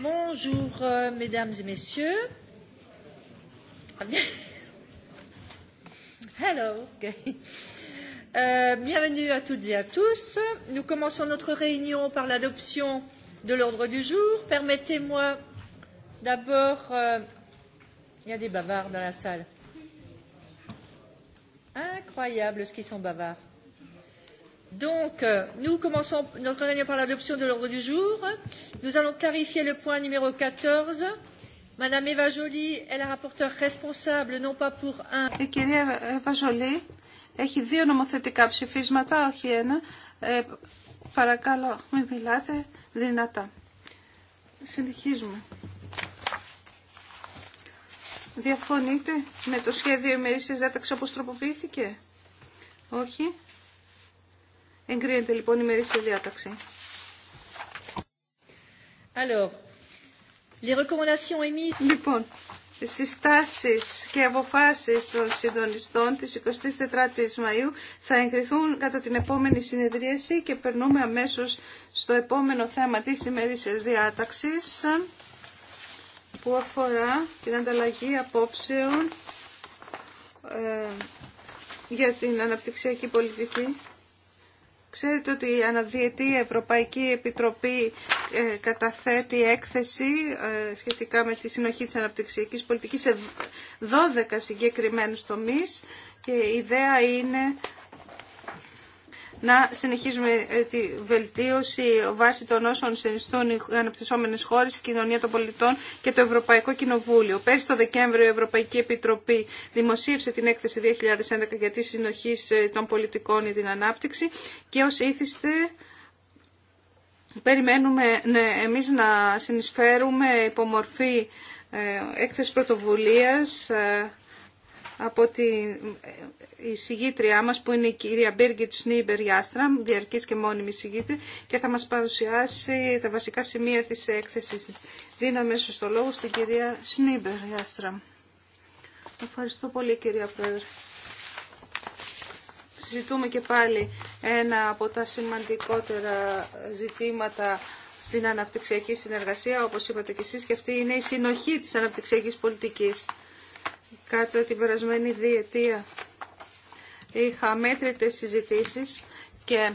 Bonjour, mesdames et messieurs. Hello. Bienvenue à toutes et à tous. Nous commençons notre réunion par l'adoption de l'ordre du jour. Permettez-moi d'abord. Il y a des bavards dans la salle. Incroyable ce qu'ils sont bavards. Donc, nous commençons notre réunion par l'adoption de l'ordre du jour. Nous allons clarifier le point numéro 14. Madame Eva Joly est la rapporteure responsable, non pas pour un. Η κυρία Eva Joly έχει δύο νομοθετικά ψηφίσματα, όχι ένα. Ε, παρακαλώ, μην μιλάτε δυνατά. Συνεχίζουμε. Διαφωνείτε με το σχέδιο ημερήσια διάταξη όπω τροποποιήθηκε. Όχι. Εγκρίνεται λοιπόν η μερίσια διάταξη. Λοιπόν, les recommandations λοιπόν, συστάσεις και αποφάσεις των συντονιστών της 24 η Μαΐου θα εγκριθούν κατά την επόμενη συνεδρίαση και περνούμε αμέσως στο επόμενο θέμα της ημερήσια διάταξη που αφορά την ανταλλαγή απόψεων ε, για την αναπτυξιακή πολιτική. Ξέρετε ότι η αναδιετή Ευρωπαϊκή Επιτροπή ε, καταθέτει έκθεση ε, σχετικά με τη συνοχή της αναπτυξιακής πολιτικής σε 12 συγκεκριμένους τομείς και η ιδέα είναι να συνεχίζουμε ε, τη βελτίωση βάσει των όσων συνιστούν οι αναπτυσσόμενες χώρες, η κοινωνία των πολιτών και το Ευρωπαϊκό Κοινοβούλιο. Πέρσι το Δεκέμβριο η Ευρωπαϊκή Επιτροπή δημοσίευσε την έκθεση 2011 για τη συνοχή ε, των πολιτικών ή την ανάπτυξη και ως ήθιστε περιμένουμε ναι, εμείς να συνεισφέρουμε υπομορφή ε, έκθεση πρωτοβουλίας από την εισηγήτριά μας που είναι η κυρία Μπίργκιτ Σνίμπερ Γιάστραμ, διαρκής και μόνιμη εισηγήτρια και θα μας παρουσιάσει τα βασικά σημεία της έκθεσης. Δίνω αμέσως στο λόγο στην κυρία Σνίμπερ Γιάστραμ. Ευχαριστώ πολύ κυρία Πρόεδρε. Συζητούμε και πάλι ένα από τα σημαντικότερα ζητήματα στην αναπτυξιακή συνεργασία, όπως είπατε και εσείς, και αυτή είναι η συνοχή της αναπτυξιακής πολιτικής. Κατά την περασμένη διετία είχα μέτρητες συζητήσεις και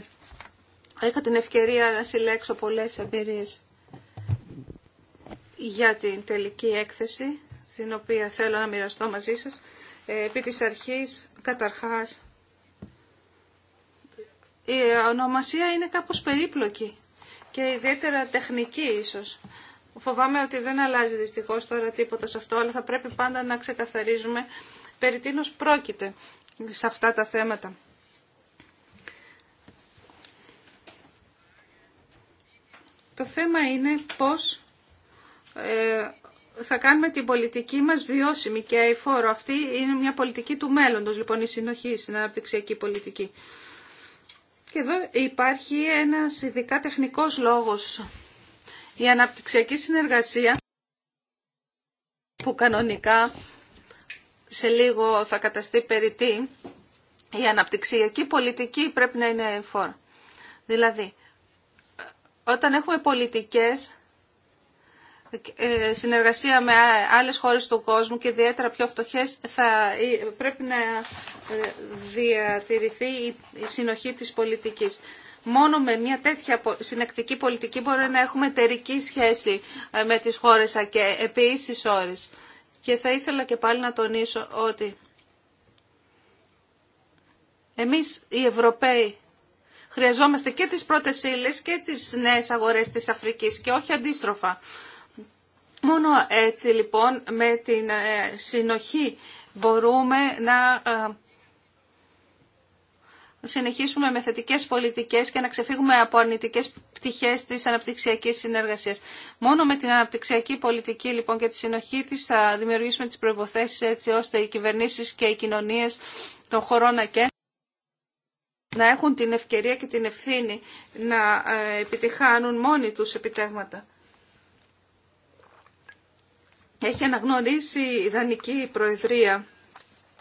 είχα την ευκαιρία να συλλέξω πολλές εμπειρίες για την τελική έκθεση, την οποία θέλω να μοιραστώ μαζί σας. Ε, επί της αρχής, καταρχάς, η ονομασία είναι κάπως περίπλοκη και ιδιαίτερα τεχνική ίσως. Φοβάμαι ότι δεν αλλάζει δυστυχώς τώρα τίποτα σε αυτό, αλλά θα πρέπει πάντα να ξεκαθαρίζουμε περί τίνος πρόκειται σε αυτά τα θέματα. Το θέμα είναι πώς ε, θα κάνουμε την πολιτική μας βιώσιμη και αηφόρο. Αυτή είναι μια πολιτική του μέλλοντος, λοιπόν, η συνοχή στην αναπτυξιακή πολιτική. Και εδώ υπάρχει ένας ειδικά τεχνικός λόγος η αναπτυξιακή συνεργασία που κανονικά σε λίγο θα καταστεί τί, η αναπτυξιακή πολιτική πρέπει να είναι φόρ. Δηλαδή, όταν έχουμε πολιτικές ε, συνεργασία με άλλες χώρες του κόσμου και ιδιαίτερα πιο φτωχές θα ε, πρέπει να ε, διατηρηθεί η συνοχή της πολιτικής. Μόνο με μια τέτοια συνεκτική πολιτική μπορεί να έχουμε εταιρική σχέση ε, με τις χώρες και επί όρες. Και θα ήθελα και πάλι να τονίσω ότι εμείς οι Ευρωπαίοι χρειαζόμαστε και τις πρώτες ύλες και τις νέες αγορές της Αφρικής και όχι αντίστροφα. Μόνο έτσι λοιπόν με την ε, συνοχή μπορούμε να ε, συνεχίσουμε με θετικέ πολιτικές και να ξεφύγουμε από αρνητικέ πτυχές της αναπτυξιακής συνεργασίας. Μόνο με την αναπτυξιακή πολιτική λοιπόν και τη συνοχή της θα δημιουργήσουμε τι προποθέσει έτσι ώστε οι κυβερνήσεις και οι κοινωνίες των χωρών ΑΚΕ να έχουν την ευκαιρία και την ευθύνη να ε, επιτυχάνουν μόνοι τους επιτέγματα. Έχει αναγνωρίσει η Δανική Προεδρία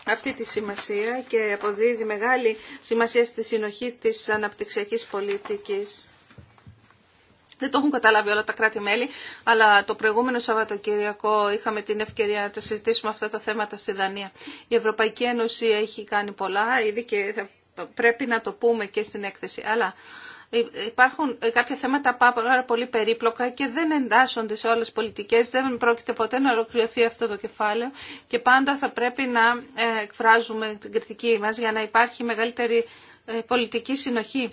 αυτή τη σημασία και αποδίδει μεγάλη σημασία στη συνοχή της αναπτυξιακής πολιτικής. Δεν το έχουν καταλάβει όλα τα κράτη-μέλη, αλλά το προηγούμενο Σαββατοκυριακό είχαμε την ευκαιρία να τα συζητήσουμε αυτά τα θέματα στη Δανία. Η Ευρωπαϊκή Ένωση έχει κάνει πολλά, ήδη και θα πρέπει να το πούμε και στην έκθεση. Αλλά Υπάρχουν κάποια θέματα πάρα πολύ περίπλοκα και δεν εντάσσονται σε όλες τις πολιτικές, δεν πρόκειται ποτέ να ολοκληρωθεί αυτό το κεφάλαιο και πάντα θα πρέπει να ε, εκφράζουμε την κριτική μας για να υπάρχει μεγαλύτερη ε, πολιτική συνοχή.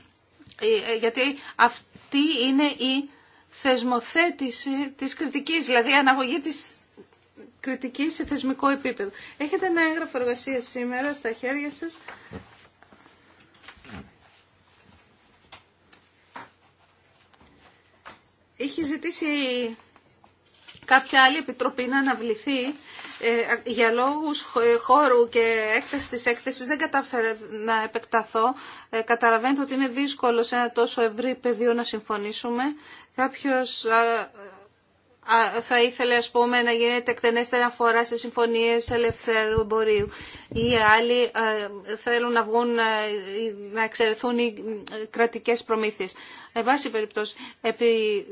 Ε, γιατί αυτή είναι η θεσμοθέτηση της κριτικής, δηλαδή η αναγωγή της κριτικής σε θεσμικό επίπεδο. Έχετε ένα έγγραφο εργασία σήμερα στα χέρια σας Είχε ζητήσει κάποια άλλη επιτροπή να αναβληθεί ε, για λόγους ε, χώρου και έκθεση της έκθεσης δεν κατάφερε να επεκταθώ. Ε, καταλαβαίνετε ότι είναι δύσκολο σε ένα τόσο ευρύ πεδίο να συμφωνήσουμε. Κάποιος θα ήθελε ας πούμε να γίνεται εκτενέστερη αφορά σε συμφωνίες ελευθέρου εμπορίου ή άλλοι ε, θέλουν να βγουν ε, να εξαιρεθούν οι ε, κρατικές προμήθειες. Εν πάση περιπτώσει, επί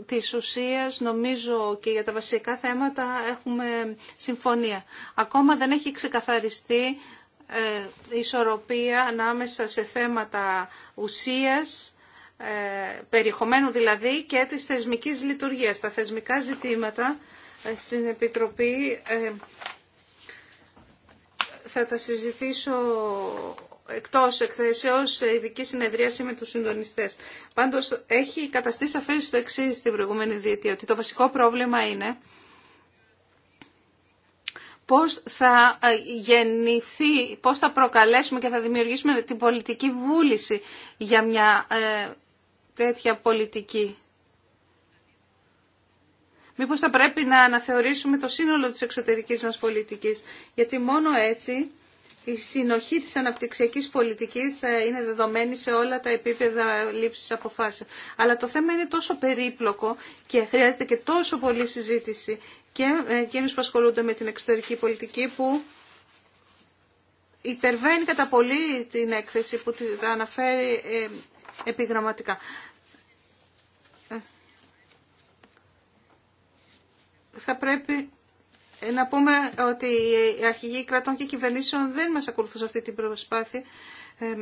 της ουσίας νομίζω και για τα βασικά θέματα έχουμε συμφωνία. Ακόμα δεν έχει ξεκαθαριστεί η ισορροπία ανάμεσα σε θέματα ουσίας ε, περιεχομένου δηλαδή και της θεσμικής λειτουργίας. Τα θεσμικά ζητήματα ε, στην Επιτροπή ε, θα τα συζητήσω εκτός εκθέσεως ειδική συνεδρίαση με τους συντονιστές. Πάντως έχει καταστεί σαφές το εξή στην προηγούμενη διετία, ότι το βασικό πρόβλημα είναι πώς θα γεννηθεί, πώς θα προκαλέσουμε και θα δημιουργήσουμε την πολιτική βούληση για μια τέτοια πολιτική. Μήπως θα πρέπει να αναθεωρήσουμε το σύνολο της εξωτερικής μας πολιτικής, γιατί μόνο έτσι η συνοχή της αναπτυξιακής πολιτικής θα είναι δεδομένη σε όλα τα επίπεδα λήψης αποφάσεων. Αλλά το θέμα είναι τόσο περίπλοκο και χρειάζεται και τόσο πολλή συζήτηση και εκείνους που ασχολούνται με την εξωτερική πολιτική που υπερβαίνει κατά πολύ την έκθεση που τα αναφέρει ε, επιγραμματικά. θα πρέπει να πούμε ότι οι αρχηγοί κρατών και κυβερνήσεων δεν μας ακολουθούν σε αυτή την προσπάθεια ε,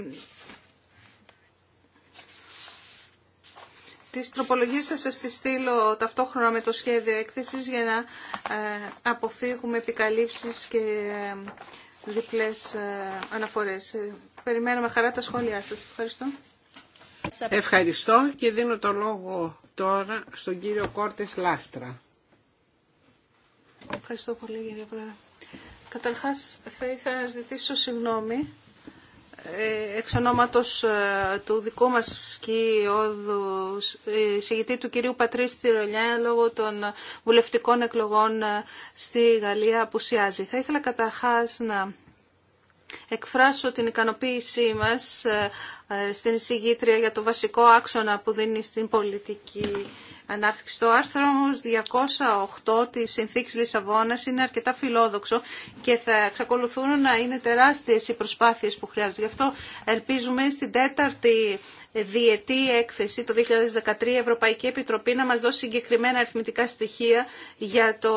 τις τροπολογίες θα σας τις στείλω ταυτόχρονα με το σχέδιο έκθεσης για να ε, αποφύγουμε επικαλύψεις και διπλές ε, αναφορές. Περιμένω με χαρά τα σχόλιά σας. Ευχαριστώ. Ευχαριστώ και δίνω το λόγο τώρα στον κύριο Κόρτες Λάστρα. Ευχαριστώ πολύ, κύριε Πρόεδρε. Καταρχά θα ήθελα να ζητήσω συγγνώμη ε, εξ ε, του δικού μας σκιώδου ε, του κυρίου Πατρίστη Ρολιά λόγω των βουλευτικών εκλογών στη Γαλλία που σιάζει. Θα ήθελα καταρχά να εκφράσω την ικανοποίησή μας στην συγγήτρια για το βασικό άξονα που δίνει στην πολιτική ανάπτυξη. Το άρθρο όμω 208 της Συνθήκης Λισαβόνα είναι αρκετά φιλόδοξο και θα εξακολουθούν να είναι τεράστιες οι προσπάθειες που χρειάζονται. Γι' αυτό ελπίζουμε στην τέταρτη διετή έκθεση το 2013 η Ευρωπαϊκή Επιτροπή να μας δώσει συγκεκριμένα αριθμητικά στοιχεία για το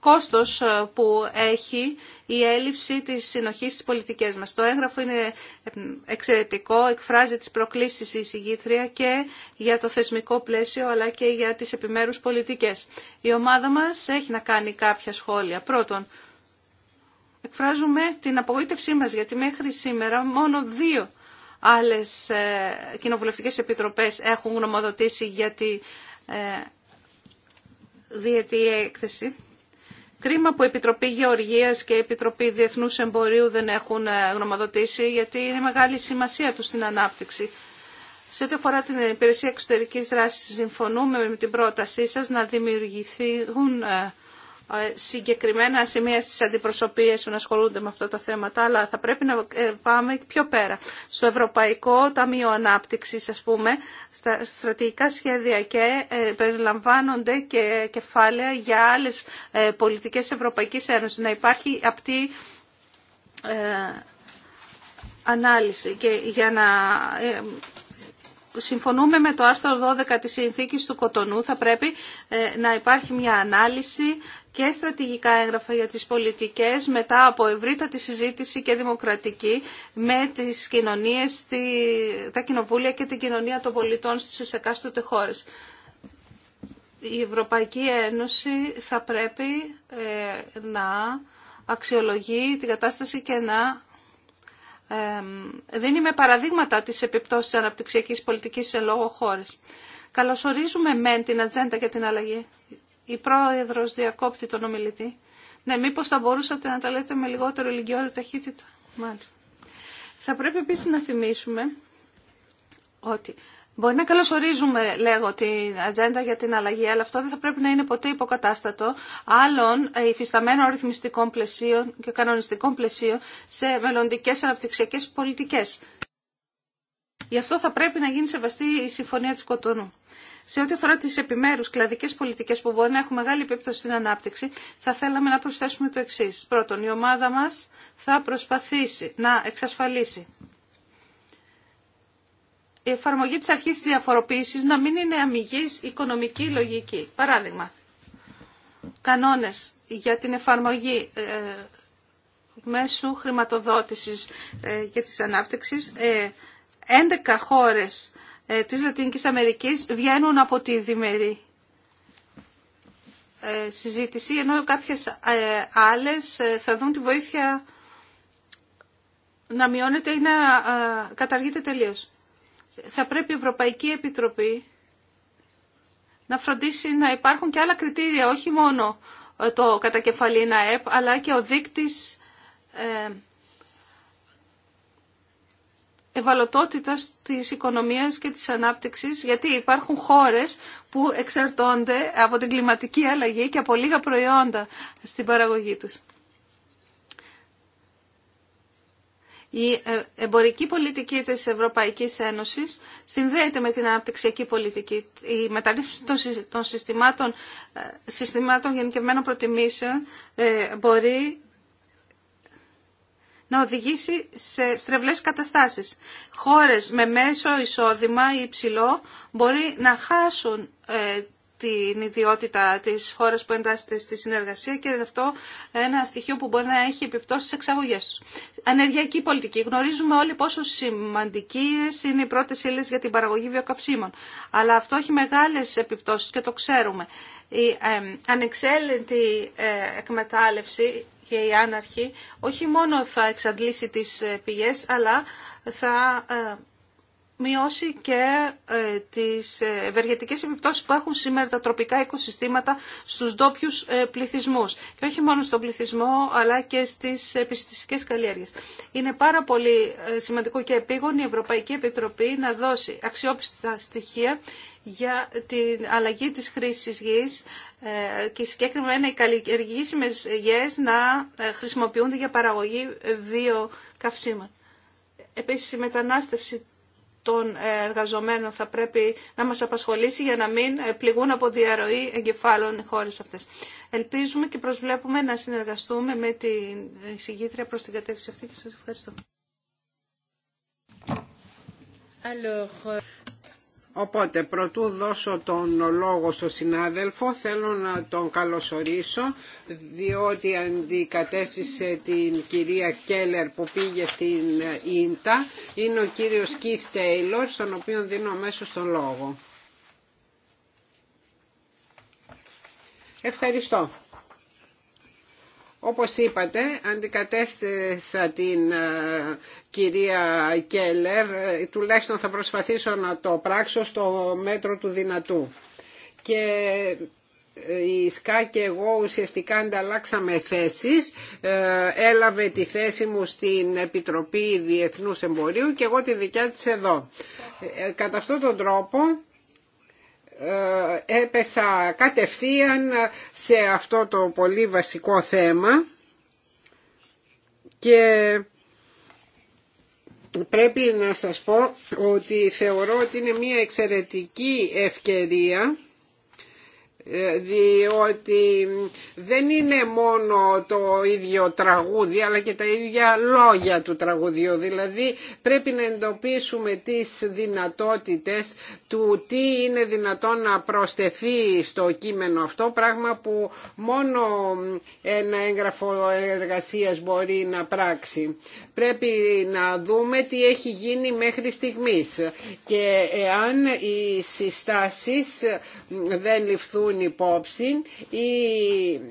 κόστος ε, που έχει η έλλειψη της συνοχής στις πολιτικές μας. Το έγγραφο είναι ε, εξαιρετικό, εκφράζει τις προκλήσεις η και για το θεσμικό πλαίσιο αλλά και για τις επιμέρους πολιτικές. Η ομάδα μας έχει να κάνει κάποια σχόλια. Πρώτον, εκφράζουμε την απογοήτευσή μας γιατί μέχρι σήμερα μόνο δύο άλλες ε, κοινοβουλευτικές επιτροπές έχουν γνωμοδοτήσει για τη διετή έκθεση. Κρίμα που η Επιτροπή Γεωργίας και η Επιτροπή Διεθνούς Εμπορίου δεν έχουν ε, γνωμοδοτήσει, γιατί είναι μεγάλη σημασία του στην ανάπτυξη. Σε ό,τι αφορά την υπηρεσία εξωτερικής δράσης, συμφωνούμε με την πρότασή σας να δημιουργηθούν ε, ε, συγκεκριμένα σημεία στις αντιπροσωπείες που ασχολούνται με αυτά τα θέματα, αλλά θα πρέπει να ε, πάμε πιο πέρα. Στο Ευρωπαϊκό Ταμείο Ανάπτυξης, ας πούμε, στα στρατηγικά σχέδια και ε, περιλαμβάνονται και κεφάλαια για άλλες πολιτικές Ευρωπαϊκής Ένωσης. Να υπάρχει αυτή ανάλυση και για να συμφωνούμε με το άρθρο 12 της Συνθήκης του Κοτονού θα πρέπει να υπάρχει μια ανάλυση και στρατηγικά έγγραφα για τις πολιτικές μετά από ευρύτατη συζήτηση και δημοκρατική με τις κοινωνίες, τα κοινοβούλια και την κοινωνία των πολιτών στις εκάστοτε χώρες. Η Ευρωπαϊκή Ένωση θα πρέπει ε, να αξιολογεί την κατάσταση και να δίνει με παραδείγματα τις επιπτώσεις της αναπτυξιακής πολιτικής σε λόγο χώρες. Καλωσορίζουμε μεν την ατζέντα για την αλλαγή η πρόεδρος διακόπτει τον ομιλητή. Ναι, μήπως θα μπορούσατε να τα λέτε με λιγότερο ηλικιώδη ταχύτητα. Μάλιστα. Θα πρέπει επίσης να θυμίσουμε ότι Μπορεί να καλωσορίζουμε, λέγω, την ατζέντα για την αλλαγή, αλλά αυτό δεν θα πρέπει να είναι ποτέ υποκατάστατο άλλων ε, υφισταμένων ρυθμιστικών πλαισίων και κανονιστικών πλαισίων σε μελλοντικέ αναπτυξιακέ πολιτικέ. Γι' αυτό θα πρέπει να γίνει σεβαστή η Συμφωνία τη Κοτονού. Σε ό,τι αφορά τι επιμέρου κλαδικέ πολιτικέ που μπορεί να έχουν μεγάλη επίπτωση στην ανάπτυξη, θα θέλαμε να προσθέσουμε το εξή. Πρώτον, η ομάδα μα θα προσπαθήσει να εξασφαλίσει η εφαρμογή της αρχής τη διαφοροποίησης να μην είναι αμυγής οικονομική λογική. Παράδειγμα, κανόνες για την εφαρμογή ε, μέσου χρηματοδότησης ε, και τη ανάπτυξη. 11 χώρες ε, της Λατινικής Αμερικής βγαίνουν από τη διμερή ε, συζήτηση, ενώ κάποιες ε, άλλες θα δουν τη βοήθεια να μειώνεται ή να καταργείται τελείως. Θα πρέπει η Ευρωπαϊκή Επιτροπή να φροντίσει να υπάρχουν και άλλα κριτήρια, όχι μόνο το κατακεφαλήν ΑΕΠ, αλλά και ο δείκτης ευαλωτότητας της οικονομίας και της ανάπτυξης, γιατί υπάρχουν χώρες που εξαρτώνται από την κλιματική αλλαγή και από λίγα προϊόντα στην παραγωγή τους. Η ε, εμπορική πολιτική της Ευρωπαϊκής Ένωσης συνδέεται με την αναπτυξιακή πολιτική. Η μεταρρύθμιση των συστημάτων, ε, συστημάτων γενικευμένων προτιμήσεων ε, μπορεί να οδηγήσει σε στρεβλές καταστάσεις. Χώρες με μέσο εισόδημα ή υψηλό μπορεί να χάσουν ε, την ιδιότητα της χώρας που εντάσσεται στη συνεργασία και είναι αυτό ένα στοιχείο που μπορεί να έχει επιπτώσει σε εξαγωγές του. Ανεργειακή πολιτική. Γνωρίζουμε όλοι πόσο σημαντικές είναι οι πρώτες ύλε για την παραγωγή βιοκαυσίμων. Αλλά αυτό έχει μεγάλες επιπτώσεις και το ξέρουμε. Η ε, ανεξέλεγκτη ε, εκμετάλλευση και η άναρχη όχι μόνο θα εξαντλήσει τις ε, πηγές αλλά θα ε, μειώσει και ε, τις ευεργετικές επιπτώσεις που έχουν σήμερα τα τροπικά οικοσυστήματα στους ντόπιου ε, πληθυσμούς. Και όχι μόνο στον πληθυσμό, αλλά και στις επιστησικές καλλιέργειες. Είναι πάρα πολύ ε, σημαντικό και επίγον η Ευρωπαϊκή Επιτροπή να δώσει αξιόπιστα στοιχεία για την αλλαγή της χρήσης γης και συγκεκριμένα οι καλλιεργήσιμες γης να χρησιμοποιούνται για παραγωγή βιοκαυσίμων. Επίσης η μετανάστευση των ε, εργαζομένων θα πρέπει να μας απασχολήσει για να μην ε, πληγούν από διαρροή εγκεφάλων οι χώρες αυτές. Ελπίζουμε και προσβλέπουμε να συνεργαστούμε με την συγκήτρια προς την κατεύθυνση αυτή και σας ευχαριστώ. Οπότε, προτού δώσω τον λόγο στον συνάδελφο, θέλω να τον καλωσορίσω, διότι αντικατέστησε την κυρία Κέλλερ που πήγε στην Ίντα. Είναι ο κύριος Κιθ Τέιλορ, στον οποίο δίνω αμέσω τον λόγο. Ευχαριστώ. Όπως είπατε, αντικατέστησα την ε, κυρία Κέλλερ, τουλάχιστον θα προσπαθήσω να το πράξω στο μέτρο του δυνατού. Και ε, η ΣΚΑ και εγώ ουσιαστικά ανταλλάξαμε θέσεις. Ε, έλαβε τη θέση μου στην Επιτροπή Διεθνούς Εμπορίου και εγώ τη δικιά της εδώ. Κατά αυτόν τον τρόπο ε, έπεσα κατευθείαν σε αυτό το πολύ βασικό θέμα και πρέπει να σας πω ότι θεωρώ ότι είναι μια εξαιρετική ευκαιρία διότι δεν είναι μόνο το ίδιο τραγούδι αλλά και τα ίδια λόγια του τραγουδιού δηλαδή πρέπει να εντοπίσουμε τις δυνατότητες του τι είναι δυνατόν να προσθεθεί στο κείμενο αυτό πράγμα που μόνο ένα έγγραφο εργασίας μπορεί να πράξει πρέπει να δούμε τι έχει γίνει μέχρι στιγμής και εάν οι συστάσεις δεν ληφθούν υπόψη ή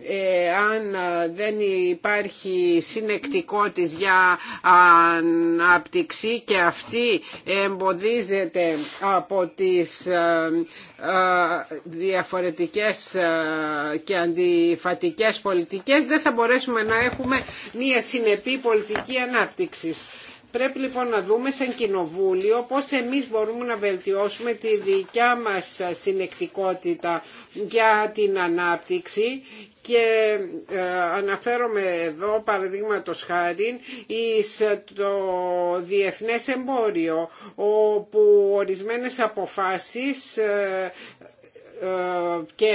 ε, αν δεν υπάρχει συνεκτικότης για ανάπτυξη και αυτή εμποδίζεται από τις ε, ε, διαφορετικές και αντιφατικές πολιτικές δεν θα μπορέσουμε να έχουμε μια συνεπή πολιτική ανάπτυξης. Πρέπει λοιπόν να δούμε σαν κοινοβούλιο πώς εμείς μπορούμε να βελτιώσουμε τη δικιά μας συνεκτικότητα για την ανάπτυξη και ε, αναφέρομαι εδώ παραδείγματο χάρη εις το διεθνές εμπόριο όπου ορισμένες αποφάσεις ε, ε, και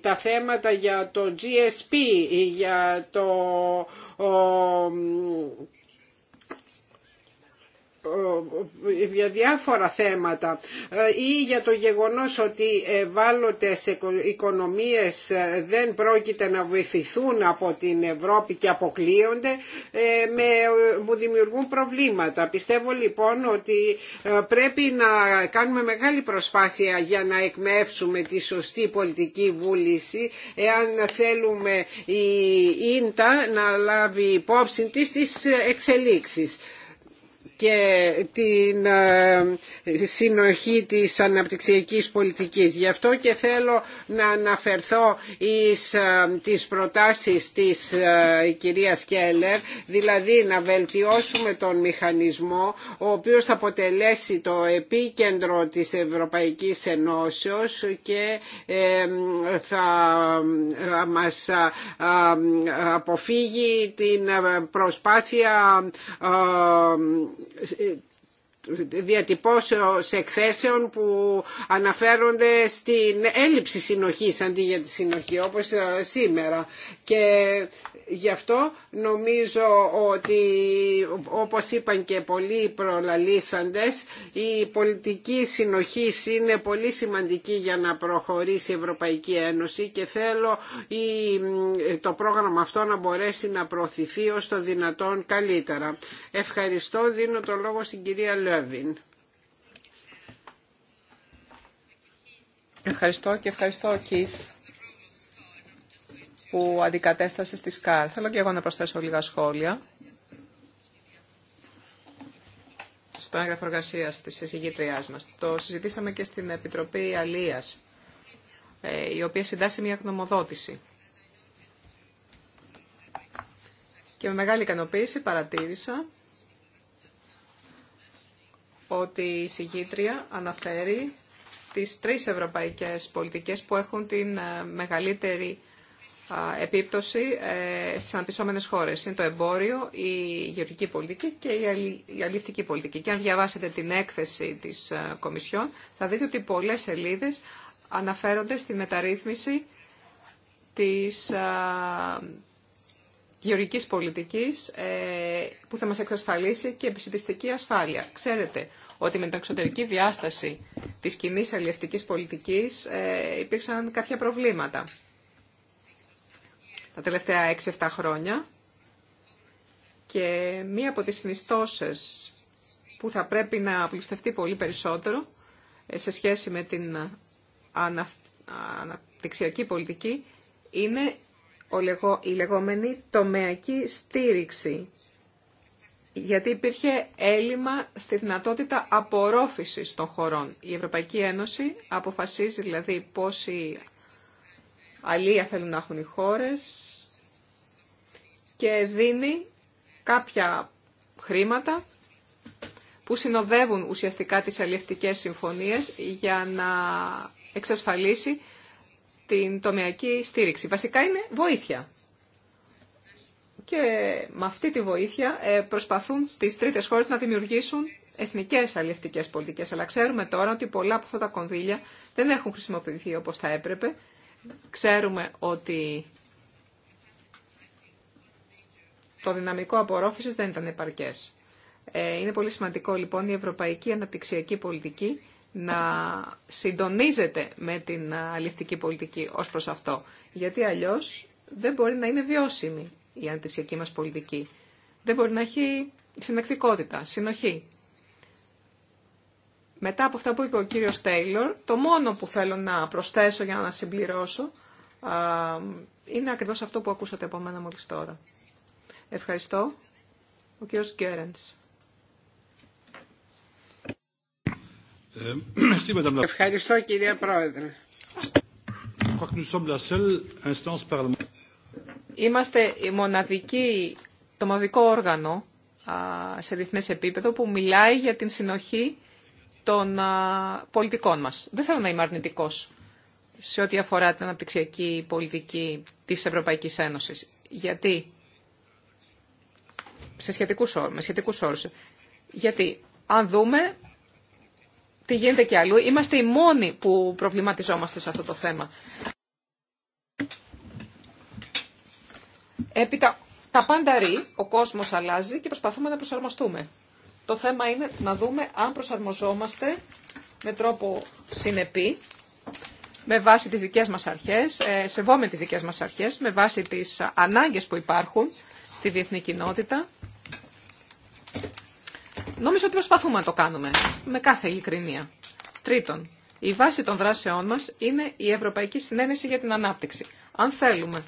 τα θέματα για το GSP, για το ε, ε, για διάφορα θέματα ε, ή για το γεγονός ότι ευάλωτες οικονομίες δεν πρόκειται να βοηθηθούν από την Ευρώπη και αποκλείονται με, μου δημιουργούν προβλήματα. Πιστεύω λοιπόν ότι πρέπει να κάνουμε μεγάλη προσπάθεια για να εκμεύσουμε τη σωστή πολιτική βούληση εάν θέλουμε η ίντα να λάβει υπόψη της τις εξελίξεις και την ε, συνοχή της αναπτυξιακής πολιτικής. Γι' αυτό και θέλω να αναφερθώ εις ε, τις προτάσεις της ε, κυρίας Κέλλερ, δηλαδή να βελτιώσουμε τον μηχανισμό ο οποίος θα αποτελέσει το επίκεντρο της Ευρωπαϊκής Ενώσεως και θα μας αποφύγει την προσπάθεια ε, διατυπώσεως εκθέσεων που αναφέρονται στην έλλειψη συνοχής αντί για τη συνοχή όπως ε, σήμερα και Γι' αυτό νομίζω ότι όπως είπαν και πολλοί προλαλήσαντες η πολιτική συνοχή είναι πολύ σημαντική για να προχωρήσει η Ευρωπαϊκή Ένωση και θέλω το πρόγραμμα αυτό να μπορέσει να προωθηθεί ως το δυνατόν καλύτερα. Ευχαριστώ. Δίνω το λόγο στην κυρία Λεύιν. Ευχαριστώ και ευχαριστώ Κιθ που αντικατέστασε στη ΣΚΑΛ. Θέλω και εγώ να προσθέσω λίγα σχόλια. Στο έγγραφο εργασία τη εισηγήτριά μα. Το συζητήσαμε και στην Επιτροπή Αλία, ε, η οποία συντάσσει μια γνωμοδότηση. Και με μεγάλη ικανοποίηση παρατήρησα ότι η εισηγήτρια αναφέρει τις τρεις ευρωπαϊκές πολιτικές που έχουν την ε, μεγαλύτερη επίπτωση ε, στι αναπτυσσόμενες χώρες. Είναι το εμπόριο, η γεωργική πολιτική και η αλληλευτική πολιτική. Και αν διαβάσετε την έκθεση της ε, Κομισιόν, θα δείτε ότι πολλές σελίδε αναφέρονται στη μεταρρύθμιση της ε, γεωργικής πολιτικής που θα μας εξασφαλίσει και επιστημιστική ασφάλεια. Ξέρετε ότι με την εξωτερική διάσταση της κοινή αλληλευτικής πολιτικής υπήρξαν κάποια προβλήματα τα τελευταία 6-7 χρόνια και μία από τις συνιστώσεις που θα πρέπει να απλουστευτεί πολύ περισσότερο ε, σε σχέση με την αναπτυξιακή πολιτική είναι η λεγόμενη τομεακή στήριξη. Γιατί υπήρχε έλλειμμα στη δυνατότητα απορρόφησης των χωρών. Η Ευρωπαϊκή Ένωση αποφασίζει δηλαδή πόσοι αλία θέλουν να έχουν οι χώρες και δίνει κάποια χρήματα που συνοδεύουν ουσιαστικά τις αλληλευτικές συμφωνίες για να εξασφαλίσει την τομεακή στήριξη. Βασικά είναι βοήθεια. Και με αυτή τη βοήθεια ε, προσπαθούν στις τρίτες χώρες να δημιουργήσουν εθνικές αλληλευτικές πολιτικές. Αλλά ξέρουμε τώρα ότι πολλά από αυτά τα κονδύλια δεν έχουν χρησιμοποιηθεί όπως θα έπρεπε Ξέρουμε ότι το δυναμικό απορρόφησης δεν ήταν επαρκές. Ε, είναι πολύ σημαντικό λοιπόν η ευρωπαϊκή αναπτυξιακή πολιτική να συντονίζεται με την αληθική πολιτική ως προς αυτό. Γιατί αλλιώς δεν μπορεί να είναι βιώσιμη η αναπτυξιακή μας πολιτική. Δεν μπορεί να έχει συνεκτικότητα, συνοχή. Μετά από αυτά που είπε ο κύριος Τέιλορ, το μόνο που θέλω να προσθέσω για να συμπληρώσω είναι ακριβώς αυτό που ακούσατε από μένα μόλις τώρα. Ευχαριστώ. Ο κύριος Γκέρεντς. Ευχαριστώ κυρία Πρόεδρε. Είμαστε η μοναδική, το μοναδικό όργανο σε διεθνές επίπεδο που μιλάει για την συνοχή των πολιτικών μας. Δεν θέλω να είμαι αρνητικός σε ό,τι αφορά την αναπτυξιακή πολιτική της Ευρωπαϊκής Ένωσης. Γιατί, σε σχετικούς, με σχετικούς όρους, γιατί αν δούμε τι γίνεται και αλλού, είμαστε οι μόνοι που προβληματιζόμαστε σε αυτό το θέμα. Έπειτα, τα πάντα ρί, ο κόσμος αλλάζει και προσπαθούμε να προσαρμοστούμε. Το θέμα είναι να δούμε αν προσαρμοζόμαστε με τρόπο συνεπή, με βάση τις δικές μας αρχές, ε, σεβόμε τις δικές μας αρχές, με βάση τις ανάγκες που υπάρχουν στη διεθνή κοινότητα. Νομίζω ότι προσπαθούμε να το κάνουμε, με κάθε ειλικρινία. Τρίτον, η βάση των δράσεών μας είναι η Ευρωπαϊκή Συνένεση για την Ανάπτυξη. Αν θέλουμε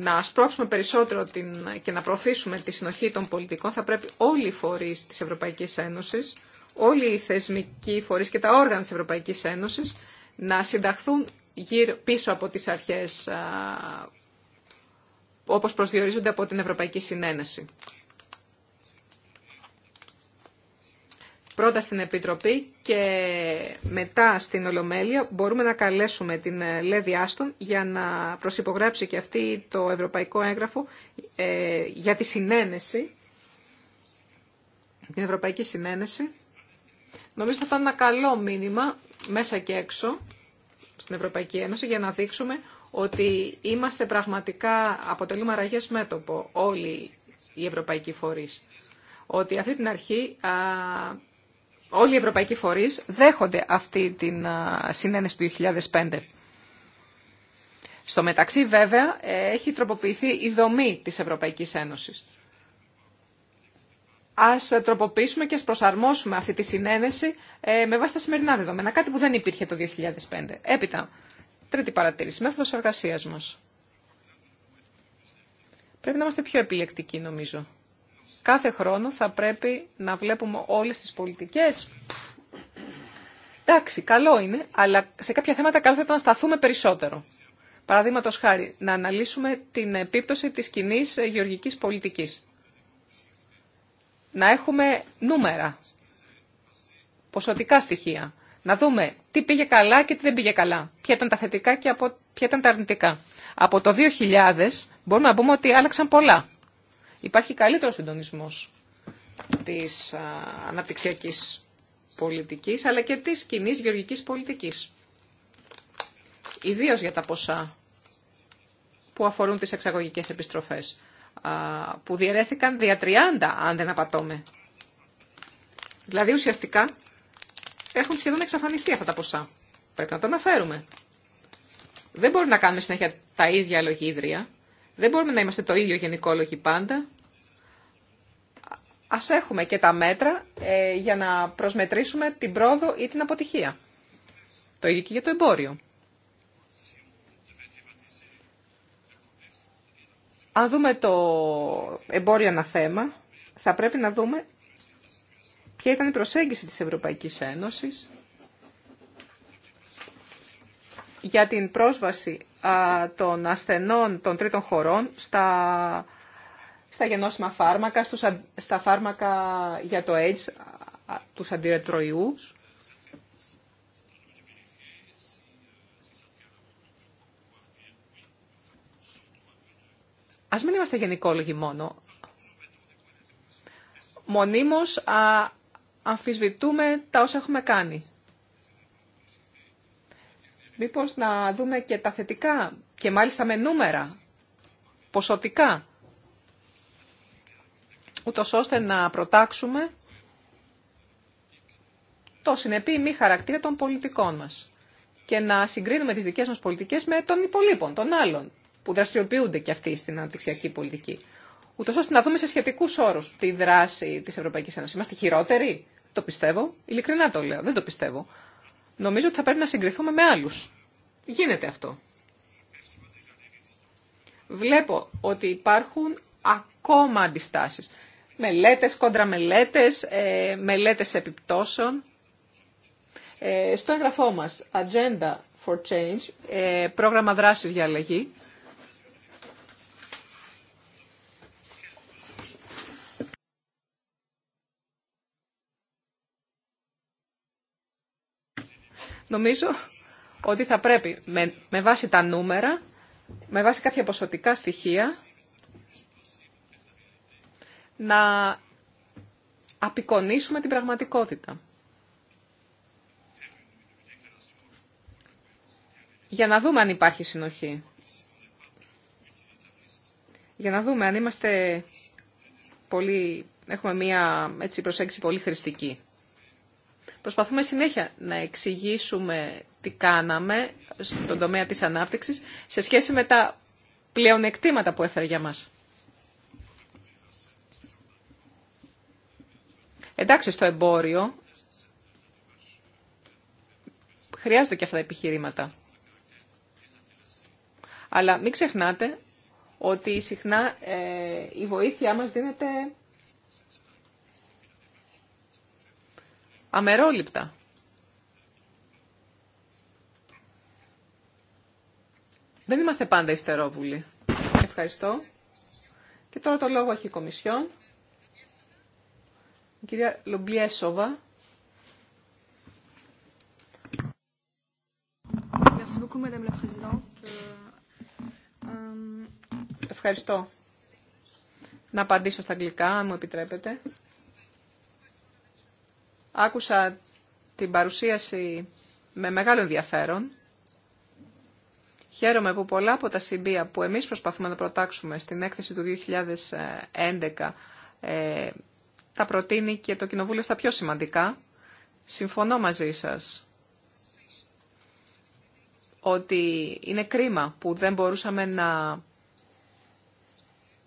να σπρώξουμε περισσότερο την, και να προωθήσουμε τη συνοχή των πολιτικών, θα πρέπει όλοι οι φορείς της Ευρωπαϊκής Ένωσης, όλοι οι θεσμικοί φορείς και τα όργανα της Ευρωπαϊκής Ένωσης να συνταχθούν γύρω, πίσω από τις αρχές όπως προσδιορίζονται από την Ευρωπαϊκή Συνένεση. πρώτα στην Επιτροπή και μετά στην Ολομέλεια μπορούμε να καλέσουμε την ε, Λέδη Άστον για να προσυπογράψει και αυτή το ευρωπαϊκό έγγραφο ε, για τη συνένεση, την ευρωπαϊκή συνένεση. Νομίζω θα ήταν ένα καλό μήνυμα μέσα και έξω στην Ευρωπαϊκή Ένωση για να δείξουμε ότι είμαστε πραγματικά, αποτελούμε αραγές μέτωπο όλοι οι ευρωπαϊκοί φορείς. Ότι αυτή την αρχή όλοι οι ευρωπαϊκοί φορείς δέχονται αυτή την συνένεση του 2005. Στο μεταξύ βέβαια ε, έχει τροποποιηθεί η δομή της Ευρωπαϊκής Ένωσης. Ας ε, τροποποιήσουμε και ας προσαρμόσουμε αυτή τη συνένεση ε, με βάση τα σημερινά δεδομένα, κάτι που δεν υπήρχε το 2005. Έπειτα, τρίτη παρατήρηση, μέθοδος εργασίας μας. Πρέπει να είμαστε πιο επιλεκτικοί νομίζω κάθε χρόνο θα πρέπει να βλέπουμε όλες τις πολιτικές. Εντάξει, καλό είναι, αλλά σε κάποια θέματα καλό θα ήταν να σταθούμε περισσότερο. Παραδείγματο χάρη, να αναλύσουμε την επίπτωση της κοινή ε, γεωργικής πολιτικής. Να έχουμε νούμερα, ποσοτικά στοιχεία. Να δούμε τι πήγε καλά και τι δεν πήγε καλά. Ποια ήταν τα θετικά και ποια ήταν τα αρνητικά. Από το 2000 μπορούμε να πούμε ότι άλλαξαν πολλά υπάρχει καλύτερο συντονισμό της αναπτυξιακή πολιτικής, αλλά και της κοινή γεωργικής πολιτική. Ιδίω για τα ποσά που αφορούν τις εξαγωγικές επιστροφές, που διαιρέθηκαν δια 30, αν δεν απατώμε. Δηλαδή, ουσιαστικά, έχουν σχεδόν εξαφανιστεί αυτά τα ποσά. Πρέπει να το αναφέρουμε. Δεν μπορεί να κάνουμε συνέχεια τα ίδια λογίδρια. Δεν μπορούμε να είμαστε το ίδιο γενικόλογοι πάντα. Ας έχουμε και τα μέτρα ε, για να προσμετρήσουμε την πρόοδο ή την αποτυχία. Το ίδιο και για το εμπόριο. Αν δούμε το εμπόριο ένα θέμα, θα πρέπει να δούμε ποια ήταν η προσέγγιση της Ευρωπαϊκής Ένωσης για την πρόσβαση των ασθενών των τρίτων χωρών στα, στα γενώσιμα φάρμακα, στους, στα φάρμακα για το AIDS, τους αντιρετροϊούς. Ας μην είμαστε γενικόλογοι μόνο. Μονίμως α, αμφισβητούμε τα όσα έχουμε κάνει. Μήπως να δούμε και τα θετικά και μάλιστα με νούμερα, ποσοτικά, ούτως ώστε να προτάξουμε το συνεπή μη χαρακτήρα των πολιτικών μας και να συγκρίνουμε τις δικές μας πολιτικές με των υπολείπων, των άλλων, που δραστηριοποιούνται και αυτοί στην αναπτυξιακή πολιτική. Ούτως ώστε να δούμε σε σχετικούς όρους τη δράση της Ευρωπαϊκής Ένωσης. Είμαστε χειρότεροι, το πιστεύω, ειλικρινά το λέω, δεν το πιστεύω νομίζω ότι θα πρέπει να συγκριθούμε με άλλους. Γίνεται αυτό. Βλέπω ότι υπάρχουν ακόμα αντιστάσεις. Μελέτες, κοντραμελέτες, ε, μελέτες επιπτώσεων. Ε, στο έγγραφό μας, Agenda for Change, ε, πρόγραμμα δράσης για αλλαγή, Νομίζω ότι θα πρέπει με, βάση τα νούμερα, με βάση κάποια ποσοτικά στοιχεία, να απεικονίσουμε την πραγματικότητα. Για να δούμε αν υπάρχει συνοχή. Για να δούμε αν είμαστε πολύ, έχουμε μία έτσι, προσέγγιση πολύ χρηστική. Προσπαθούμε συνέχεια να εξηγήσουμε τι κάναμε στον τομέα της ανάπτυξης σε σχέση με τα πλεονεκτήματα που έφερε για μας. Εντάξει, στο εμπόριο χρειάζονται και αυτά τα επιχειρήματα. Αλλά μην ξεχνάτε ότι συχνά ε, η βοήθειά μας δίνεται αμερόληπτα. Δεν είμαστε πάντα ιστερόβουλοι. Ευχαριστώ. Και τώρα το λόγο έχει η Κομισιόν. Η κυρία Λομπιέσοβα. Euh, euh, Ευχαριστώ. Να απαντήσω στα αγγλικά, αν μου επιτρέπετε. Άκουσα την παρουσίαση με μεγάλο ενδιαφέρον. Χαίρομαι που πολλά από τα συμπία που εμείς προσπαθούμε να προτάξουμε στην έκθεση του 2011 ε, τα προτείνει και το Κοινοβούλιο στα πιο σημαντικά. Συμφωνώ μαζί σας ότι είναι κρίμα που δεν μπορούσαμε να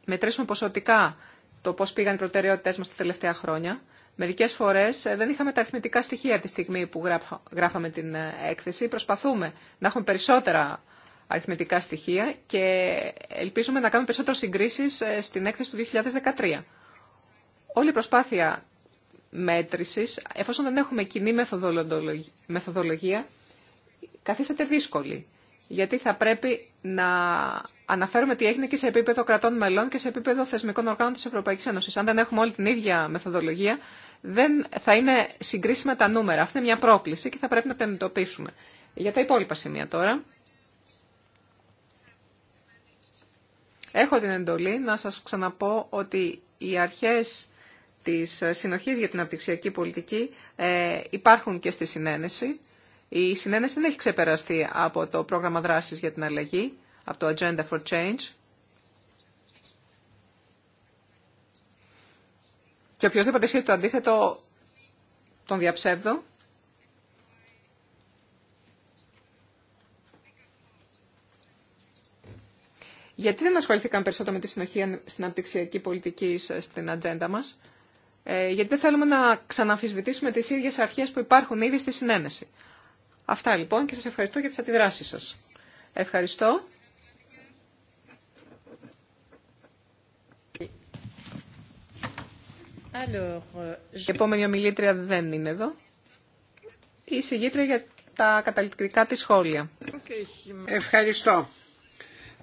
μετρήσουμε ποσοτικά το πώς πήγαν οι προτεραιότητές μας τα τελευταία χρόνια. Μερικέ φορέ ε, δεν είχαμε τα αριθμητικά στοιχεία τη στιγμή που γράφαμε την ε, έκθεση. Προσπαθούμε να έχουμε περισσότερα αριθμητικά στοιχεία και ελπίζουμε να κάνουμε περισσότερες συγκρίσει ε, στην έκθεση του 2013. Όλη η προσπάθεια μέτρησης, εφόσον δεν έχουμε κοινή μεθοδολογία, καθίσταται δύσκολη γιατί θα πρέπει να αναφέρουμε τι έγινε και σε επίπεδο κρατών μελών και σε επίπεδο θεσμικών οργάνων της Ευρωπαϊκής Ένωσης. Αν δεν έχουμε όλη την ίδια μεθοδολογία, δεν θα είναι συγκρίσιμα τα νούμερα. Αυτή είναι μια πρόκληση και θα πρέπει να την εντοπίσουμε. Για τα υπόλοιπα σημεία τώρα. Έχω την εντολή να σας ξαναπώ ότι οι αρχές της συνοχής για την απτυξιακή πολιτική ε, υπάρχουν και στη συνένεση. Η συνένεση δεν έχει ξεπεραστεί από το πρόγραμμα δράσης για την αλλαγή, από το Agenda for Change. Και οποιοδήποτε σχέση το αντίθετο τον διαψεύδω. Γιατί δεν ασχοληθήκαμε περισσότερο με τη συνοχή στην αναπτυξιακή πολιτική στην ατζέντα μας. Ε, γιατί δεν θέλουμε να ξαναμφισβητήσουμε τις ίδιες αρχές που υπάρχουν ήδη στη συνένεση. Αυτά λοιπόν και σας ευχαριστώ για τις αντιδράσεις σας. Ευχαριστώ. Euh, Η επόμενη ομιλήτρια δεν είναι εδώ. Η συγγήτρια για τα καταληκτικά της σχόλια. Ευχαριστώ.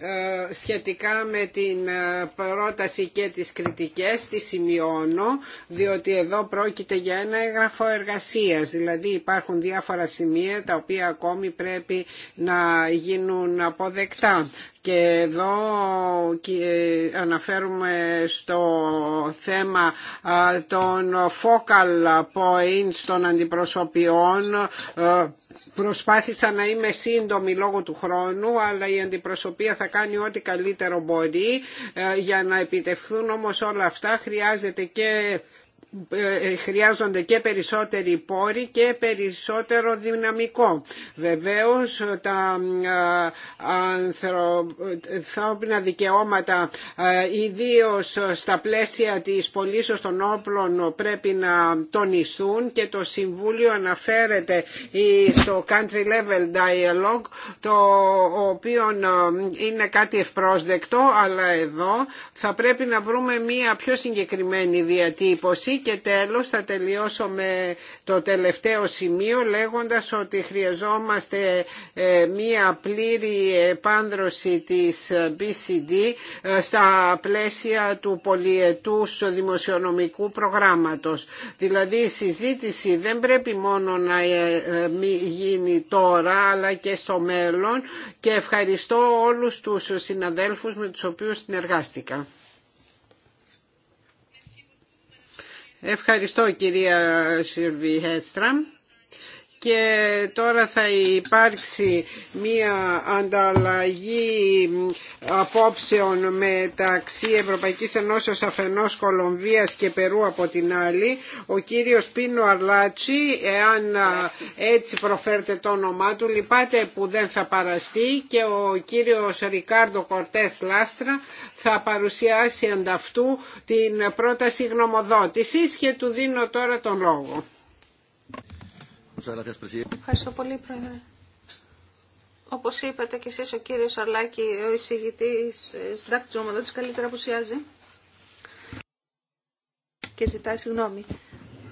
Ε, σχετικά με την ε, πρόταση και τις κριτικές τη σημειώνω διότι εδώ πρόκειται για ένα έγγραφο εργασίας δηλαδή υπάρχουν διάφορα σημεία τα οποία ακόμη πρέπει να γίνουν αποδεκτά και εδώ ε, αναφέρουμε στο θέμα των focal points των αντιπροσωπιών Προσπάθησα να είμαι σύντομη λόγω του χρόνου, αλλά η αντιπροσωπεία θα κάνει ό,τι καλύτερο μπορεί. Ε, για να επιτευχθούν όμως όλα αυτά χρειάζεται και ε, ε, χρειάζονται και περισσότεροι πόροι και περισσότερο δυναμικό. Βεβαίως τα ε, ανθρώπινα δικαιώματα ιδίω στα πλαίσια της πωλήσεως των όπλων πρέπει να τονιστούν και το Συμβούλιο αναφέρεται στο Country Level Dialogue το οποίο είναι κάτι ευπρόσδεκτο αλλά εδώ θα πρέπει να βρούμε μια πιο συγκεκριμένη διατύπωση και τέλος θα τελειώσω με το τελευταίο σημείο λέγοντας ότι χρειαζόμαστε ε, μία πλήρη επάνδρωση της ε, BCD ε, στα πλαίσια του πολιετούς δημοσιονομικού προγράμματος. Δηλαδή η συζήτηση δεν πρέπει μόνο να γίνει τώρα αλλά και στο μέλλον και ευχαριστώ όλους τους συναδέλφους με τους οποίους συνεργάστηκα. Ευχαριστώ κυρία Χέστραμ και τώρα θα υπάρξει μία ανταλλαγή απόψεων μεταξύ Ευρωπαϊκής Ενώσεως αφενός Κολομβίας και Περού από την άλλη. Ο κύριος Πίνο Αρλάτσι, εάν έτσι προφέρετε το όνομά του, λυπάται που δεν θα παραστεί και ο κύριος Ρικάρντο Κορτές Λάστρα θα παρουσιάσει ανταυτού την πρόταση γνωμοδότησης και του δίνω τώρα τον λόγο. Ευχαριστώ πολύ, Πρόεδρε. Όπως είπατε και εσείς, ο κύριος Αρλάκη, ο εισηγητής ε, συντάκτη της καλύτερα απουσιάζει και ζητάει συγγνώμη.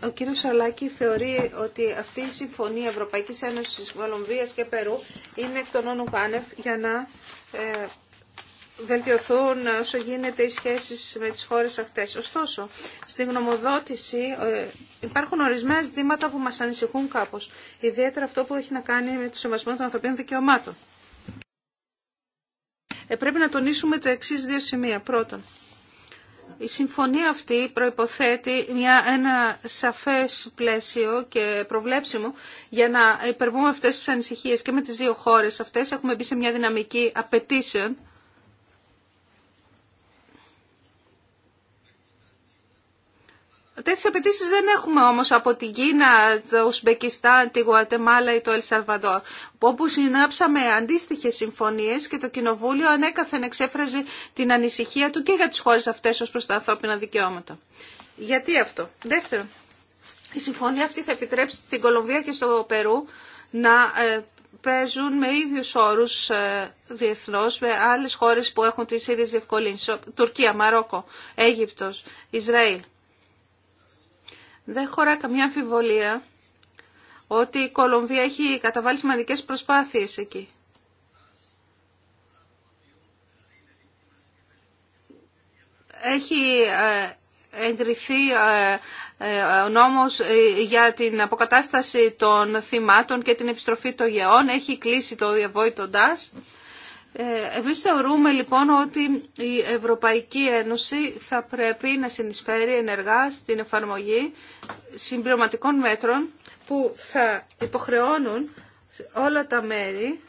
Ο κύριος Σαλάκη θεωρεί ότι αυτή η συμφωνία Ευρωπαϊκής Ένωσης Κολομβίας και Περού είναι εκ των όνων για να ε, βελτιωθούν όσο γίνεται οι σχέσεις με τις χώρες αυτές. Ωστόσο, στη γνωμοδότηση ε, υπάρχουν ορισμένα ζητήματα που μας ανησυχούν κάπως. Ιδιαίτερα αυτό που έχει να κάνει με το σεβασμό των ανθρωπίνων δικαιωμάτων. Ε, πρέπει να τονίσουμε τα εξή δύο σημεία. Πρώτον, η συμφωνία αυτή προϋποθέτει μια, ένα σαφές πλαίσιο και προβλέψιμο για να υπερβούμε αυτές τις ανησυχίες και με τις δύο χώρες αυτές. Έχουμε μπει σε μια δυναμική απαιτήσεων Τέτοιε απαιτήσει δεν έχουμε όμω από την Κίνα, το Ουσμπεκιστάν, τη Γουατεμάλα ή το Ελσαλβαδόρ, όπου συνάψαμε αντίστοιχε συμφωνίε και το Κοινοβούλιο ανέκαθεν εξέφραζε την ανησυχία του και για τι χώρε αυτέ ω προ τα ανθρώπινα δικαιώματα. Γιατί αυτό. Δεύτερον, η συμφωνία αυτή θα επιτρέψει στην Κολομβία και στο Περού να ε, παίζουν με ίδιους όρους ε, διεθνώ με άλλε χώρε που έχουν τι ίδιε διευκολύνσει. Τουρκία, Μαρόκο, Αίγυπτο, Ισραήλ. Δεν χωρά καμιά αμφιβολία ότι η Κολομβία έχει καταβάλει σημαντικές προσπάθειες εκεί. Έχει ε, εγκριθεί ε, ε, ο νόμος για την αποκατάσταση των θυμάτων και την επιστροφή των γεών. Έχει κλείσει το διαβόητο ΝΤΑΣ. Εμείς θεωρούμε λοιπόν ότι η Ευρωπαϊκή Ένωση θα πρέπει να συνεισφέρει ενεργά στην εφαρμογή συμπληρωματικών μέτρων που θα υποχρεώνουν όλα τα μέρη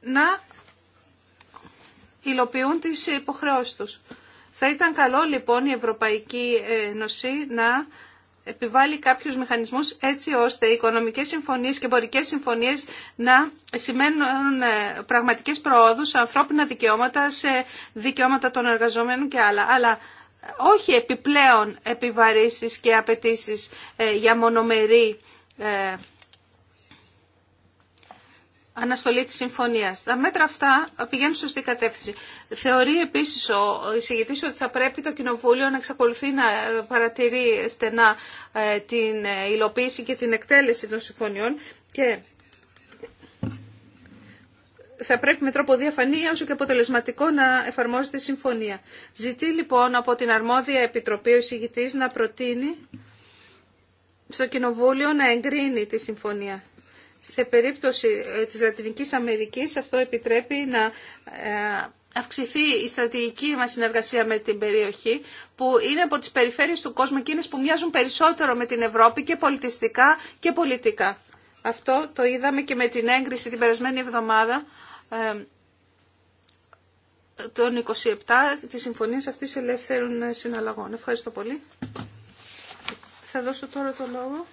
να υλοποιούν τις υποχρεώσεις τους. Θα ήταν καλό λοιπόν η Ευρωπαϊκή Ένωση να επιβάλλει κάποιους μηχανισμούς έτσι ώστε οι οικονομικές συμφωνίες και εμπορικές συμφωνίες να σημαίνουν ε, πραγματικές προόδους, ανθρώπινα δικαιώματα, σε δικαιώματα των εργαζομένων και άλλα. Αλλά όχι επιπλέον επιβαρύσεις και απαιτήσει ε, για μονομερή ε, αναστολή της συμφωνίας. Τα μέτρα αυτά πηγαίνουν σωστή κατεύθυνση. Θεωρεί επίσης ο εισηγητής ότι θα πρέπει το Κοινοβούλιο να εξακολουθεί να παρατηρεί στενά ε, την ε, υλοποίηση και την εκτέλεση των συμφωνιών και θα πρέπει με τρόπο διαφανή όσο και αποτελεσματικό να εφαρμόζεται η συμφωνία. Ζητεί λοιπόν από την αρμόδια επιτροπή ο εισηγητής να προτείνει στο Κοινοβούλιο να εγκρίνει τη συμφωνία σε περίπτωση ε, της Λατινικής Αμερικής αυτό επιτρέπει να ε, αυξηθεί η στρατηγική μας συνεργασία με την περιοχή που είναι από τις περιφέρειες του κόσμου εκείνες που μοιάζουν περισσότερο με την Ευρώπη και πολιτιστικά και πολιτικά. Αυτό το είδαμε και με την έγκριση την περασμένη εβδομάδα ε, των 27 της Συμφωνίας αυτής ελεύθερων συναλλαγών. Ευχαριστώ πολύ. Θα δώσω τώρα το λόγο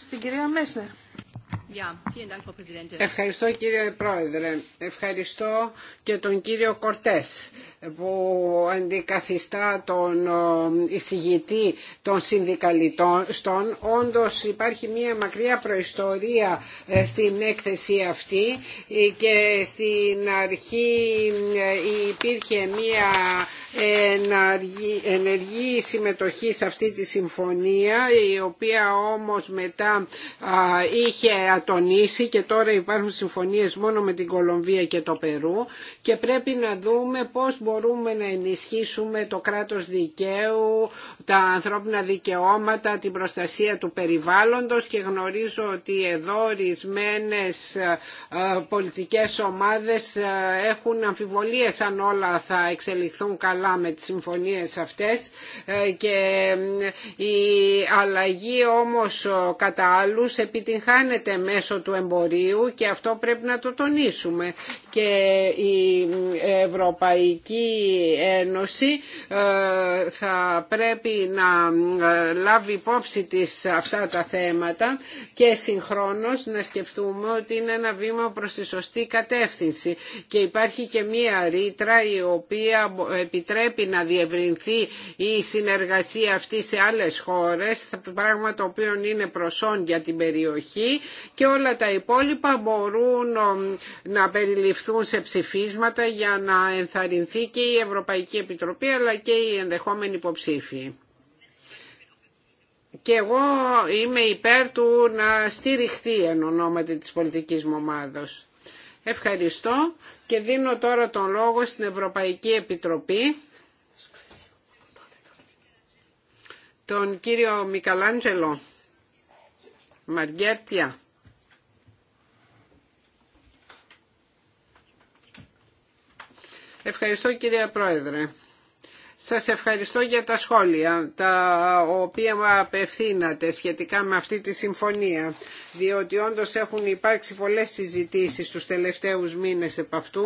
στην κυρία Μέσνερ. Ευχαριστώ κύριε Πρόεδρε. Ευχαριστώ και τον κύριο Κορτές που αντικαθιστά τον εισηγητή των συνδικαλιστών. όντως υπάρχει μια μακριά προϊστορία ε, στην έκθεση αυτή ε, και στην αρχή ε, υπήρχε μια ενεργή, συμμετοχή σε αυτή τη συμφωνία η οποία όμως μετά είχε τονίσει και τώρα υπάρχουν συμφωνίες μόνο με την Κολομβία και το Περού και πρέπει να δούμε πώς μπορούμε να ενισχύσουμε το κράτος δικαίου, τα ανθρώπινα δικαιώματα, την προστασία του περιβάλλοντος και γνωρίζω ότι εδώ ορισμένε ε, ε, πολιτικές ομάδες ε, έχουν αμφιβολίες αν όλα θα εξελιχθούν καλά με τις συμφωνίες αυτές και η αλλαγή όμως κατά άλλους επιτυγχάνεται μέσω του εμπορίου και αυτό πρέπει να το τονίσουμε. Και η Ευρωπαϊκή Ένωση ε, θα πρέπει να ε, λάβει υπόψη της αυτά τα θέματα και συγχρόνως να σκεφτούμε ότι είναι ένα βήμα προς τη σωστή κατεύθυνση και υπάρχει και μία ρήτρα η οποία επιτρέπει να διευρυνθεί η συνεργασία αυτή σε άλλες χώρες, πράγμα το οποίο είναι προσόν για την περιοχή και όλα τα υπόλοιπα μπορούν να περιληφθούν σε ψηφίσματα για να ενθαρρυνθεί και η Ευρωπαϊκή Επιτροπή αλλά και οι ενδεχόμενοι υποψήφοι. Και εγώ είμαι υπέρ του να στηριχθεί εν ονόματι της πολιτικής μου ομάδος. Ευχαριστώ και δίνω τώρα τον λόγο στην Ευρωπαϊκή Επιτροπή. Τον κύριο Μικαλάντζελο Μαργκέρτια. Ευχαριστώ κυρία Πρόεδρε. Σας ευχαριστώ για τα σχόλια τα οποία απευθύνατε σχετικά με αυτή τη συμφωνία διότι όντως έχουν υπάρξει πολλές συζητήσεις τους τελευταίους μήνες επ' αυτού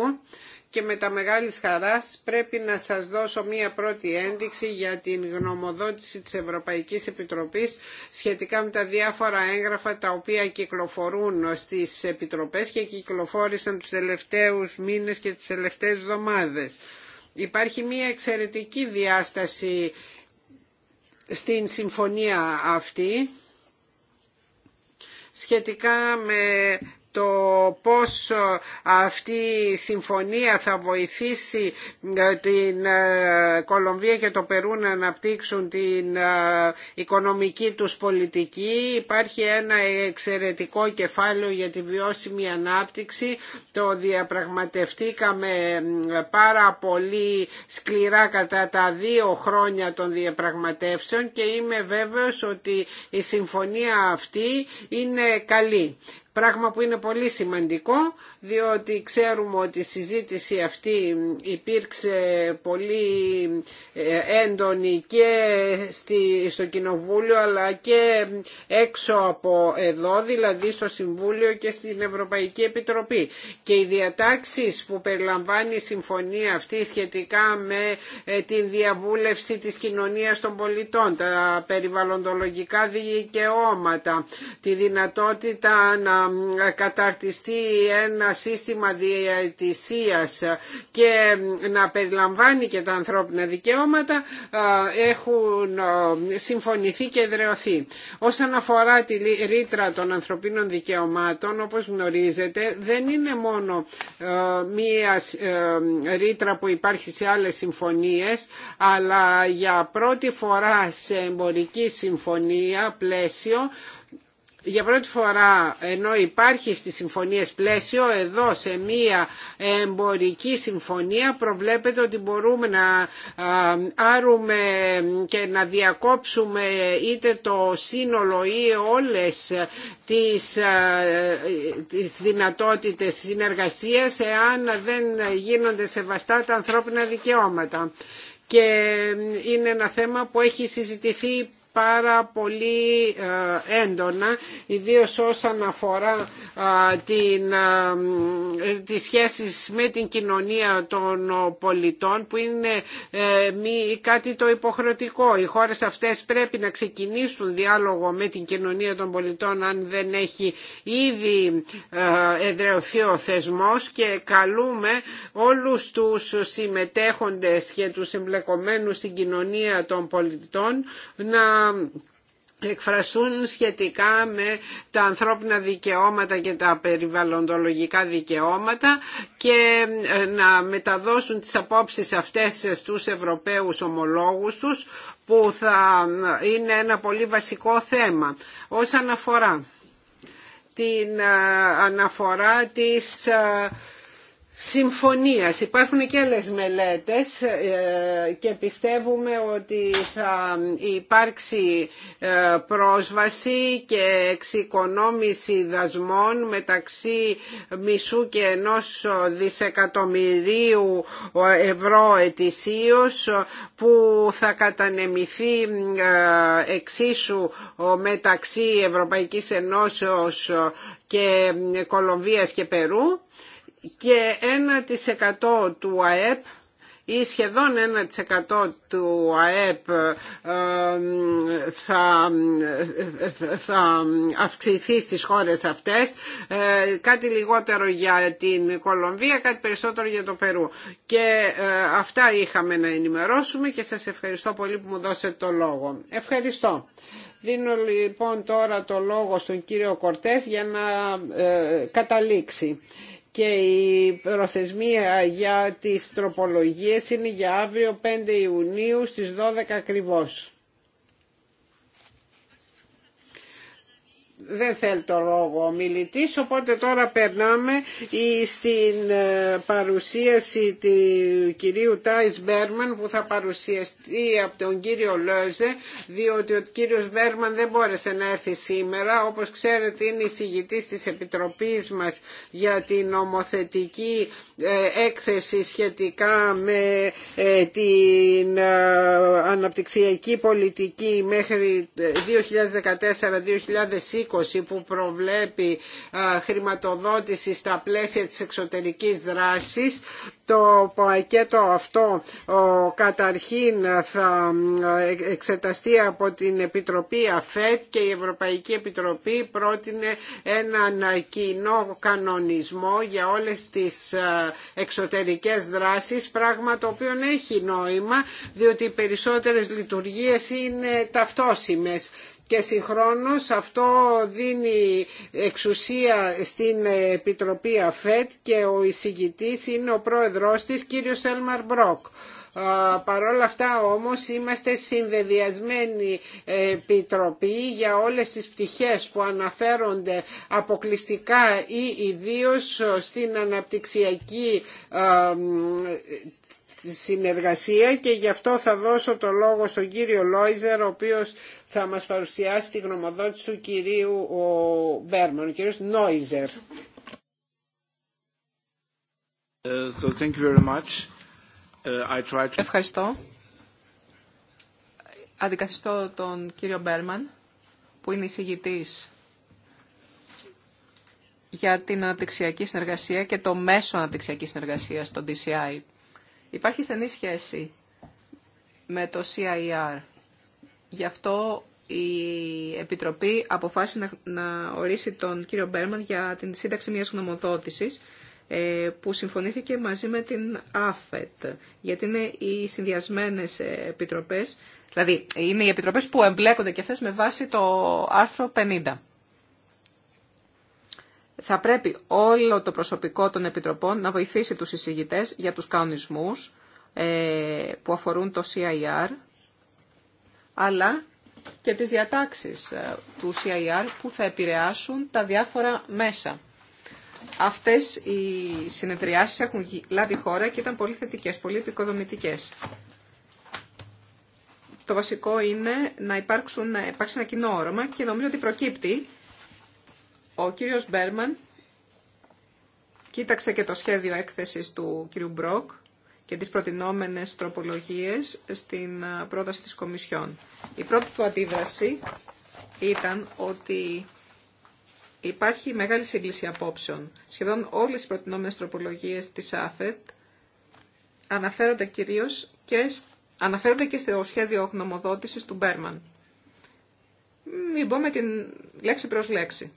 και με τα μεγάλης χαράς πρέπει να σας δώσω μία πρώτη ένδειξη για την γνωμοδότηση της Ευρωπαϊκής Επιτροπής σχετικά με τα διάφορα έγγραφα τα οποία κυκλοφορούν στις Επιτροπές και κυκλοφόρησαν τους τελευταίους μήνες και τις τελευταίες εβδομάδες. Υπάρχει μία εξαιρετική διάσταση στην συμφωνία αυτή σχετικά με το πώς αυτή η συμφωνία θα βοηθήσει ε, την ε, Κολομβία και το Περού να αναπτύξουν την ε, οικονομική τους πολιτική. Υπάρχει ένα εξαιρετικό κεφάλαιο για τη βιώσιμη ανάπτυξη. Το διαπραγματευτήκαμε πάρα πολύ σκληρά κατά τα δύο χρόνια των διαπραγματεύσεων και είμαι βέβαιος ότι η συμφωνία αυτή είναι καλή. Πράγμα που είναι πολύ σημαντικό διότι ξέρουμε ότι η συζήτηση αυτή υπήρξε πολύ ε, έντονη και στο Κοινοβούλιο αλλά και έξω από εδώ, δηλαδή στο Συμβούλιο και στην Ευρωπαϊκή Επιτροπή. Και οι διατάξεις που περιλαμβάνει η συμφωνία αυτή σχετικά με ε, την διαβούλευση της κοινωνίας των πολιτών, τα περιβαλλοντολογικά δικαιώματα, τη δυνατότητα καταρτιστεί ένα σύστημα διαιτησίας και να περιλαμβάνει και τα ανθρώπινα δικαιώματα έχουν συμφωνηθεί και εδρεωθεί. Όσον αφορά τη ρήτρα των ανθρωπίνων δικαιωμάτων, όπως γνωρίζετε, δεν είναι μόνο μία ρήτρα που υπάρχει σε άλλες συμφωνίες, αλλά για πρώτη φορά σε εμπορική συμφωνία πλαίσιο για πρώτη φορά ενώ υπάρχει στις συμφωνίες πλαίσιο εδώ σε μία εμπορική συμφωνία προβλέπεται ότι μπορούμε να άρουμε και να διακόψουμε είτε το σύνολο ή όλες τις, τις δυνατότητες συνεργασίας εάν δεν γίνονται σεβαστά τα ανθρώπινα δικαιώματα και είναι ένα θέμα που έχει συζητηθεί πάρα πολύ ε, έντονα, ιδίως όσον αφορά ε, την, ε, τις σχέσεις με την κοινωνία των πολιτών που είναι μη, κάτι το υποχρεωτικό. Οι χώρες αυτές πρέπει να ξεκινήσουν διάλογο με την κοινωνία των πολιτών αν δεν έχει ήδη εδρεωθεί ο θεσμός και καλούμε όλους τους συμμετέχοντες και τους εμπλεκομένους στην κοινωνία των πολιτών να εκφραστούν σχετικά με τα ανθρώπινα δικαιώματα και τα περιβαλλοντολογικά δικαιώματα και ε, να μεταδώσουν τις απόψεις αυτές στους Ευρωπαίους ομολόγους τους που θα ε, είναι ένα πολύ βασικό θέμα όσον αφορά την ε, αναφορά της συμφωνίας. Υπάρχουν και άλλες μελέτες ε, και πιστεύουμε ότι θα υπάρξει ε, πρόσβαση και εξοικονόμηση δασμών μεταξύ μισού και ενός δισεκατομμυρίου ε, ευρώ ετησίως που θα κατανεμηθεί εξίσου μεταξύ Ευρωπαϊκής Ενώσεως και Κολομβίας και Περού και 1% του ΑΕΠ ή σχεδόν 1% του ΑΕΠ ε, θα, ε, θα αυξηθεί στις χώρες αυτές, ε, κάτι λιγότερο για την Κολομβία, κάτι περισσότερο για το Περού. Και αυτά είχαμε να ενημερώσουμε και σας ευχαριστώ πολύ που μου δώσετε το λόγο. Ευχαριστώ. Δίνω λοιπόν τώρα το λόγο στον κύριο Κορτές για να καταλήξει και η προθεσμία για τις τροπολογίες είναι για αύριο 5 Ιουνίου στις 12 ακριβώς. δεν θέλει το λόγο ο μιλητής, οπότε τώρα περνάμε στην ε, παρουσίαση του κυρίου Τάις Μπέρμαν που θα παρουσιαστεί από τον κύριο Λόζε, διότι ο κύριος Μπέρμαν δεν μπόρεσε να έρθει σήμερα. Όπως ξέρετε είναι εισηγητής της Επιτροπής μας για την νομοθετική ε, έκθεση σχετικά με ε, την αναπτυξιακή πολιτική μέχρι 2014-2020 που προβλέπει χρηματοδότηση στα πλαίσια της εξωτερικής δράσης. Το πακέτο αυτό καταρχήν θα εξεταστεί από την Επιτροπή ΑΦΕΤ και η Ευρωπαϊκή Επιτροπή πρότεινε έναν κοινό κανονισμό για όλες τις εξωτερικές δράσεις, πράγμα το οποίο έχει νόημα διότι οι περισσότερες λειτουργίες είναι ταυτόσιμες και συγχρόνως αυτό δίνει εξουσία στην Επιτροπή ΑΦΕΤ και ο εισηγητής είναι ο πρόεδρός της κύριος Έλμαρ Μπρόκ. όλα αυτά όμως είμαστε συνδεδιασμένη επιτροπή για όλες τις πτυχές που αναφέρονται αποκλειστικά ή ιδίως στην αναπτυξιακή συνεργασία και γι' αυτό θα δώσω το λόγο στον κύριο Λόιζερ ο οποίος θα μας παρουσιάσει τη γνωμοδότηση του κυρίου Μπέρμαν, ο κύριος Νόιζερ. Ευχαριστώ. Αντικαθιστώ τον κύριο Μπέρμαν που είναι εισηγητής για την αναπτυξιακή συνεργασία και το μέσο αναπτυξιακή συνεργασία το DCI. Υπάρχει στενή σχέση με το CIR. Γι' αυτό η Επιτροπή αποφάσισε να, να ορίσει τον κύριο Μπέρμαν για την σύνταξη μιας γνωμοδότησης ε, που συμφωνήθηκε μαζί με την ΑΦΕΤ, γιατί είναι οι συνδυασμένες επιτροπές, δηλαδή είναι οι επιτροπές που εμπλέκονται και αυτές με βάση το άρθρο 50 θα πρέπει όλο το προσωπικό των επιτροπών να βοηθήσει τους εισηγητές για τους κανονισμούς ε, που αφορούν το CIR, αλλά και τις διατάξεις ε, του CIR που θα επηρεάσουν τα διάφορα μέσα. Αυτές οι συνεδριάσεις έχουν λάβει χώρα και ήταν πολύ θετικές, πολύ επικοδομητικές. Το βασικό είναι να υπάρξουν, υπάρξει ένα κοινό όρομα και νομίζω ότι προκύπτει ο κύριος Μπέρμαν κοίταξε και το σχέδιο έκθεσης του κύριου Μπροκ και τις προτινόμενες τροπολογίες στην πρόταση της Κομισιόν. Η πρώτη του αντίδραση ήταν ότι υπάρχει μεγάλη σύγκληση απόψεων. Σχεδόν όλες οι προτινόμενες τροπολογίες της ΑΦΕΤ αναφέρονται κυρίως και, αναφέρονται και στο σχέδιο γνωμοδότησης του Μπέρμαν. Μην πω την λέξη προς λέξη.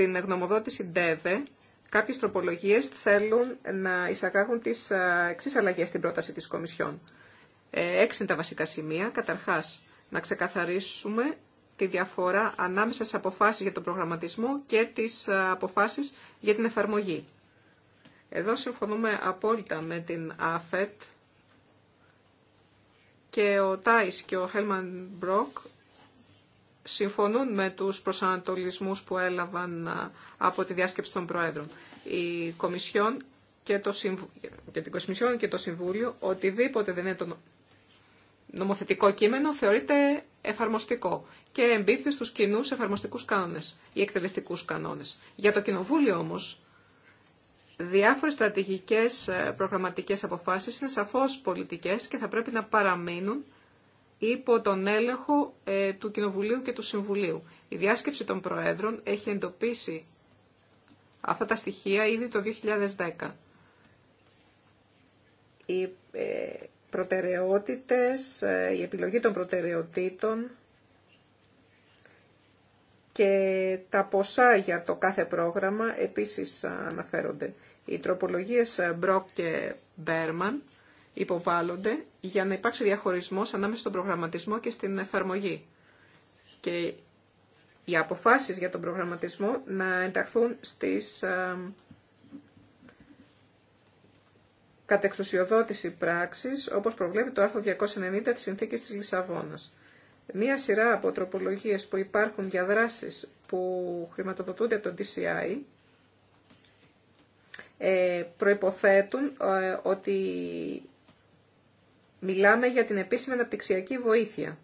στην γνωμοδότηση ΔΕΒΕ κάποιες τροπολογίες θέλουν να εισαγάγουν τις ε, εξή αλλαγέ στην πρόταση της Κομισιόν. Ε, έξι είναι τα βασικά σημεία. Καταρχάς, να ξεκαθαρίσουμε τη διαφορά ανάμεσα στι αποφάσεις για τον προγραμματισμό και τις ε, αποφάσεις για την εφαρμογή. Εδώ συμφωνούμε απόλυτα με την ΑΦΕΤ και ο Τάις και ο Χέλμαν Μπροκ συμφωνούν με τους προσανατολισμούς που έλαβαν από τη διάσκεψη των Προέδρων. Η Κομισιόν και, το και την Κομισιόν και το Συμβούλιο, οτιδήποτε δεν είναι το νομοθετικό κείμενο θεωρείται εφαρμοστικό και εμπίπτει στους κοινού εφαρμοστικούς κανόνες ή εκτελεστικούς κανόνες. Για το Κοινοβούλιο όμως, διάφορες στρατηγικές ε, προγραμματικές αποφάσεις είναι σαφώς πολιτικές και θα πρέπει να παραμείνουν υπό τον έλεγχο ε, του Κοινοβουλίου και του Συμβουλίου. Η διάσκεψη των Προέδρων έχει εντοπίσει αυτά τα στοιχεία ήδη το 2010. Οι ε, προτεραιότητες, ε, η επιλογή των προτεραιοτήτων και τα ποσά για το κάθε πρόγραμμα επίσης αναφέρονται. Οι τροπολογίες Μπροκ και Μπέρμαν υποβάλλονται για να υπάρξει διαχωρισμός ανάμεσα στον προγραμματισμό και στην εφαρμογή. Και οι αποφάσεις για τον προγραμματισμό να ενταχθούν στις ε, κατεξουσιοδότηση πράξης, όπως προβλέπει το άρθρο 290 της Συνθήκης της Λισαβόνας. Μία σειρά από τροπολογίες που υπάρχουν για δράσεις που χρηματοδοτούνται από το DCI ε, προϋποθέτουν ε, ότι Μιλάμε για την επίσημη αναπτυξιακή βοήθεια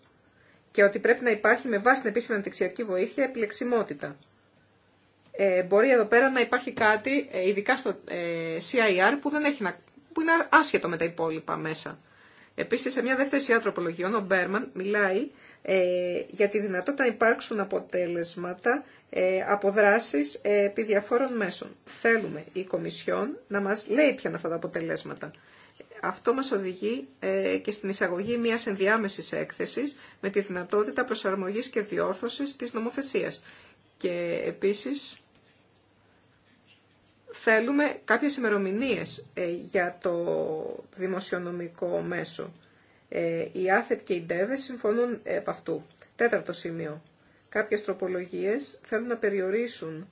και ότι πρέπει να υπάρχει με βάση την επίσημη αναπτυξιακή βοήθεια επιλεξιμότητα. Ε, μπορεί εδώ πέρα να υπάρχει κάτι, ε, ειδικά στο ε, CIR, που, δεν έχει να, που είναι άσχετο με τα υπόλοιπα μέσα. Επίσης, σε μια δεύτερη σειρά τροπολογιών, ο Μπέρμαν μιλάει ε, για τη δυνατότητα να υπάρξουν αποτέλεσματα ε, από δράσεις ε, επί διαφόρων μέσων. Θέλουμε η Κομισιόν να μας λέει ποια είναι αυτά τα αποτελέσματα. Αυτό μας οδηγεί ε, και στην εισαγωγή μιας ενδιάμεσης έκθεσης με τη δυνατότητα προσαρμογής και διόρθωσης της νομοθεσίας. Και επίσης θέλουμε κάποιες ημερομηνίε ε, για το δημοσιονομικό μέσο. η ε, ΑΘΕΤ και η ΔΕΒΕ συμφωνούν επ' αυτού. Τέταρτο σημείο. Κάποιες τροπολογίες θέλουν να περιορίσουν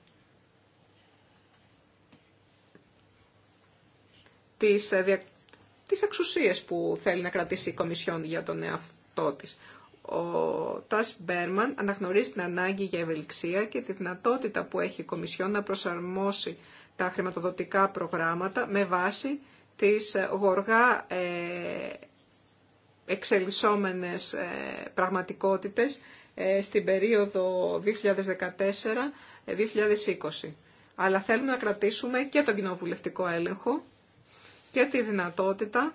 τις τις εξουσίες που θέλει να κρατήσει η Κομισιόν για τον εαυτό της. Ο Τας Μπέρμαν αναγνωρίζει την ανάγκη για ευελιξία και τη δυνατότητα που έχει η Κομισιόν να προσαρμόσει τα χρηματοδοτικά προγράμματα με βάση τις ε, γοργά ε, εξελισσόμενες ε, πραγματικότητες στην περίοδο 2014-2020. Αλλά θέλουμε να κρατήσουμε και τον κοινοβουλευτικό έλεγχο και τη δυνατότητα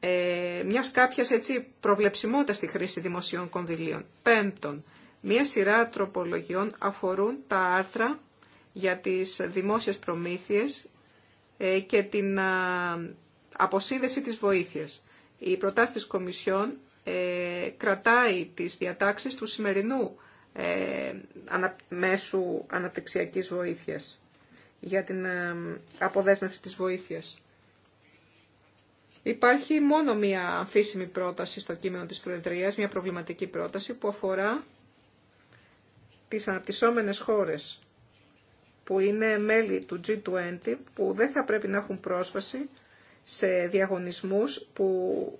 ε, μιας κάποιας έτσι προβλεψιμότητας στη χρήση δημοσίων κονδυλίων. Πέμπτον, μία σειρά τροπολογιών αφορούν τα άρθρα για τις δημόσιες προμήθειες ε, και την αποσύνδεση της βοήθειας. Η προτάση της Κομισιόν ε, κρατάει τις διατάξεις του σημερινού ε, μέσου αναπτυξιακής βοήθειας για την αποδέσμευση της βοήθειας. Υπάρχει μόνο μία αμφίσιμη πρόταση στο κείμενο της Προεδρίας, μία προβληματική πρόταση που αφορά τις αναπτυσσόμενες χώρες που είναι μέλη του G20 που δεν θα πρέπει να έχουν πρόσβαση σε διαγωνισμούς που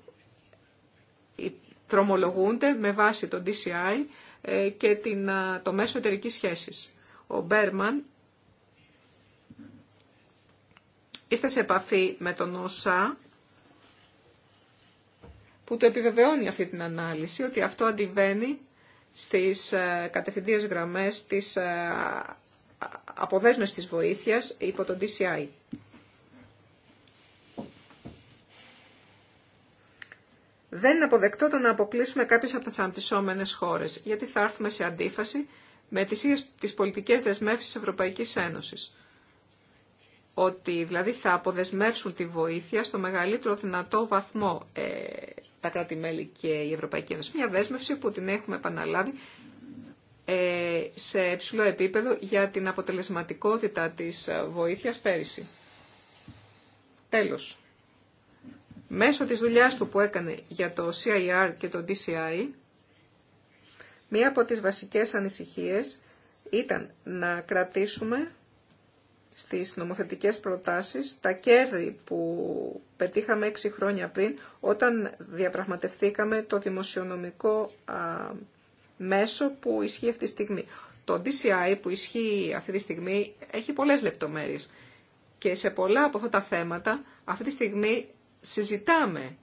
τρομολογούνται με βάση το DCI ε, και ε, το μέσο εταιρική σχέσης. Ο Μπέρμαν ήρθε σε επαφή με τον ΟΣΑ που το επιβεβαιώνει αυτή την ανάλυση ότι αυτό αντιβαίνει στις ε, κατευθυντήριες γραμμές της ε, αποδέσμες της βοήθειας υπό τον DCI. Δεν είναι αποδεκτό το να αποκλείσουμε κάποιες από τις αντισώμενες χώρες, γιατί θα έρθουμε σε αντίφαση με τις ίδιες τις πολιτικές δεσμεύσεις της Ευρωπαϊκής Ένωσης ότι δηλαδή θα αποδεσμεύσουν τη βοήθεια στο μεγαλύτερο δυνατό βαθμό ε, τα κράτη-μέλη και η Ευρωπαϊκή Ένωση. Μια δέσμευση που την έχουμε επαναλάβει ε, σε υψηλό επίπεδο για την αποτελεσματικότητα της ε, βοήθειας πέρυσι. Τέλος. Μέσω της δουλειάς του που έκανε για το CIR και το DCI, μία από τις βασικές ανησυχίες ήταν να κρατήσουμε στις νομοθετικές προτάσεις τα κέρδη που πετύχαμε έξι χρόνια πριν όταν διαπραγματευτήκαμε το δημοσιονομικό α, μέσο που ισχύει αυτή τη στιγμή. Το DCI που ισχύει αυτή τη στιγμή έχει πολλές λεπτομέρειες και σε πολλά από αυτά τα θέματα αυτή τη στιγμή συζητάμε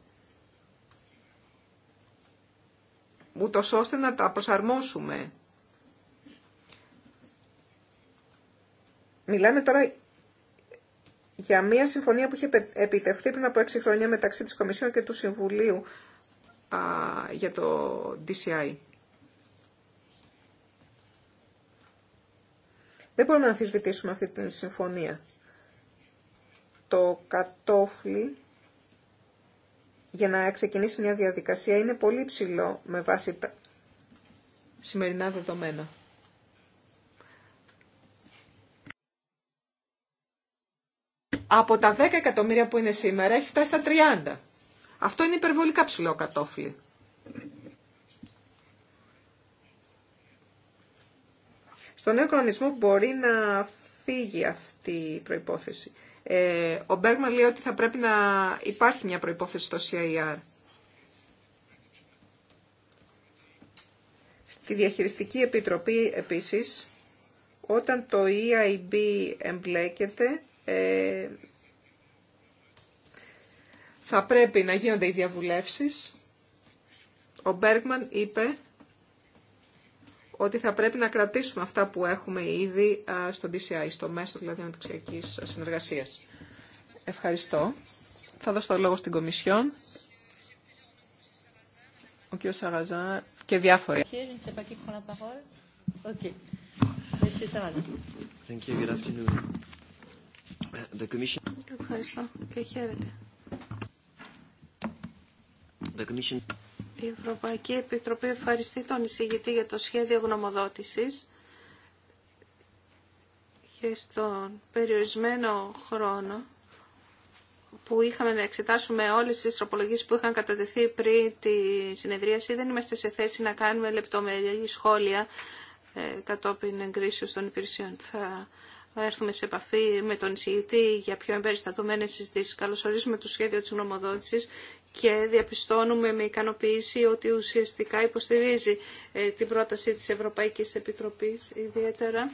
ούτω ώστε να τα προσαρμόσουμε Μιλάμε τώρα για μια συμφωνία που είχε επιτευχθεί πριν από έξι χρόνια μεταξύ της Κομισιόν και του Συμβουλίου α, για το DCI. Δεν μπορούμε να αμφισβητήσουμε αυτή τη συμφωνία. Το κατόφλι για να ξεκινήσει μια διαδικασία είναι πολύ ψηλό με βάση τα σημερινά δεδομένα. από τα 10 εκατομμύρια που είναι σήμερα έχει φτάσει στα 30. Αυτό είναι υπερβολικά ψηλό κατόφλι. Στον νέο κανονισμό μπορεί να φύγει αυτή η προϋπόθεση. Ε, ο Μπέρμαν λέει ότι θα πρέπει να υπάρχει μια προϋπόθεση στο CIR. Στη Διαχειριστική Επιτροπή επίσης, όταν το EIB εμπλέκεται, ε, θα πρέπει να γίνονται οι διαβουλεύσεις. Ο Μπέργκμαν είπε ότι θα πρέπει να κρατήσουμε αυτά που έχουμε ήδη στο DCI, στο μέσο δηλαδή αναπτυξιακής συνεργασίας. Ευχαριστώ. Θα δώσω το λόγο στην Κομισιόν. Ο κ. Σαραζά και διάφοροι. Ευχαριστώ και χαίρετε. Η Ευρωπαϊκή Επιτροπή ευχαριστεί τον εισηγητή για το σχέδιο γνωμοδότησης και στον περιορισμένο χρόνο που είχαμε να εξετάσουμε όλες τις τροπολογίες που είχαν κατατεθεί πριν τη συνεδρίαση, δεν είμαστε σε θέση να κάνουμε λεπτομερή σχόλια ε, κατόπιν εγκρίσεως των υπηρεσιών. Θα έρθουμε σε επαφή με τον εισηγητή για πιο εμπεριστατωμένε συζητήσει. Καλωσορίζουμε το σχέδιο τη γνωμοδότηση και διαπιστώνουμε με ικανοποίηση ότι ουσιαστικά υποστηρίζει ε, την πρόταση της Ευρωπαϊκής Επιτροπής ιδιαίτερα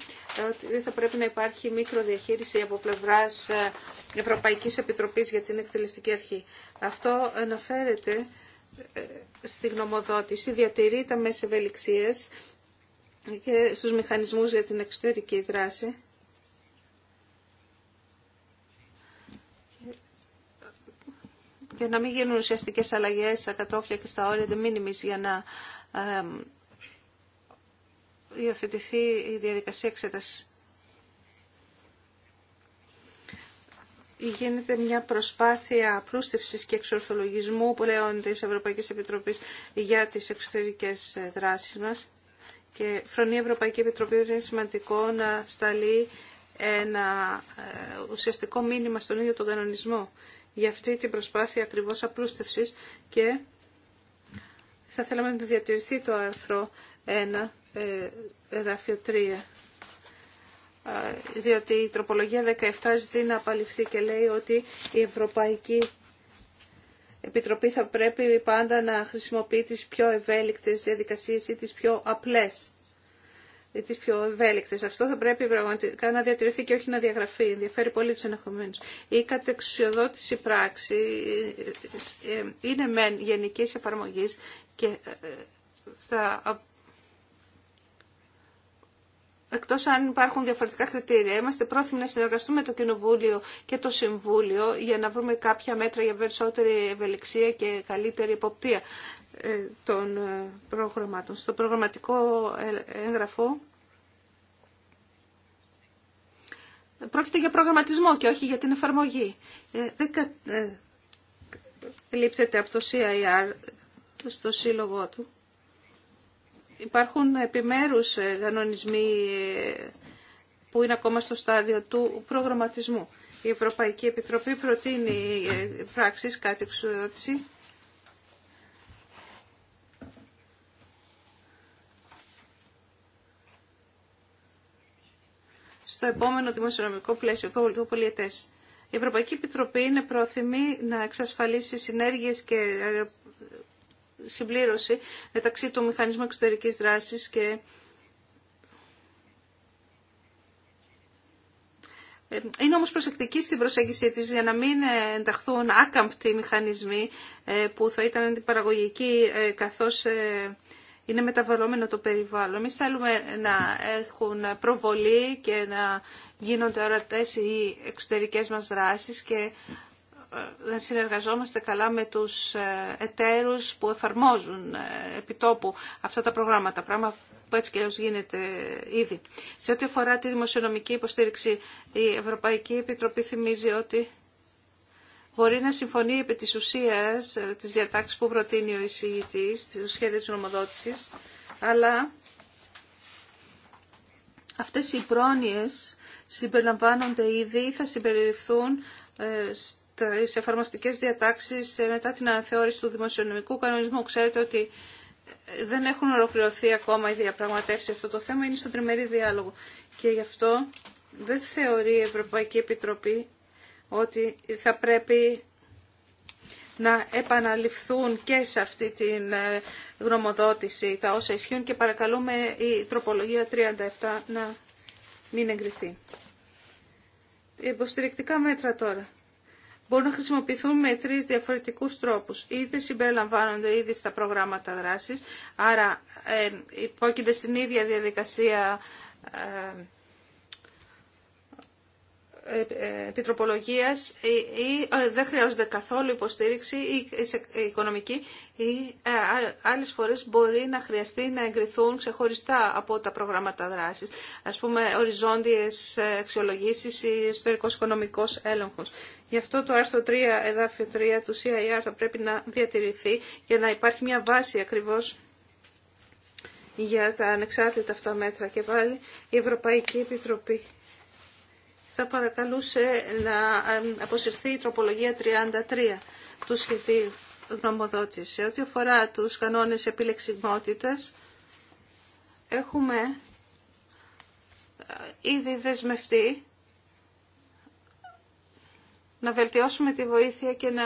ότι δεν θα πρέπει να υπάρχει μικροδιαχείριση από πλευράς ε, Ευρωπαϊκής Επιτροπής για την εκτελεστική αρχή. Αυτό αναφέρεται ε, στη γνωμοδότηση, διατηρεί τα μέσα ευελιξίες και στους μηχανισμούς για την εξωτερική δράση για να μην γίνουν ουσιαστικέ αλλαγέ στα κατόφλια και στα όρια de για να υιοθετηθεί η διαδικασία εξέταση. Γίνεται μια προσπάθεια απλούστευσης και εξορθολογισμού πλέον της Ευρωπαϊκής Επιτροπής για τις εξωτερικές δράσεις μας και φρονεί η Ευρωπαϊκή Επιτροπή ότι είναι σημαντικό να σταλεί ένα ε, ουσιαστικό μήνυμα στον ίδιο τον κανονισμό για αυτή την προσπάθεια ακριβώς απλούστευσης και θα θέλαμε να διατηρηθεί το άρθρο 1, ε, εδάφιο 3 διότι η τροπολογία 17 ζητεί να απαλληφθεί και λέει ότι η Ευρωπαϊκή Επιτροπή θα πρέπει πάντα να χρησιμοποιεί τις πιο ευέλικτες διαδικασίες ή τις πιο απλές τι πιο ευέλικτε. Αυτό θα πρέπει πραγματικά να διατηρηθεί και όχι να διαγραφεί. Ενδιαφέρει πολύ του ενεχομένου. Η κατεξουσιοδότηση πράξη ε, ε, είναι μεν γενική εφαρμογή και ε, στα εκτός αν υπάρχουν διαφορετικά κριτήρια. Είμαστε πρόθυμοι να συνεργαστούμε με το Κοινοβούλιο και το Συμβούλιο για να βρούμε κάποια μέτρα για περισσότερη ευελιξία και καλύτερη υποπτία. Ε, των ε, προγραμμάτων. Στο προγραμματικό ε, έγγραφο πρόκειται για προγραμματισμό και όχι για την εφαρμογή. Δεν κα... λείπτεται από το CIR στο σύλλογό του. Υπάρχουν επιμέρους κανονισμοί που είναι ακόμα στο στάδιο του προγραμματισμού. Η Ευρωπαϊκή Επιτροπή προτείνει πράξεις κάτι εξουδότηση στο επόμενο δημοσιονομικό πλαίσιο, το Η Ευρωπαϊκή Επιτροπή είναι πρόθυμη να εξασφαλίσει συνέργειες και ε, συμπλήρωση μεταξύ του Μηχανισμού εξωτερική Δράσης και ε, Είναι όμως προσεκτική στην προσέγγιση της για να μην ε, ενταχθούν άκαμπτοι μηχανισμοί που θα ήταν αντιπαραγωγικοί καθώς είναι μεταβαλλόμενο το περιβάλλον. Εμεί θέλουμε να έχουν προβολή και να γίνονται ορατέ οι εξωτερικές μας δράσεις και ε, να συνεργαζόμαστε καλά με τους ε, εταίρους που εφαρμόζουν ε, επιτόπου αυτά τα προγράμματα, πράγμα που έτσι και γίνεται ήδη. Σε ό,τι αφορά τη δημοσιονομική υποστήριξη, η Ευρωπαϊκή Επιτροπή θυμίζει ότι μπορεί να συμφωνεί επί της ουσίας ε, της διατάξης που προτείνει ο εισηγητής, του σχέδιο της νομοδότησης, αλλά αυτές οι πρόνοιες συμπεριλαμβάνονται ήδη ή θα συμπεριληφθούν ε, στις εφαρμοστικές διατάξεις ε, μετά την αναθεώρηση του δημοσιονομικού κανονισμού. Ξέρετε ότι δεν έχουν ολοκληρωθεί ακόμα οι διαπραγματεύσει αυτό το θέμα, είναι στον τριμερή διάλογο. Και γι' αυτό δεν θεωρεί η Ευρωπαϊκή Επιτροπή ότι θα πρέπει να επαναληφθούν και σε αυτή την ε, γνωμοδότηση τα όσα ισχύουν και παρακαλούμε η τροπολογία 37 να μην εγκριθεί. Υποστηρικτικά μέτρα τώρα. Μπορούν να χρησιμοποιηθούν με τρεις διαφορετικούς τρόπους. Είτε συμπεριλαμβάνονται ήδη στα προγράμματα δράσης, άρα ε, στην ίδια διαδικασία ε, επιτροπολογίας ή ε, δεν χρειάζονται καθόλου υποστήριξη ή ε, ε, οικονομική ή άλλες φορές μπορεί να χρειαστεί να εγκριθούν ξεχωριστά από τα προγράμματα δράσης. Ας πούμε οριζόντιες αξιολογήσεις ή ιστορικός οικονομικός έλεγχος. Γι' αυτό το άρθρο 3, εδάφιο 3 του CIR θα πρέπει να διατηρηθεί για να υπάρχει μια βάση ακριβώς για τα ανεξάρτητα αυτά μέτρα και πάλι η Ευρωπαϊκή Επιτροπή θα παρακαλούσε να αποσυρθεί η τροπολογία 33 του σχεδίου γνωμοδότηση. Ό,τι αφορά τους κανόνες επιλεξιμότητας, έχουμε ε, ήδη δεσμευτεί να βελτιώσουμε τη βοήθεια και να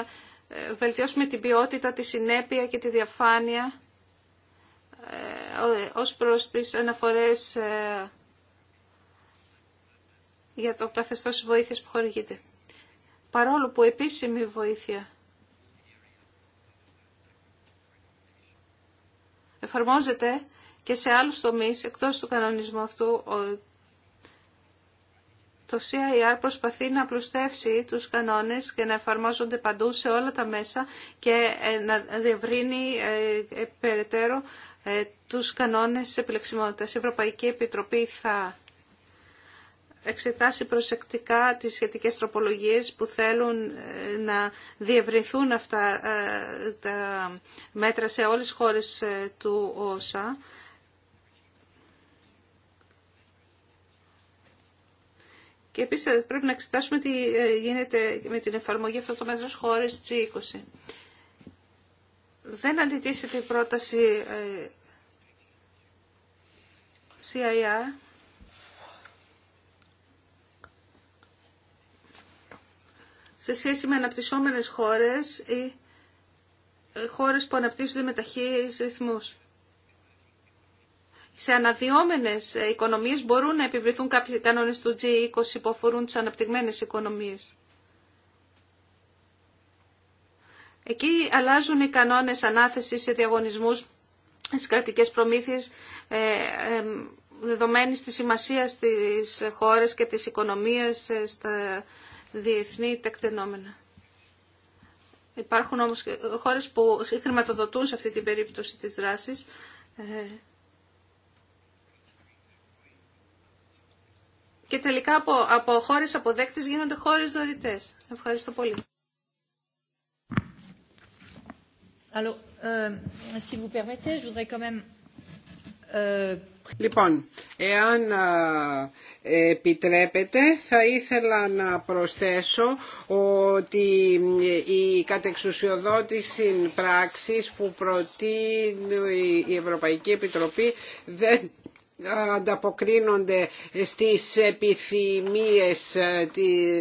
ε, βελτιώσουμε την ποιότητα, τη συνέπεια και τη διαφάνεια ε, ως προς τις αναφορές για το καθεστώς βοήθειας που χορηγείται. Παρόλο που επίσημη βοήθεια εφαρμόζεται και σε άλλους τομείς εκτός του κανονισμού αυτού το CIR προσπαθεί να απλουστεύσει τους κανόνες και να εφαρμόζονται παντού σε όλα τα μέσα και ε, να διευρύνει ε, περαιτέρω ε, τους κανόνες επιλεξιμότητας. Η Ευρωπαϊκή Επιτροπή θα εξετάσει προσεκτικά τις σχετικές τροπολογίες που θέλουν ε, να διευρυνθούν αυτά ε, τα μέτρα σε όλες τις χώρες ε, του ΩΣΑ. Και επίσης πρέπει να εξετάσουμε τι γίνεται με την εφαρμογή αυτών των μέτρων χώρες G20. Δεν αντιτίθεται η πρόταση CIR σε σχέση με αναπτυσσόμενες χώρες ή ε, χώρες που αναπτύσσονται με ταχύς ρυθμούς. Σε αναδυόμενες ε, οικονομίες μπορούν να επιβληθούν κάποιοι κανόνες του G20 που αφορούν τις αναπτυγμένες οικονομίες. Εκεί αλλάζουν οι κανόνες ανάθεσης σε διαγωνισμούς στις κρατικές προμήθειες ε, ε, δεδομένης της σημασίας της χώρας και της οικονομίας ε, στα διεθνή τεκτενόμενα. Υπάρχουν όμως χώρες που χρηματοδοτούν σε αυτή την περίπτωση της δράσης. Ε, και τελικά από, από χώρες αποδέκτες γίνονται χώρες δωρητές. Ευχαριστώ πολύ. Alors, euh, si vous permettez, je voudrais quand même Λοιπόν, εάν επιτρέπετε θα ήθελα να προσθέσω ότι ε, η κατεξουσιοδότηση πράξης που προτείνει η Ευρωπαϊκή Επιτροπή δεν ανταποκρίνονται στις επιθυμίες ε,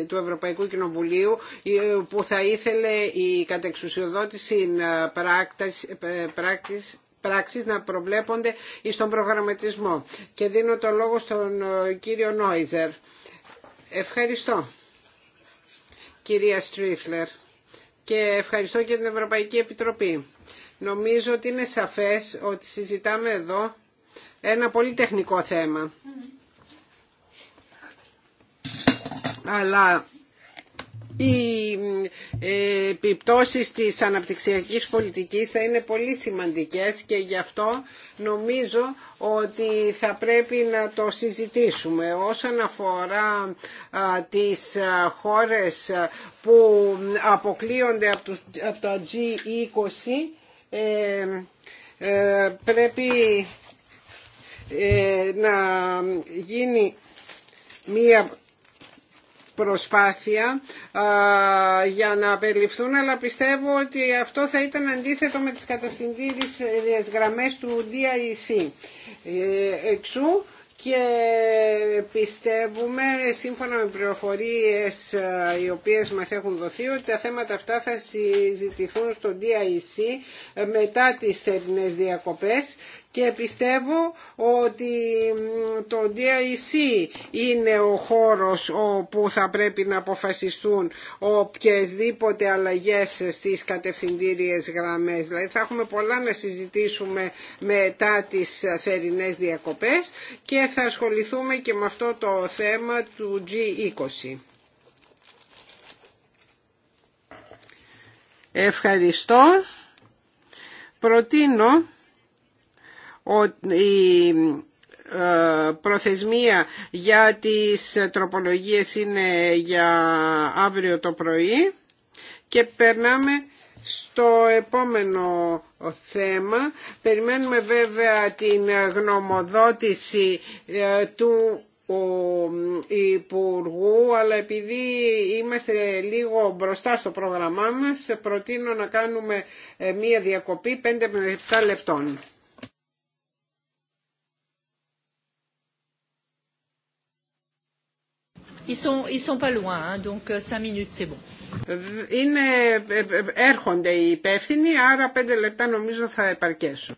του Ευρωπαϊκού Κοινοβουλίου ε, που θα ήθελε η κατεξουσιοδότηση πράκτης, πράκτης πράξεις να προβλέπονται στον προγραμματισμό. Και δίνω το λόγο στον ε, κύριο Νόιζερ. Ευχαριστώ, κυρία Στρίφλερ. Και ευχαριστώ και την Ευρωπαϊκή Επιτροπή. Νομίζω ότι είναι σαφές ότι συζητάμε εδώ ένα πολύ τεχνικό θέμα. Mm-hmm. Αλλά οι ε, επιπτώσεις της αναπτυξιακής πολιτικής θα είναι πολύ σημαντικές και γι' αυτό νομίζω ότι θα πρέπει να το συζητήσουμε. Όσον αφορά τις χώρες που αποκλείονται από το G20, ε, ε, πρέπει να γίνει μία προσπάθεια για να περιληφθούν αλλά πιστεύω ότι αυτό θα ήταν αντίθετο με τις κατευθυντήριες γραμμές του DIC. Ε, εξού και πιστεύουμε σύμφωνα με πληροφορίες οι οποίες μας έχουν δοθεί ότι τα θέματα αυτά θα συζητηθούν στο DIC μετά τις θερινές διακοπές και πιστεύω ότι το DIC είναι ο χώρος όπου θα πρέπει να αποφασιστούν οποιασδήποτε αλλαγές στις κατευθυντήριες γραμμές. Δηλαδή θα έχουμε πολλά να συζητήσουμε μετά τις θερινές διακοπές και θα ασχοληθούμε και με αυτό το θέμα του G20. Ευχαριστώ. Προτείνω ότι ε, προθεσμία για τις τροπολογίες είναι για αύριο το πρωί και περνάμε στο επόμενο θέμα. Περιμένουμε βέβαια την γνωμοδότηση ε, του Υπουργού, αλλά επειδή είμαστε λίγο μπροστά στο πρόγραμμά μας, προτείνω να κάνουμε ε, μία διακοπή 5 με 7 λεπτών. Euh, Είναι, ε, ε, ε, έρχονται οι υπεύθυνοι, άρα πέντε λεπτά νομίζω θα επαρκέσουν.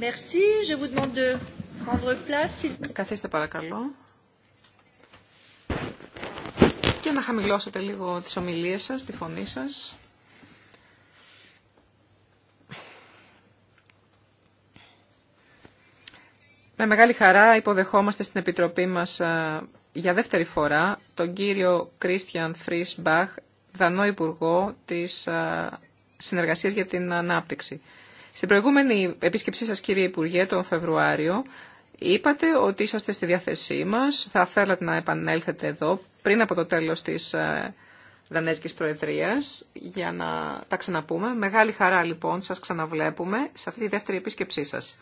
Merci. Καθίστε παρακαλώ. Και να χαμηλώσετε λίγο τις ομιλίες σας, τη φωνή σας. Με μεγάλη χαρά υποδεχόμαστε στην Επιτροπή μας για δεύτερη φορά τον κύριο Κρίστιαν Φρίσμπαχ, Δανό Υπουργό της Συνεργασίας για την Ανάπτυξη. Στην προηγούμενη επίσκεψή σας, κύριε Υπουργέ, τον Φεβρουάριο, είπατε ότι είσαστε στη διάθεσή μας, θα θέλατε να επανέλθετε εδώ πριν από το τέλος της ε, Δανέζικης Προεδρίας για να τα ξαναπούμε. Μεγάλη χαρά λοιπόν σας ξαναβλέπουμε σε αυτή τη δεύτερη επίσκεψή σας.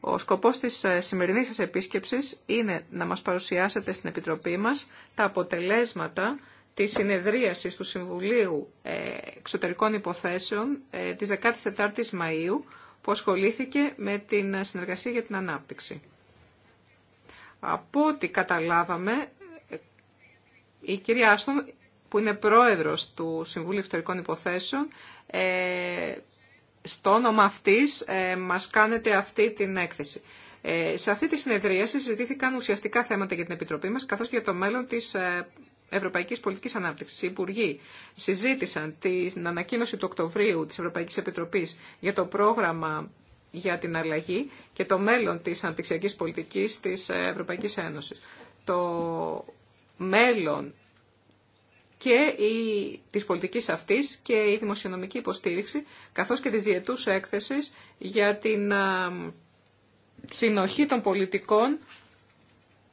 Ο σκοπός της ε, σημερινής σας επίσκεψης είναι να μας παρουσιάσετε στην Επιτροπή μας τα αποτελέσματα τη συνεδρίαση του Συμβουλίου ε, Εξωτερικών Υποθέσεων ε, της 14ης Μαΐου που ασχολήθηκε με την συνεργασία για την ανάπτυξη. Από ό,τι καταλάβαμε, ε, η κυρία Άστον, που είναι πρόεδρος του Συμβουλίου Εξωτερικών Υποθέσεων, στο όνομα αυτής μας κάνετε αυτή την έκθεση. Σε αυτή τη συνεδρία συζητήθηκαν ουσιαστικά θέματα για την Επιτροπή μας, καθώς και για το μέλλον της Ευρωπαϊκής Πολιτικής Ανάπτυξη. Οι Υπουργοί συζήτησαν την ανακοίνωση του Οκτωβρίου της Ευρωπαϊκής Επιτροπή για το πρόγραμμα για την αλλαγή και το μέλλον της αναπτυξιακής πολιτικής της Ευρωπαϊκή Ένωσης. Το μέλλον και η, της πολιτικής αυτής και η δημοσιονομική υποστήριξη, καθώς και της διετούς έκθεσης για την συνοχή των πολιτικών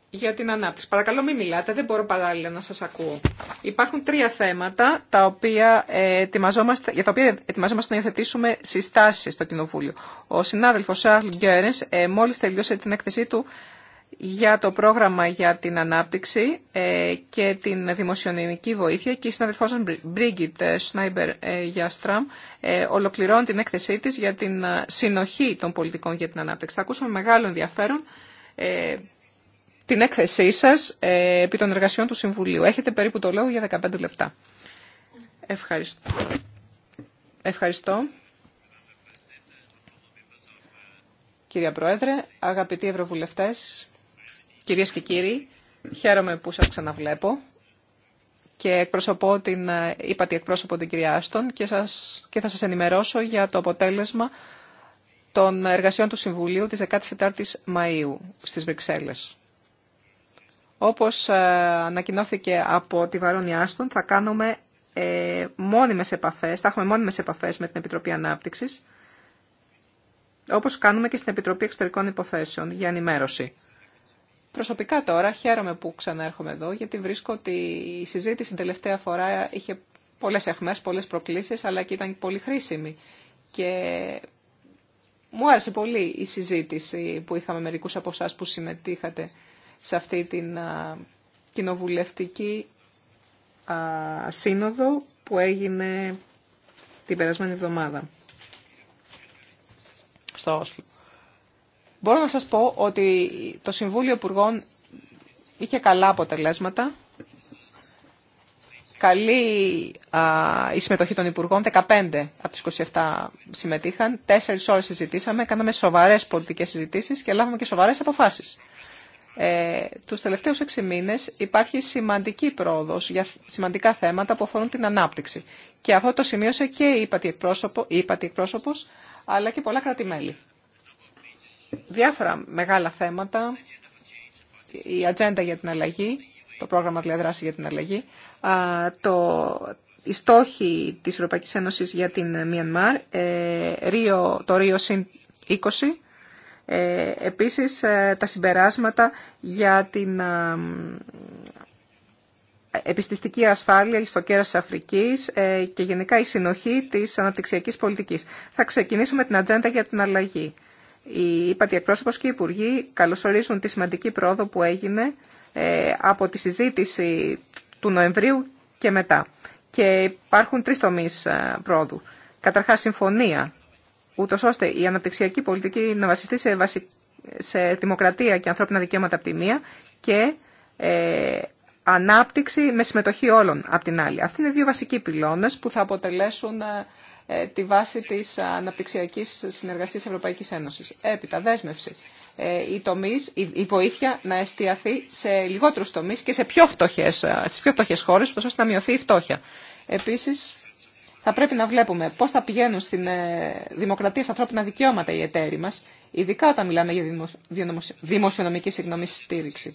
για την ανάπτυξη. Παρακαλώ μην μιλάτε, δεν μπορώ παράλληλα να σας ακούω. Υπάρχουν τρία θέματα τα οποία, ε, ετοιμαζόμαστε, για τα οποία ετοιμαζόμαστε να υιοθετήσουμε συστάσεις στο Κοινοβούλιο. Ο συνάδελφος Σάρλ Γκέρενς ε, μόλις τελειώσε την έκθεσή του για το πρόγραμμα για την ανάπτυξη ε, και την δημοσιονομική βοήθεια και η συναδελφός μας Μπρίγκιτ ε, Σνάιμπερ Γιάστραμ ολοκληρώνει την έκθεσή της για την συνοχή των πολιτικών για την ανάπτυξη. Θα ακούσουμε μεγάλο ενδιαφέρον την έκθεσή σας ε, επί των εργασιών του Συμβουλίου. Έχετε περίπου το λόγο για 15 λεπτά. Ευχαριστώ. Ευχαριστώ. Κυρία Πρόεδρε, αγαπητοί Ευρωβουλευτές, κυρίες και κύριοι, χαίρομαι που σας ξαναβλέπω και εκπροσωπώ την ύπατη ε, εκπρόσωπο την κυρία Άστον και, σας, και θα σας ενημερώσω για το αποτέλεσμα των εργασιών του Συμβουλίου της 14ης Μαΐου στις Βρυξέλλες. Όπως ε, ανακοινώθηκε από τη Βαρόνια Άστον, θα κάνουμε ε, μόνιμες επαφές, θα έχουμε μόνιμες επαφές με την Επιτροπή Ανάπτυξης, όπως κάνουμε και στην Επιτροπή Εξωτερικών Υποθέσεων για ενημέρωση. Προσωπικά τώρα χαίρομαι που ξαναέρχομαι εδώ, γιατί βρίσκω ότι η συζήτηση τελευταία φορά είχε πολλές αιχμές, πολλές προκλήσεις, αλλά και ήταν πολύ χρήσιμη. Και μου άρεσε πολύ η συζήτηση που είχαμε μερικούς από εσά που συμμετείχατε σε αυτή την κοινοβουλευτική σύνοδο που έγινε την περασμένη εβδομάδα στο Όσλο. Μπορώ να σας πω ότι το Συμβούλιο Υπουργών είχε καλά αποτελέσματα. Καλή η συμμετοχή των Υπουργών, 15 από τις 27 συμμετείχαν, Τέσσερις ώρες συζητήσαμε, κάναμε σοβαρές πολιτικές συζητήσεις και λάβαμε και σοβαρές αποφάσεις. Ε, τους τελευταίους έξι μήνες υπάρχει σημαντική πρόοδος για σημαντικά θέματα που αφορούν την ανάπτυξη. Και αυτό το σημείωσε και η ΥΠΑΤΗ εκπρόσωπο, εκπρόσωπος, αλλά και πολλά κράτη-μέλη. Διάφορα μεγάλα θέματα, η ατζέντα για την αλλαγή, το πρόγραμμα διαδράση για την αλλαγή, το, οι στόχοι της Ευρωπαϊκής Ένωσης για την Μιανμάρ, ε, το Ρίο 20, ε, επίσης, ε, τα συμπεράσματα για την ε, επιστηστική ασφάλεια στο κέρας της Αφρικής και γενικά η συνοχή της αναπτυξιακής πολιτικής. Θα ξεκινήσουμε την ατζέντα για την αλλαγή. Οι ΥΠΑΤΙ εκπρόσωπος και οι Υπουργοί καλωσορίζουν τη σημαντική πρόοδο που έγινε από τη συζήτηση του Νοεμβρίου και μετά. Και υπάρχουν τρεις τομείς πρόοδου. Καταρχάς, συμφωνία ούτω ώστε η αναπτυξιακή πολιτική να βασιστεί σε, σε δημοκρατία και ανθρώπινα δικαιώματα από τη μία και ε, ανάπτυξη με συμμετοχή όλων από την άλλη. Αυτοί είναι δύο βασικοί πυλώνες που θα αποτελέσουν ε, ε, τη βάση της αναπτυξιακής συνεργασίας Ευρωπαϊκής Ένωσης. Έπειτα, δέσμευση. Ε, η, βοήθεια να εστιαθεί σε λιγότερους τομείς και σε πιο φτωχές, ε, στις πιο φτωχές χώρες, ώστε να μειωθεί η φτώχεια. Επίσης, θα πρέπει να βλέπουμε πώς θα πηγαίνουν στην ε, δημοκρατία στα ανθρώπινα δικαιώματα οι εταίροι μα. ειδικά όταν μιλάμε για δημοσιονομική συγγνώμη στήριξη.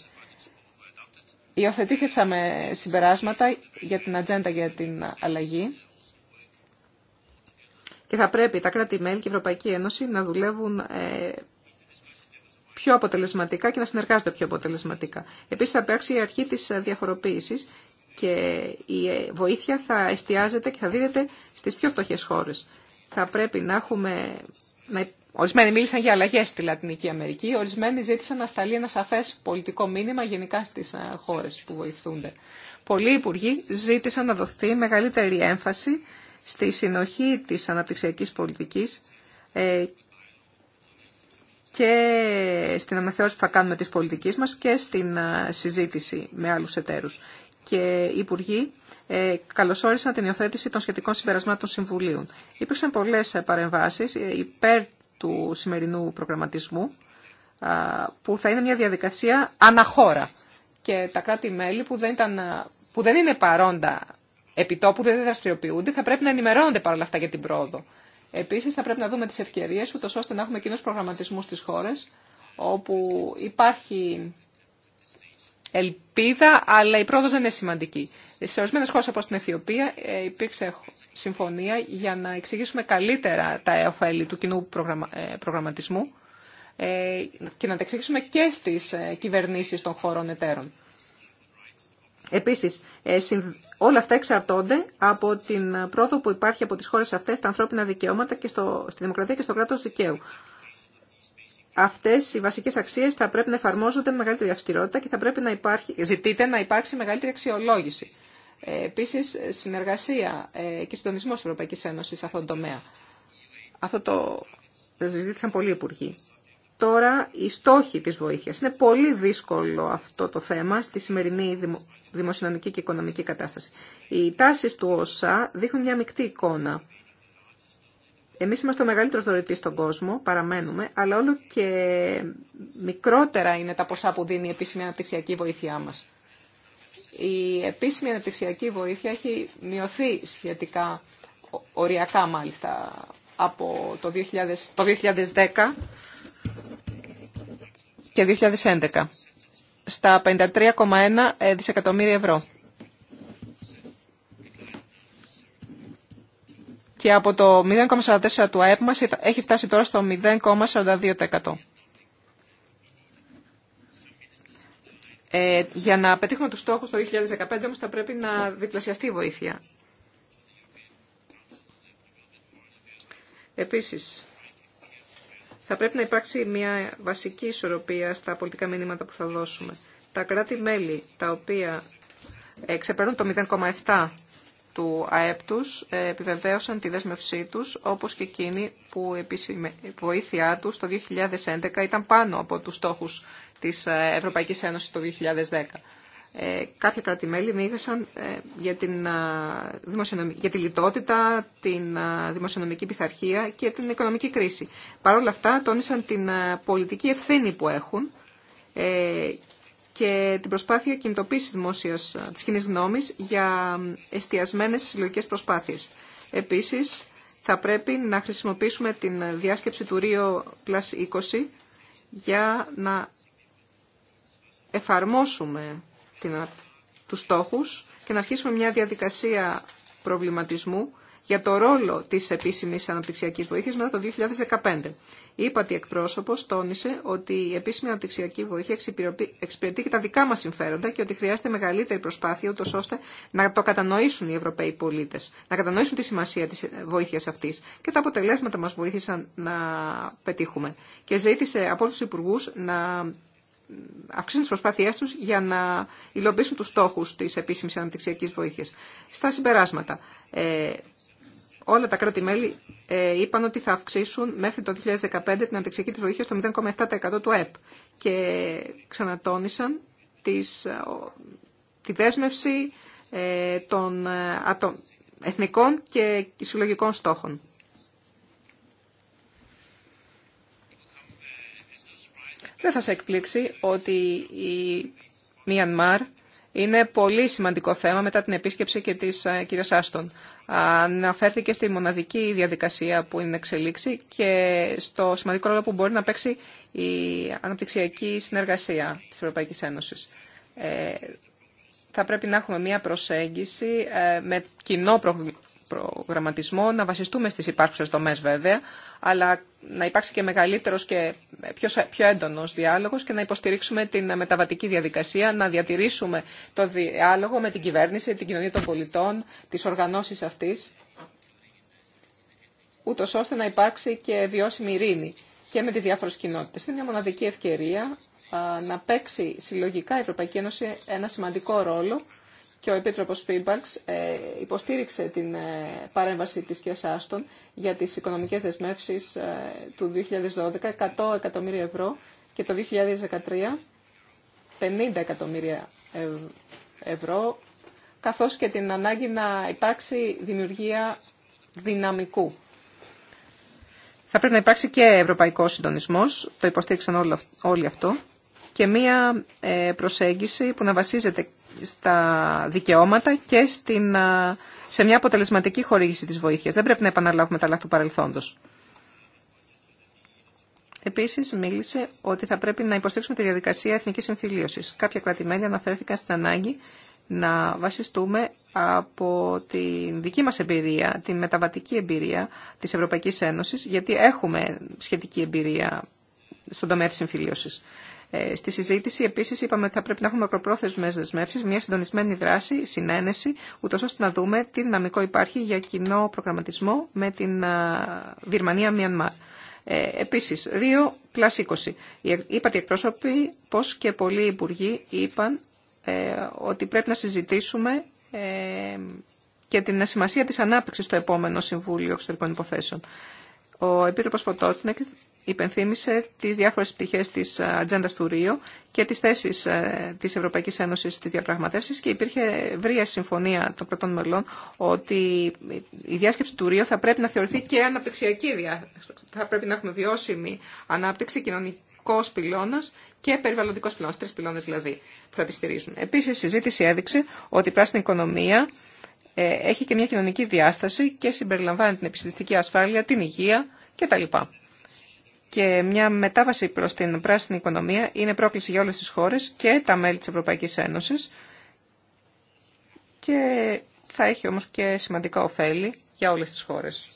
Υιοθετήθησαμε συμπεράσματα για την ατζέντα για την αλλαγή και θα πρέπει τα κράτη-μέλη και η Ευρωπαϊκή Ένωση να δουλεύουν ε, πιο αποτελεσματικά και να συνεργάζονται πιο αποτελεσματικά. Επίση, θα υπάρξει η αρχή τη διαφοροποίηση και η βοήθεια θα εστιάζεται και θα δίνεται στις πιο φτωχές χώρες. Θα πρέπει να έχουμε... Ορισμένοι μίλησαν για αλλαγέ στη Λατινική Αμερική, ορισμένοι ζήτησαν να σταλεί ένα σαφέ πολιτικό μήνυμα γενικά στι ε, χώρε που βοηθούνται. Πολλοί υπουργοί ζήτησαν να δοθεί μεγαλύτερη έμφαση στη συνοχή της αναπτυξιακής πολιτικής ε, και στην αναθεώρηση που θα κάνουμε της πολιτικής μας και στην ε, συζήτηση με άλλους εταίρους και οι υπουργοί ε, καλωσόρισαν την υιοθέτηση των σχετικών συμπερασμάτων Συμβουλίου. Υπήρξαν πολλέ ε, παρεμβάσει ε, υπέρ του σημερινού προγραμματισμού, που θα είναι μια διαδικασία αναχώρα. Και τα κράτη-μέλη που, δεν που δεν είναι παρόντα επιτόπου, δεν δραστηριοποιούνται, θα πρέπει να ενημερώνονται παρόλα αυτά για την πρόοδο. Επίση, θα πρέπει να δούμε τι ευκαιρίε, ούτω ώστε να έχουμε κοινού προγραμματισμού στι χώρε, όπου υπάρχει ελπίδα, αλλά η πρόοδος δεν είναι σημαντική. Σε ορισμένε χώρε όπω την Αιθιοπία ε, υπήρξε συμφωνία για να εξηγήσουμε καλύτερα τα ωφέλη του κοινού ε, προγραμματισμού ε, και να τα εξηγήσουμε και στις κυβερνήσεις των χωρών εταίρων. Επίσης, όλα αυτά εξαρτώνται από την πρόοδο που υπάρχει από τις χώρες αυτές στα ανθρώπινα δικαιώματα και στο, στη δημοκρατία και στο κράτος δικαίου. Αυτέ οι βασικέ αξίε θα πρέπει να εφαρμόζονται με μεγαλύτερη αυστηρότητα και θα πρέπει να υπάρχει, ζητείτε να υπάρξει μεγαλύτερη αξιολόγηση. Ε, επίσης, συνεργασία ε, και συντονισμό της Ευρωπαϊκής Ένωσης σε αυτόν τον τομέα. Αυτό το συζήτησαν πολλοί υπουργοί. Τώρα, οι στόχοι τη βοήθεια. Είναι πολύ δύσκολο αυτό το θέμα στη σημερινή δημο, δημοσιονομική και οικονομική κατάσταση. Οι τάσει του ΩΣΑ δείχνουν μια μεικτή εικόνα εμείς είμαστε ο μεγαλύτερος δωρητής στον κόσμο, παραμένουμε, αλλά όλο και μικρότερα είναι τα ποσά που δίνει η επίσημη αναπτυξιακή βοήθειά μας. Η επίσημη αναπτυξιακή βοήθεια έχει μειωθεί σχετικά, οριακά μάλιστα, από το, το 2010 και 2011 στα 53,1 δισεκατομμύρια ευρώ. και από το 0,44 του ΑΕΠ μας έχει φτάσει τώρα στο 0,42%. Ε, για να πετύχουμε τους στόχους το 2015 όμως θα πρέπει να διπλασιαστεί η βοήθεια. Επίσης, θα πρέπει να υπάρξει μια βασική ισορροπία στα πολιτικά μηνύματα που θα δώσουμε. Τα κράτη-μέλη τα οποία ε, ξεπερνούν το 0,7 του ΑΕΠ τους ε, επιβεβαίωσαν τη δέσμευσή τους, όπως και εκείνη που η βοήθειά τους το 2011 ήταν πάνω από τους στόχους της ε, Ευρωπαϊκής Ένωσης το 2010. Ε, κάποια κράτη-μέλη μίγασαν για, την, για τη λιτότητα, την δημοσιονομική πειθαρχία και την οικονομική κρίση. Παρ' όλα αυτά τόνισαν την πολιτική ευθύνη που έχουν και την προσπάθεια κινητοποίηση δημόσια ε, της κοινή γνώμης για εστιασμένες συλλογικέ προσπάθειες. Επίσης, θα πρέπει να χρησιμοποιήσουμε την διάσκεψη του Ρίο Plus 20 για να εφαρμόσουμε του τους στόχους και να αρχίσουμε μια διαδικασία προβληματισμού για το ρόλο τη επίσημη αναπτυξιακή βοήθεια μετά το 2015. Η ύπατη εκπρόσωπος τόνισε ότι η επίσημη αναπτυξιακή βοήθεια εξυπηρετεί και τα δικά μα συμφέροντα και ότι χρειάζεται μεγαλύτερη προσπάθεια ούτω ώστε να το κατανοήσουν οι Ευρωπαίοι πολίτε, να κατανοήσουν τη σημασία τη βοήθεια αυτή και τα αποτελέσματα μα βοήθησαν να πετύχουμε. Και ζήτησε από όλου του υπουργού να αυξήσουν τι προσπάθειε του για να υλοποιήσουν του στόχου τη επίσημη αναπτυξιακή βοήθεια. Στα συμπεράσματα, ε, όλα τα κράτη-μέλη ε, είπαν ότι θα αυξήσουν μέχρι το 2015 την αναπτυξιακή του βοήθεια στο 0,7% του ΕΠ και ξανατόνισαν τις, ε, τη δέσμευση ε, των εθνικών και συλλογικών στόχων. Δεν θα σε εκπλήξει ότι η Μιανμάρ είναι πολύ σημαντικό θέμα μετά την επίσκεψη και της κυρίας Άστον αναφέρθηκε στη μοναδική διαδικασία που είναι εξελίξη και στο σημαντικό ρόλο που μπορεί να παίξει η αναπτυξιακή συνεργασία της Ευρωπαϊκής Ένωσης. Ε, θα πρέπει να έχουμε μία προσέγγιση ε, με κοινό προγραμματισμό, να βασιστούμε στις υπάρχουσες δομές βέβαια, αλλά να υπάρξει και μεγαλύτερος και πιο, πιο έντονος διάλογος και να υποστηρίξουμε την μεταβατική διαδικασία, να διατηρήσουμε το διάλογο με την κυβέρνηση, την κοινωνία των πολιτών, τις οργανώσεις αυτής, ούτως ώστε να υπάρξει και βιώσιμη ειρήνη και με τις διάφορες κοινότητες. Είναι μια μοναδική ευκαιρία να παίξει συλλογικά η Ευρωπαϊκή Ένωση ένα σημαντικό ρόλο και ο Επίτροπος ε, υποστήριξε την ε, παρέμβαση της κ. για τις οικονομικές δεσμεύσεις ε, του 2012, 100 εκατομμύρια ευρώ και το 2013 50 εκατομμύρια ευρώ, καθώς και την ανάγκη να υπάρξει δημιουργία δυναμικού. Θα πρέπει να υπάρξει και ευρωπαϊκός συντονισμός, το υποστήριξαν όλοι αυτό, και μία ε, προσέγγιση που να βασίζεται στα δικαιώματα και στην, σε μια αποτελεσματική χορήγηση της βοήθειας. Δεν πρέπει να επαναλάβουμε τα λάθη του παρελθόντος. Επίσης, μίλησε ότι θα πρέπει να υποστήριξουμε τη διαδικασία εθνικής συμφιλίωσης. Κάποια κρατημένα αναφέρθηκαν στην ανάγκη να βασιστούμε από τη δική μας εμπειρία, τη μεταβατική εμπειρία της Ευρωπαϊκής Ένωσης, γιατί έχουμε σχετική εμπειρία στον τομέα της συμφιλίωσης. Ε, στη συζήτηση επίση είπαμε ότι θα πρέπει να έχουμε μακροπρόθεσμε δεσμεύσει, μια συντονισμένη δράση, συνένεση, ούτω ώστε να δούμε τι δυναμικό υπάρχει για κοινό προγραμματισμό με την Βυρμανία Μιανμάρ. Ε, επίσης, Ρίο πλάς 20. Είπατε εκπρόσωποι, πως και πολλοί υπουργοί είπαν ε, ότι πρέπει να συζητήσουμε ε, και την σημασία της ανάπτυξης στο επόμενο Συμβούλιο Εξωτερικών Υποθέσεων. Ο Επίτροπος Ποτότνεκ υπενθύμησε τις διάφορες πτυχές της ατζέντα του Ρίο και τις θέσεις ε, της Ευρωπαϊκής Ένωσης στις διαπραγματεύσεις και υπήρχε βρία συμφωνία των κρατών μελών ότι η διάσκεψη του Ρίο θα πρέπει να θεωρηθεί και αναπτυξιακή διάσκεψη. Θα πρέπει να έχουμε βιώσιμη ανάπτυξη κοινωνικό πυλώνα και περιβαλλοντικό πυλώνα, τρει πυλώνε δηλαδή, που θα τη στηρίζουν. Επίση, η συζήτηση έδειξε ότι η πράσινη οικονομία ε, έχει και μια κοινωνική διάσταση και συμπεριλαμβάνει την επιστημιστική ασφάλεια, την υγεία κτλ και μια μετάβαση προς την πράσινη οικονομία είναι πρόκληση για όλες τις χώρες και τα μέλη της Ευρωπαϊκής Ένωσης και θα έχει όμως και σημαντικά ωφέλη για όλες τις χώρες.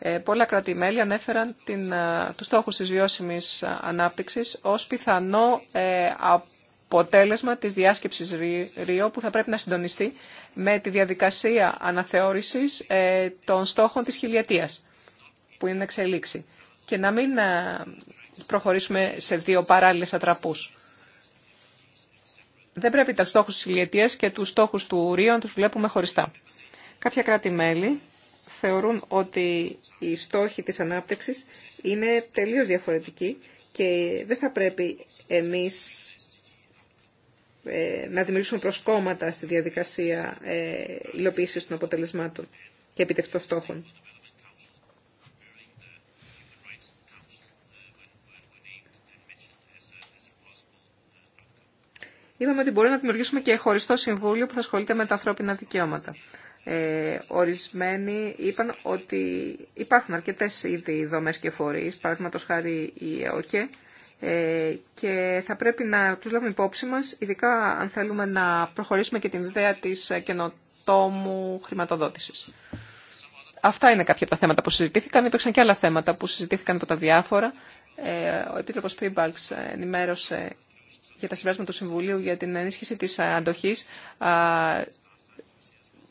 Ε, πολλά κράτη-μέλη ανέφεραν την, ε, τους στόχους της βιώσιμης ε, ανάπτυξης ως πιθανό ε, αποτέλεσμα της διάσκεψης ΡΙΟ που θα πρέπει να συντονιστεί με τη διαδικασία αναθεώρησης των στόχων της χιλιατίας που είναι εξελίξη και να μην ε, προχωρήσουμε σε δύο παράλληλες ατραπούς. Δεν πρέπει τα στόχους της ηλιετίας και του στόχου του ουρίου να τους βλέπουμε χωριστά. Κάποια κράτη-μέλη θεωρούν ότι οι στόχοι της ανάπτυξης είναι τελείως διαφορετικοί και δεν θα πρέπει εμείς ε, να δημιουργήσουμε προσκόμματα στη διαδικασία ε, υλοποίησης των αποτελεσμάτων και επιτευχτών στόχων. είδαμε ότι μπορεί να δημιουργήσουμε και χωριστό συμβούλιο που θα ασχολείται με τα ανθρώπινα δικαιώματα. Ε, ορισμένοι είπαν ότι υπάρχουν αρκετέ ήδη δομέ και φορεί, παραδείγματο χάρη η ΕΟΚΕ, ε, και θα πρέπει να του λάβουμε υπόψη μα, ειδικά αν θέλουμε να προχωρήσουμε και την ιδέα τη καινοτόμου χρηματοδότηση. Αυτά είναι κάποια από τα θέματα που συζητήθηκαν. Υπήρξαν και άλλα θέματα που συζητήθηκαν από τα διάφορα. Ε, ο Επίτροπος Πίμπαλξ ενημέρωσε για τα συμβάσματα του Συμβουλίου για την ενίσχυση της αντοχής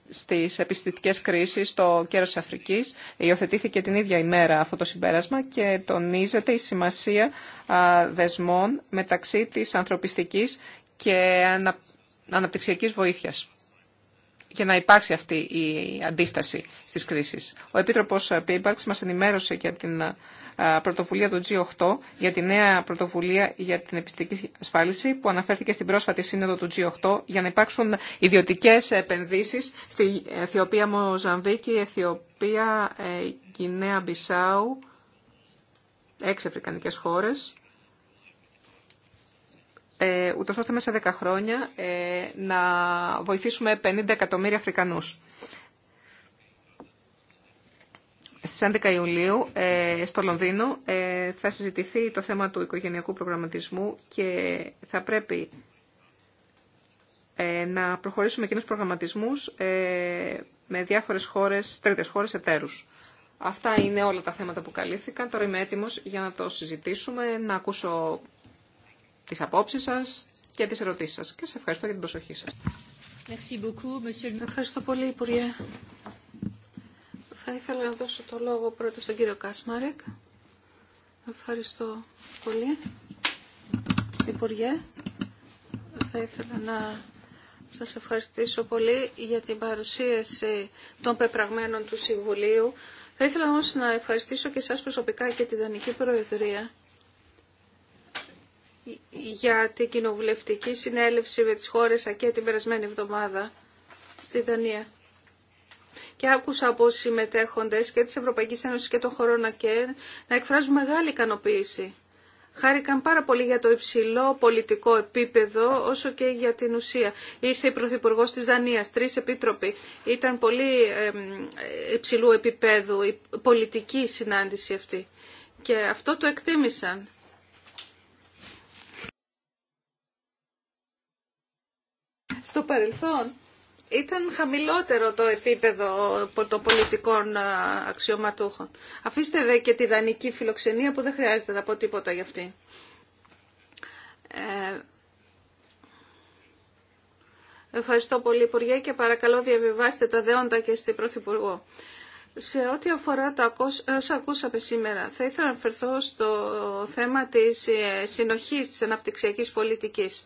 στις επιστημικές κρίσεις στο κέρος της Αφρικής. Υιοθετήθηκε την ίδια ημέρα αυτό το συμπέρασμα και τονίζεται η σημασία δεσμών μεταξύ της ανθρωπιστικής και αναπτυξιακής βοήθειας για να υπάρξει αυτή η αντίσταση στις κρίσεις. Ο Επίτροπος Πίμπαρξ μας ενημέρωσε για την ε, πρωτοβουλία του G8 για τη νέα πρωτοβουλία για την επιστημική ασφάλιση που αναφέρθηκε στην πρόσφατη σύνοδο του G8 για να υπάρξουν ιδιωτικές επενδύσεις στη Αιθιοπία Μοζαμβίκη, Αιθιοπία, ε, Γινέα Μπισάου, έξι αφρικανικές χώρες ε, ούτως ώστε μέσα 10 χρόνια ε, να βοηθήσουμε 50 εκατομμύρια Αφρικανούς. Στις 11 Ιουλίου ε, στο Λονδίνο ε, θα συζητηθεί το θέμα του οικογενειακού προγραμματισμού και θα πρέπει ε, να προχωρήσουμε κοινούς προγραμματισμούς με διάφορες χώρες, τρίτες χώρες εταίρους. Αυτά είναι όλα τα θέματα που καλύφθηκαν. Τώρα είμαι έτοιμος για να το συζητήσουμε, να ακούσω τις απόψεις σας και τις ερωτήσεις σας. Και σε ευχαριστώ για την προσοχή σας. Ευχαριστώ πολύ, Υπουργέ. Θα ήθελα να δώσω το λόγο πρώτα στον κύριο Κάσμαρεκ. Ευχαριστώ πολύ. Υπουργέ, θα ήθελα να σας ευχαριστήσω πολύ για την παρουσίαση των πεπραγμένων του Συμβουλίου. Θα ήθελα όμως να ευχαριστήσω και σας προσωπικά και τη Δανική Προεδρία για την κοινοβουλευτική συνέλευση με τις χώρες ΑΚΕ την περασμένη εβδομάδα στη Δανία και άκουσα από συμμετέχοντες και της Ευρωπαϊκής Ένωσης και των χωρών ΑΚΕΝ να εκφράζουν μεγάλη ικανοποίηση. Χάρηκαν πάρα πολύ για το υψηλό πολιτικό επίπεδο όσο και για την ουσία. Ήρθε η Πρωθυπουργό της Δανίας, Τρει επίτροποι. Ήταν πολύ υψηλού επίπεδου η πολιτική συνάντηση αυτή. Και αυτό το εκτίμησαν. Στο παρελθόν ήταν χαμηλότερο το επίπεδο των πολιτικών ε, αξιωματούχων. Αφήστε δε και τη δανεική φιλοξενία που δεν χρειάζεται να πω τίποτα γι' αυτή. Ε, ευχαριστώ πολύ Υπουργέ και παρακαλώ διαβιβάστε τα δέοντα και στην Πρωθυπουργό. Σε ό,τι αφορά τα όσα ακούσαμε σήμερα, θα ήθελα να αναφερθώ στο θέμα της ε, συνοχής της αναπτυξιακής πολιτικής.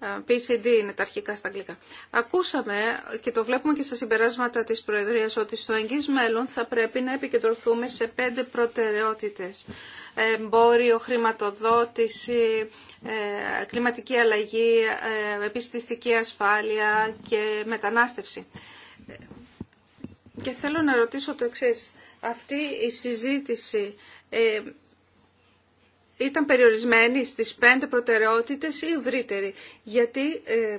PCD είναι τα αρχικά στα αγγλικά. Ακούσαμε και το βλέπουμε και στα συμπεράσματα της Προεδρίας ότι στο εγγύς μέλλον θα πρέπει να επικεντρωθούμε σε πέντε προτεραιότητες. Εμπόριο, χρηματοδότηση, ε, κλιματική αλλαγή, ε, επιστηστική ασφάλεια και μετανάστευση. Και θέλω να ρωτήσω το εξής. Αυτή η συζήτηση ε, ήταν περιορισμένη στις πέντε προτεραιότητες ή ευρύτερη. Γιατί ε,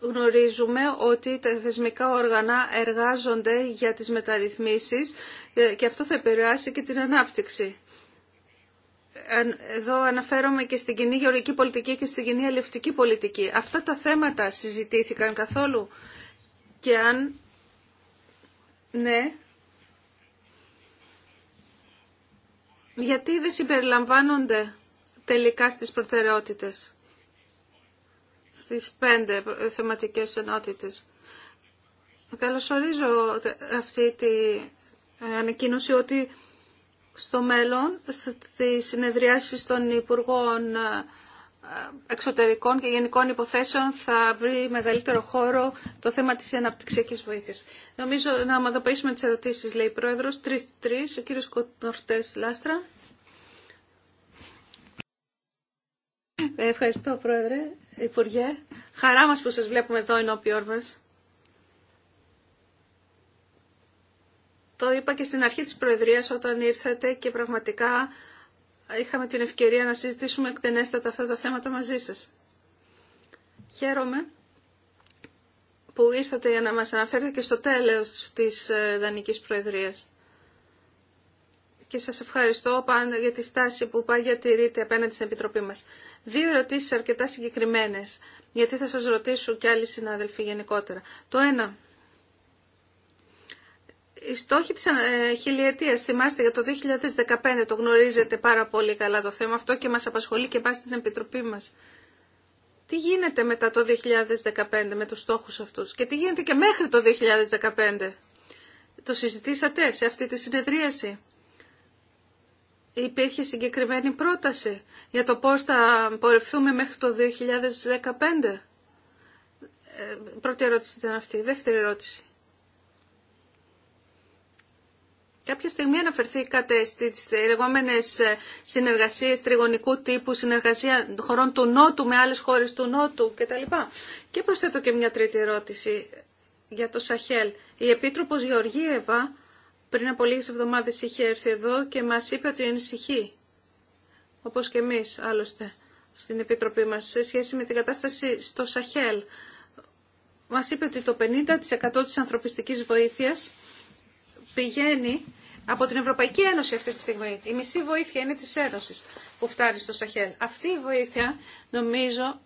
γνωρίζουμε ότι τα θεσμικά όργανα εργάζονται για τις μεταρρυθμίσεις ε, και αυτό θα επηρεάσει και την ανάπτυξη. Εδώ αναφέρομαι και στην κοινή γεωργική πολιτική και στην κοινή αλληλευτική πολιτική. Αυτά τα θέματα συζητήθηκαν καθόλου και αν ναι, γιατί δεν συμπεριλαμβάνονται τελικά στις προτεραιότητες, στις πέντε θεματικές ενότητες. Καλωσορίζω αυτή τη ε, ανακοίνωση ότι στο μέλλον, στις συνεδριάσεις των Υπουργών ε, εξωτερικών και γενικών υποθέσεων θα βρει μεγαλύτερο χώρο το θέμα της αναπτυξιακής βοήθειας. Νομίζω να ομαδοποιήσουμε τις ερωτήσεις, λέει η Πρόεδρος. Τρεις-τρεις, ο κύριος Κοτνορτές Λάστρα. Ευχαριστώ, Πρόεδρε. Υπουργέ, χαρά μας που σας βλέπουμε εδώ ενώπιόν μας. Το είπα και στην αρχή της Προεδρίας όταν ήρθατε και πραγματικά είχαμε την ευκαιρία να συζητήσουμε εκτενέστατα αυτά τα θέματα μαζί σας. Χαίρομαι που ήρθατε για να μας αναφέρετε και στο τέλος της ε, Δανικής Προεδρίας. Και σας ευχαριστώ πάντα για τη στάση που για τη ρήτη απέναντι στην Επιτροπή μας. Δύο ερωτήσει αρκετά συγκεκριμένες, γιατί θα σας ρωτήσω και άλλοι συνάδελφοι γενικότερα. Το ένα, οι στόχοι της ε, χιλιετίας, θυμάστε για το 2015, το γνωρίζετε πάρα πολύ καλά το θέμα αυτό και μας απασχολεί και μας στην Επιτροπή μας. Τι γίνεται μετά το 2015 με τους στόχους αυτούς και τι γίνεται και μέχρι το 2015. Το συζητήσατε σε αυτή τη συνεδρίαση υπήρχε συγκεκριμένη πρόταση για το πώς θα πορευθούμε μέχρι το 2015. Ε, πρώτη ερώτηση ήταν αυτή. Δεύτερη ερώτηση. Κάποια στιγμή αναφερθήκατε στις λεγόμενες ε, συνεργασίες τριγωνικού τύπου, συνεργασία χωρών του Νότου με άλλες χώρες του Νότου κτλ. Και προσθέτω και μια τρίτη ερώτηση για το Σαχέλ. Η Επίτροπος Γεωργίευα πριν από λίγες εβδομάδες είχε έρθει εδώ και μας είπε ότι ανησυχεί, όπως και εμείς άλλωστε στην Επιτροπή μας, σε σχέση με την κατάσταση στο Σαχέλ. Μας είπε ότι το 50% της ανθρωπιστικής βοήθειας πηγαίνει από την Ευρωπαϊκή Ένωση αυτή τη στιγμή. Η μισή βοήθεια είναι της Ένωσης που φτάνει στο Σαχέλ. Αυτή η βοήθεια νομίζω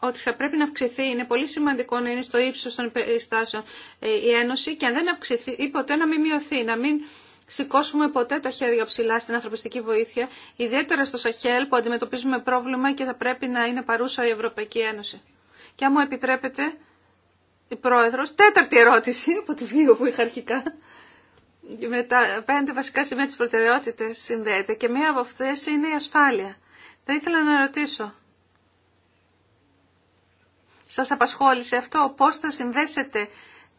ότι θα πρέπει να αυξηθεί, είναι πολύ σημαντικό να είναι στο ύψο των περιστάσεων ε, η Ένωση και αν δεν αυξηθεί ή ποτέ να μην μειωθεί, να μην σηκώσουμε ποτέ τα χέρια ψηλά στην ανθρωπιστική βοήθεια, ιδιαίτερα στο Σαχέλ που αντιμετωπίζουμε πρόβλημα και θα πρέπει να είναι παρούσα η Ευρωπαϊκή Ένωση. Και αν μου επιτρέπετε, η πρόεδρο, τέταρτη ερώτηση από τι δύο που είχα αρχικά, με τα πέντε βασικά σημεία τη προτεραιότητα συνδέεται και μία από αυτέ είναι η ασφάλεια. Θα ήθελα να ρωτήσω, σας απασχόλησε αυτό, πώς θα συνδέσετε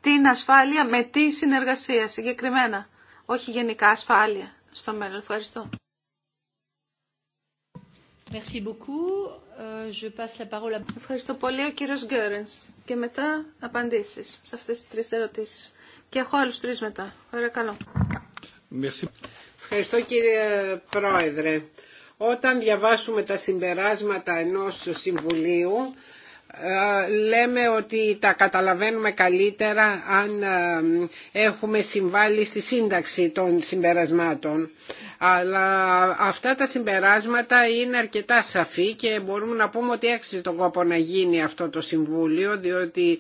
την ασφάλεια με τη συνεργασία συγκεκριμένα, όχι γενικά ασφάλεια στο μέλλον. Ευχαριστώ. Merci beaucoup. Euh, je passe la parole... Ευχαριστώ πολύ ο κύριος Γκέρενς. Και μετά απαντήσεις σε αυτές τις τρεις ερωτήσεις. Και έχω άλλους τρεις μετά. Παρακαλώ. Merci. Ευχαριστώ κύριε Πρόεδρε. Όταν διαβάσουμε τα συμπεράσματα ενός Συμβουλίου, λέμε ότι τα καταλαβαίνουμε καλύτερα αν ε, έχουμε συμβάλει στη σύνταξη των συμπερασμάτων. Αλλά αυτά τα συμπεράσματα είναι αρκετά σαφή και μπορούμε να πούμε ότι έξι τον κόπο να γίνει αυτό το Συμβούλιο διότι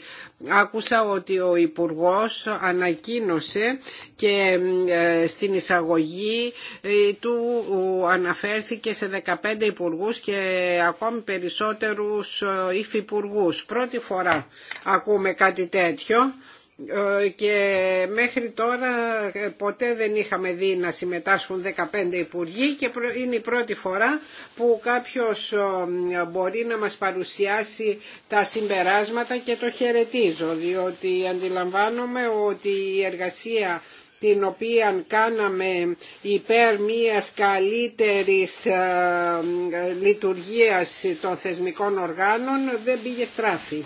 Άκουσα ότι ο Υπουργός ανακοίνωσε και ε, στην εισαγωγή ε, του αναφέρθηκε σε 15 υπουργούς και ακόμη περισσότερους ε, υφυπουργούς. Πρώτη φορά ακούμε κάτι τέτοιο ε, και μέχρι τώρα ε, ποτέ δεν είχαμε δει να συμμετάσχουν 15 υπουργοί και είναι η πρώτη φορά που κάποιος ε, μπορεί να μας παρουσιάσει τα συμπεράσματα και το χαιρετίζω διότι αντιλαμβάνομαι ότι η εργασία την οποία κάναμε υπέρ μιας καλύτερης λειτουργίας των θεσμικών οργάνων δεν πήγε στράφη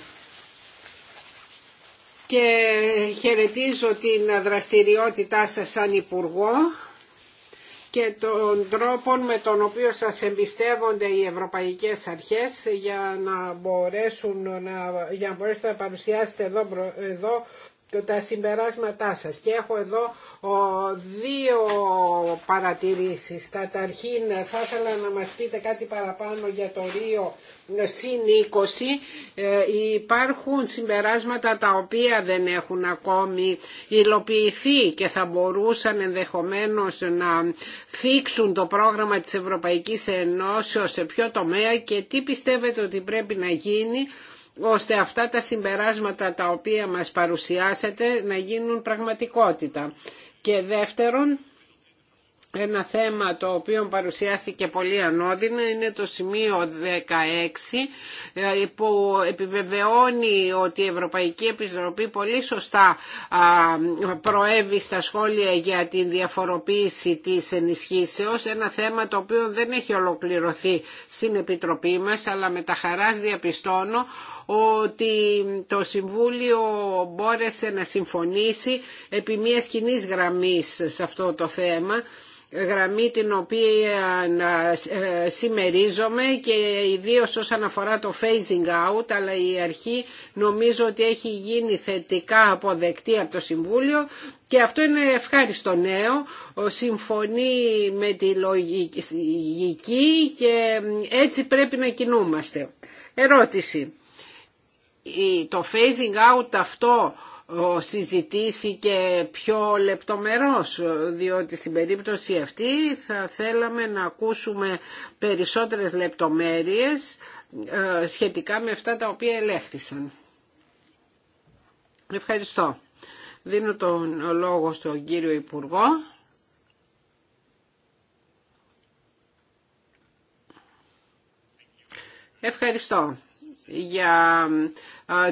και χαιρετίζω την δραστηριότητά σας σαν Υπουργό και τον τρόπο με τον οποίο σας εμπιστεύονται οι ευρωπαϊκές αρχές για να, μπορέσουν να, για να μπορέσετε να παρουσιάσετε εδώ, εδώ τα συμπεράσματά σας και έχω εδώ δύο παρατηρήσεις. Καταρχήν θα ήθελα να μας πείτε κάτι παραπάνω για το Ρίο 20 ε, υπάρχουν συμπεράσματα τα οποία δεν έχουν ακόμη υλοποιηθεί και θα μπορούσαν ενδεχομένως να θίξουν το πρόγραμμα της Ευρωπαϊκής Ενώσεως σε ποιο τομέα και τι πιστεύετε ότι πρέπει να γίνει ώστε αυτά τα συμπεράσματα τα οποία μας παρουσιάσατε να γίνουν πραγματικότητα. Και δεύτερον, ένα θέμα το οποίο παρουσιάστηκε πολύ ανώδυνα είναι το σημείο 16 ε, που επιβεβαιώνει ότι η Ευρωπαϊκή Επιτροπή πολύ σωστά προέβη στα σχόλια για τη διαφοροποίηση της ενισχύσεως. Ένα θέμα το οποίο δεν έχει ολοκληρωθεί στην Επιτροπή μας αλλά με τα χαράς διαπιστώνω ότι το Συμβούλιο μπόρεσε να συμφωνήσει επί μιας κοινής γραμμής σε αυτό το θέμα γραμμή την οποία ε, ε, συμμερίζομαι και ιδίως όσον αφορά το phasing out αλλά η αρχή νομίζω ότι έχει γίνει θετικά αποδεκτή από το Συμβούλιο και αυτό είναι ευχάριστο νέο, συμφωνεί με τη λογική και ε, έτσι πρέπει να κινούμαστε. Ερώτηση. Το phasing out αυτό συζητήθηκε πιο λεπτομερώς διότι στην περίπτωση αυτή θα θέλαμε να ακούσουμε περισσότερες λεπτομέρειες ε, σχετικά με αυτά τα οποία ελέγχθησαν. Ευχαριστώ. Δίνω τον λόγο στον κύριο Υπουργό. Ευχαριστώ για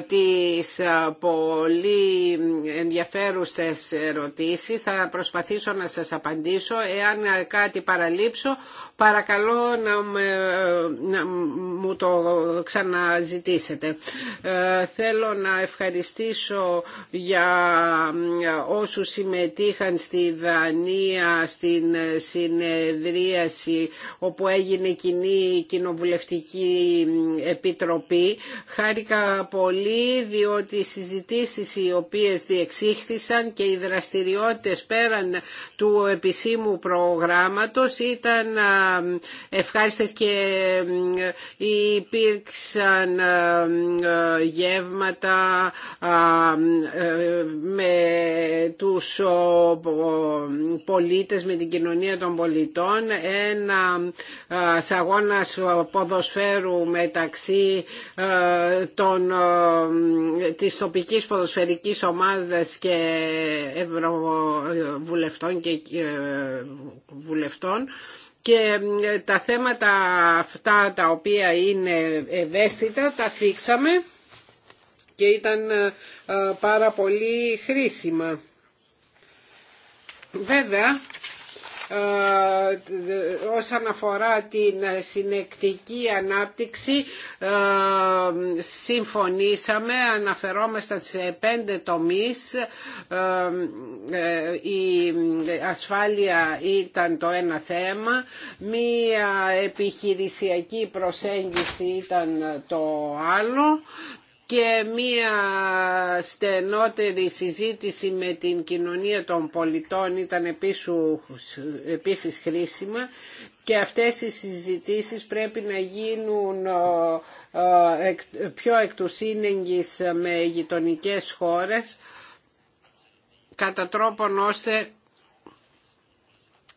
τις πολύ ενδιαφέρουσες ερωτήσεις. Θα προσπαθήσω να σας απαντήσω. Εάν κάτι παραλείψω, παρακαλώ να, ε, μου το ξαναζητήσετε. Ε, θέλω να ευχαριστήσω για ε, όσους συμμετείχαν στη Δανία στην συνεδρίαση όπου έγινε κοινή κοινοβουλευτική επιτροπή. Χάρηκα από πολύ διότι οι συζητήσεις οι οποίες διεξήχθησαν και οι δραστηριότητες πέραν του επισήμου προγράμματος ήταν ευχάριστες και υπήρξαν γεύματα ε, με τους πολίτες, με την κοινωνία των πολιτών, ένα αγώνας ποδοσφαίρου μεταξύ των ε, της τοπικής ποδοσφαιρικής ομάδας και ευρωβουλευτών και ε, βουλευτών και ε, τα θέματα αυτά τα οποία είναι ευαίσθητα τα θίξαμε και ήταν πάρα πολύ χρήσιμα. Βέβαια, ε, όσον αφορά την συνεκτική ανάπτυξη ε, συμφωνήσαμε, αναφερόμαστε σε πέντε τομείς ε, η ασφάλεια ήταν το ένα θέμα μία επιχειρησιακή προσέγγιση ήταν το άλλο και μία στενότερη συζήτηση με την κοινωνία των πολιτών ήταν επίσης χρήσιμα και αυτές οι συζητήσεις πρέπει να γίνουν πιο εκ του με γειτονικές χώρες κατά τρόπον ώστε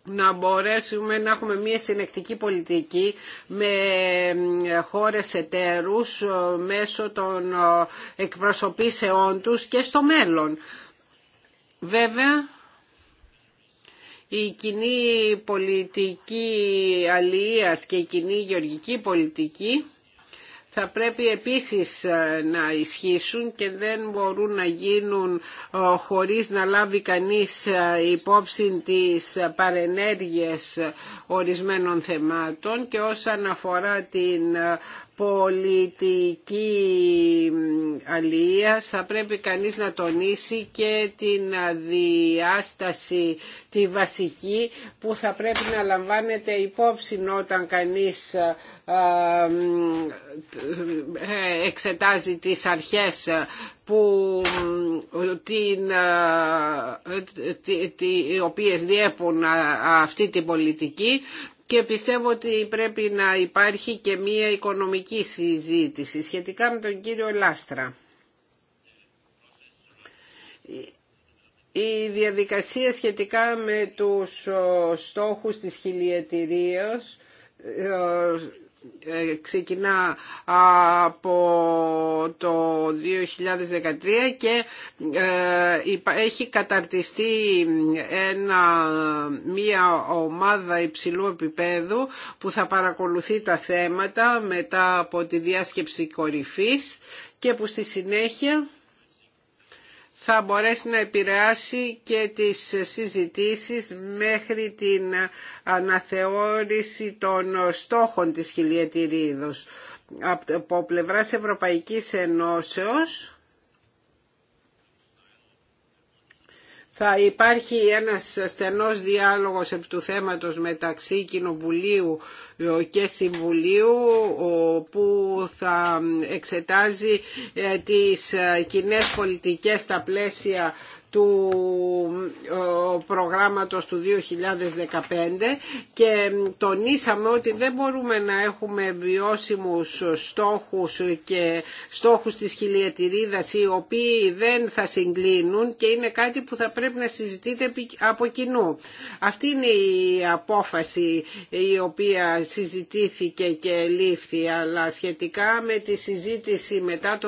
να μπορέσουμε να έχουμε μια συνεκτική πολιτική με χώρες εταίρους ε, μέσω των ε, εκπροσωπήσεών τους και στο μέλλον. Βέβαια, η κοινή πολιτική αλληλείας και η κοινή γεωργική πολιτική θα πρέπει επίσης ε, να ισχύσουν και δεν μπορούν να γίνουν ε, χωρίς να λάβει κανείς ε, υπόψη τις παρενέργειες ορισμένων θεμάτων και όσον αφορά την πολιτική αλληλεία θα πρέπει κανείς να τονίσει και την διάσταση τη βασική που θα πρέπει να λαμβάνεται υπόψη όταν κανείς ε, ε, εξετάζει τις αρχές που την, ε, τι, οι οποίες διέπουν αυτή την πολιτική και πιστεύω ότι πρέπει να υπάρχει και μία οικονομική συζήτηση σχετικά με τον κύριο Λάστρα. Η διαδικασία σχετικά με τους στόχους της χιλιετηρίας ε, ξεκινά από το 2013 και ε, έχει καταρτιστεί ένα, μια ομάδα υψηλού επίπεδου που θα παρακολουθεί τα θέματα μετά από τη διάσκεψη κορυφής και που στη συνέχεια θα μπορέσει να επηρεάσει και τις συζητήσεις μέχρι την αναθεώρηση των στόχων της χιλιετηρίδος. Από πλευράς Ευρωπαϊκής Ενώσεως θα υπάρχει ένας στενός διάλογος επί του θέματος μεταξύ Κοινοβουλίου και Συμβουλίου που θα εξετάζει ε, τις ε, κοινές πολιτικές στα πλαίσια του ε, προγράμματος του 2015 και τονίσαμε ότι δεν μπορούμε να έχουμε βιώσιμους στόχους και στόχους της χιλιετηρίδας οι οποίοι δεν θα συγκλίνουν και είναι κάτι που θα πρέπει να συζητείτε από κοινού. Αυτή είναι η απόφαση η οποία συζητήθηκε και λήφθη αλλά σχετικά με τη συζήτηση μετά το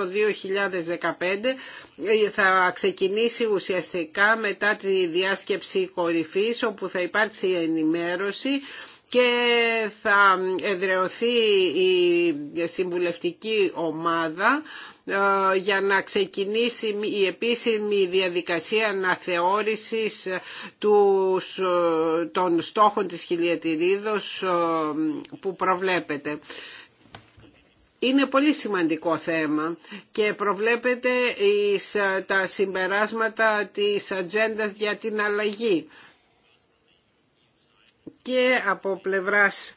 2015 θα ξεκινήσει ουσιαστικά μετά τη διάσκεψη κορυφής όπου θα υπάρξει ενημέρωση και θα εδρεωθεί η συμβουλευτική ομάδα ε, για να ξεκινήσει η επίσημη διαδικασία αναθεώρησης ε, των στόχων της χιλιατηρίδος ε, που προβλέπεται. Είναι πολύ σημαντικό θέμα και προβλέπεται εις, ε, τα συμπεράσματα της ατζέντα για την αλλαγή και από πλευράς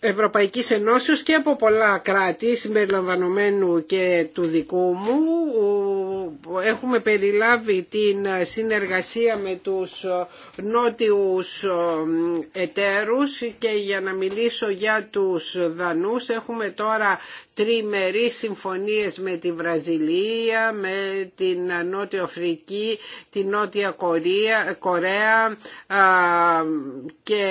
Ευρωπαϊκής Ενώσεως και από πολλά κράτη συμπεριλαμβανομένου και του δικού μου έχουμε περιλάβει την συνεργασία με τους νότιους ε, εταίρους και για να μιλήσω για τους Δανούς έχουμε τώρα τριμερείς συμφωνίες με τη Βραζιλία, με την Νότια Αφρική, την Νότια Κορία, Κορέα ε, και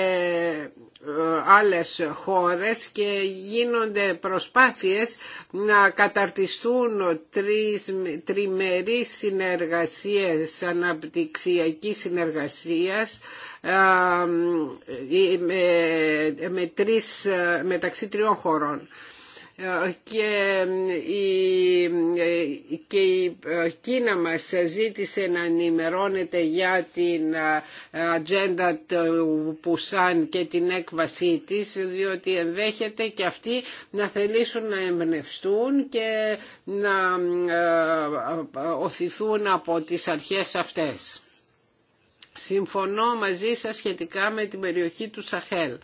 άλλες χώρες και γίνονται προσπάθειες να καταρτιστούν τρεις, τριμερείς συνεργασίες, αναπτυξιακή συνεργασίας ε, με τρεις, μεταξύ τριών χωρών και ε, η, και η ε, Κίνα μας ζήτησε να ενημερώνεται για την ε, ατζέντα του Πουσάν και την έκβασή της διότι ενδέχεται και αυτοί να θελήσουν να εμπνευστούν και να οθηθούν από τις αρχές αυτές. Συμφωνώ μαζί σας σχετικά με την περιοχή του Σαχέλ.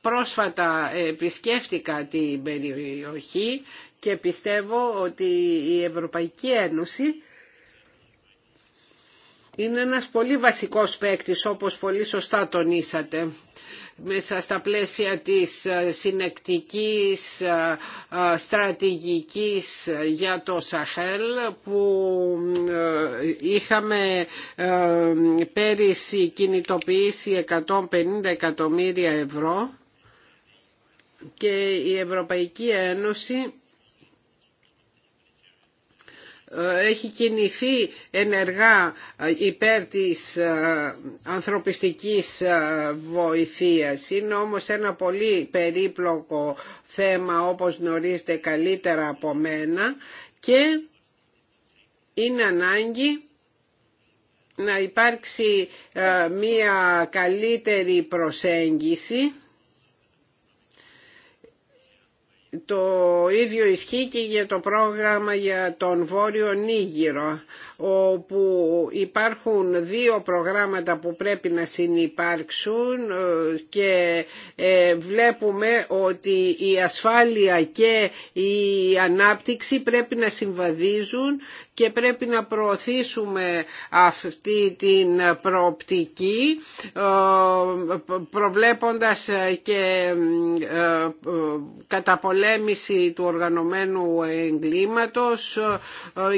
Πρόσφατα επισκέφτηκα την περιοχή και πιστεύω ότι η Ευρωπαϊκή Ένωση είναι ένας πολύ βασικός παίκτης όπως πολύ σωστά τονίσατε μέσα στα πλαίσια της ε, συνεκτικής ε, ε, στρατηγικής για το Σαχέλ που είχαμε πέρυσι κινητοποιήσει 150 εκατομμύρια ευρώ και η Ευρωπαϊκή Ένωση ε, έχει κινηθεί ενεργά ε, υπέρ της ε, ανθρωπιστικής βοηθείας. Είναι όμως ένα πολύ περίπλοκο θέμα όπως γνωρίζετε καλύτερα από μένα και είναι ανάγκη να υπάρξει μία καλύτερη προσέγγιση το ίδιο ισχύει και για το πρόγραμμα για τον Βόρειο Νίγηρο όπου υπάρχουν δύο προγράμματα που πρέπει να συνυπάρξουν ε, και ε, βλέπουμε ότι η ασφάλεια και η ανάπτυξη πρέπει να συμβαδίζουν και πρέπει να προωθήσουμε αυτή την προοπτική ε, προβλέποντας και καταπολέμηση του οργανωμένου εγκλήματος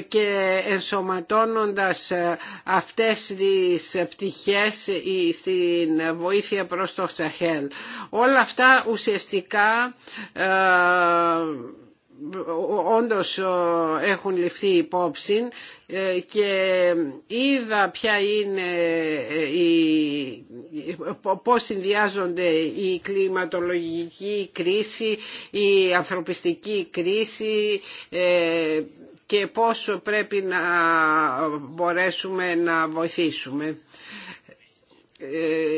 και ενσωματώνοντας φορτώνοντας ε, αυτές τις πτυχές ε, στην βοήθεια προς το Σαχέλ. Όλα αυτά ουσιαστικά ε, όντως έχουν ληφθεί υπόψη και είδα ποια είναι η, πώς συνδυάζονται η κλιματολογική κρίση, η ανθρωπιστική κρίση, και πόσο πρέπει να μπορέσουμε να βοηθήσουμε. Ε,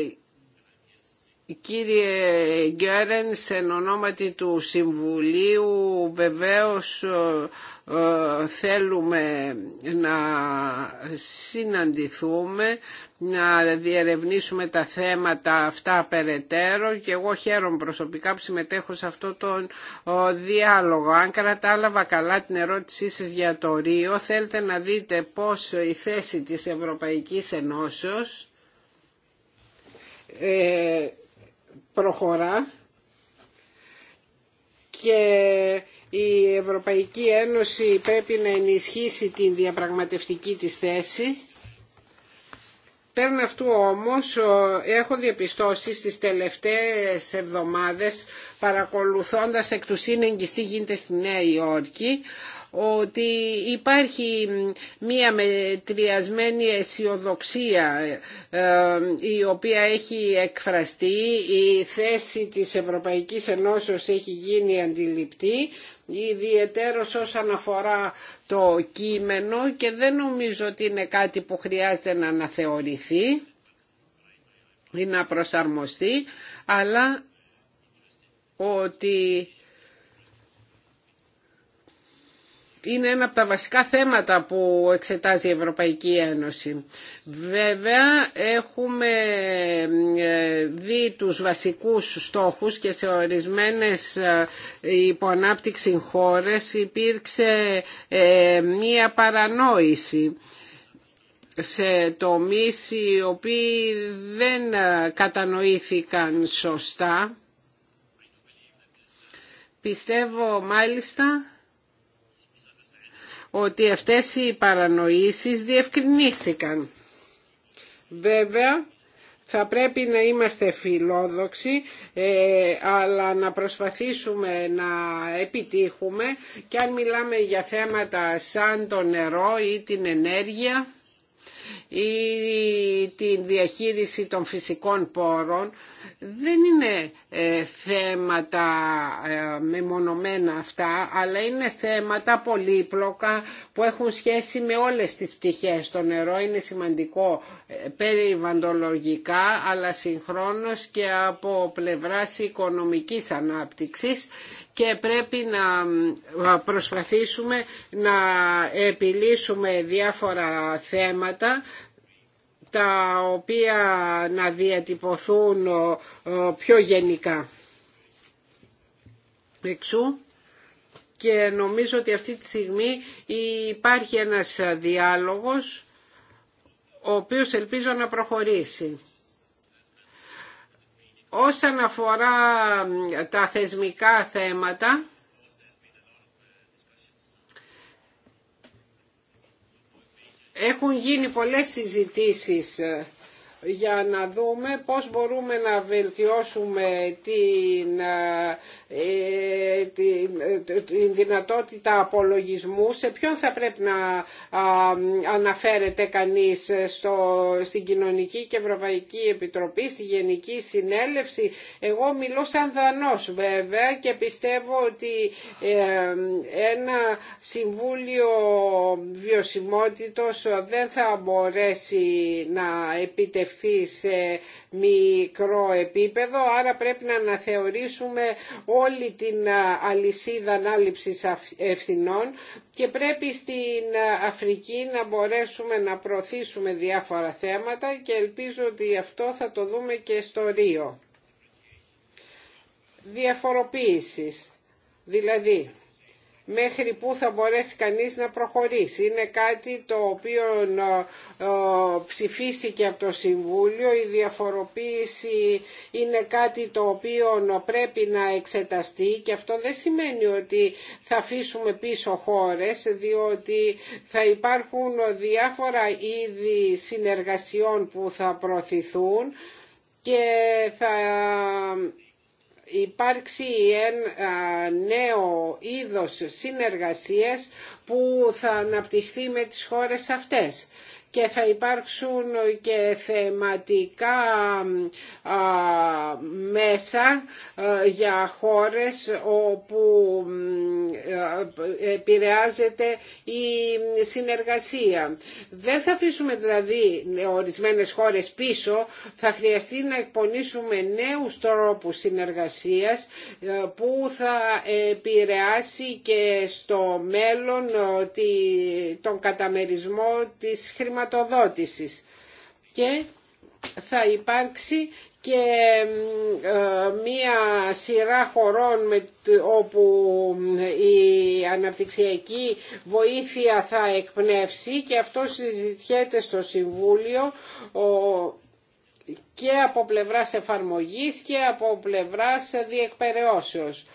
κύριε Γκέρεν, σε ονόματι του Συμβουλίου βεβαίως ε, ε, θέλουμε να συναντηθούμε να διερευνήσουμε τα θέματα αυτά περαιτέρω και εγώ χαίρομαι προσωπικά που συμμετέχω σε αυτό τον διάλογο. Αν κατάλαβα καλά την ερώτησή σας για το Ρίο, θέλετε να δείτε πώς η θέση της Ευρωπαϊκής Ενώσεως ε, προχωρά και η Ευρωπαϊκή Ένωση πρέπει να ενισχύσει την διαπραγματευτική της θέση Πέραν αυτού όμως έχω διαπιστώσει στις τελευταίες εβδομάδες παρακολουθώντας εκ του σύνεγγυς τι γίνεται στη Νέα Υόρκη ότι υπάρχει μία μετριασμένη αισιοδοξία ε, η οποία έχει εκφραστεί, η θέση της Ευρωπαϊκής Ενώσεως έχει γίνει αντιληπτή ιδιαιτέρως όσον αφορά το κείμενο και δεν νομίζω ότι είναι κάτι που χρειάζεται να αναθεωρηθεί ή να προσαρμοστεί αλλά ότι είναι ένα από τα βασικά θέματα που εξετάζει η Ευρωπαϊκή Ένωση. Βέβαια έχουμε ε, δει τους βασικούς στόχους και σε ορισμένες ε, υποανάπτυξη χώρες υπήρξε ε, μία παρανόηση σε τομείς οι οποίοι δεν κατανοήθηκαν σωστά. Πιστεύω μάλιστα ότι αυτές οι παρανοήσεις διευκρινίστηκαν. Βέβαια, θα πρέπει να είμαστε φιλόδοξοι, ε, αλλά να προσπαθήσουμε να επιτύχουμε και αν μιλάμε για θέματα σαν το νερό ή την ενέργεια, ή την διαχείριση των φυσικών πόρων δεν είναι ε, θέματα ε, μεμονωμένα αυτά αλλά είναι θέματα πολύπλοκα που έχουν σχέση με όλες τις πτυχές. Το νερό είναι σημαντικό ε, περιβαντολογικά αλλά συγχρόνως και από πλευράς οικονομικής ανάπτυξης και πρέπει να προσπαθήσουμε να επιλύσουμε διάφορα θέματα τα οποία να διατυπωθούν πιο γενικά. Εξού και νομίζω ότι αυτή τη στιγμή υπάρχει ένας διάλογος ο οποίος ελπίζω να προχωρήσει. Όσον αφορά τα θεσμικά θέματα, έχουν γίνει πολλές συζητήσεις ε, για να δούμε πώς μπορούμε να βελτιώσουμε την, ε, την, ε, την δυνατότητα απολογισμού, σε ποιον θα πρέπει να αναφέρεται κανείς στο, στην Κοινωνική και Ευρωπαϊκή Επιτροπή, στη Γενική Συνέλευση. Εγώ μιλώ σαν δανός βέβαια και πιστεύω ότι ε, ένα Συμβούλιο Βιωσιμότητος δεν θα μπορέσει να επιτευχθεί σε μικρό επίπεδο, άρα πρέπει να αναθεωρήσουμε όλη την αλυσίδα ανάληψης ευθυνών και πρέπει στην Αφρική να μπορέσουμε να προωθήσουμε διάφορα θέματα και ελπίζω ότι αυτό θα το δούμε και στο Ρίο. Διαφοροποίησης. Δηλαδή, μέχρι που θα μπορέσει κανείς να προχωρήσει. Είναι κάτι το οποίο ε, ε, ψηφίστηκε από το Συμβούλιο, η διαφοροποίηση είναι κάτι το οποίο πρέπει να εξεταστεί και αυτό δεν σημαίνει ότι θα αφήσουμε πίσω χώρες, διότι θα υπάρχουν διάφορα είδη συνεργασιών που θα προωθηθούν και θα υπάρξει ένα νέο είδος συνεργασίας που θα αναπτυχθεί με τις χώρες αυτές και θα υπάρξουν και θεματικά μέσα για χώρες όπου επηρεάζεται η συνεργασία. Δεν θα αφήσουμε δηλαδή ορισμένες χώρες πίσω, θα χρειαστεί να εκπονήσουμε νέους τρόπους συνεργασίας ε, που θα επηρεάσει και στο μέλλον ε, τον καταμερισμό της χρηματοδότησης χρηματοδότησης και θα υπάρξει και ε, μία σειρά χωρών με, όπου ε, η αναπτυξιακή βοήθεια θα εκπνεύσει και αυτό συζητιέται στο Συμβούλιο και από πλευράς εφαρμογής και από πλευράς διεκπαιρεώσεως.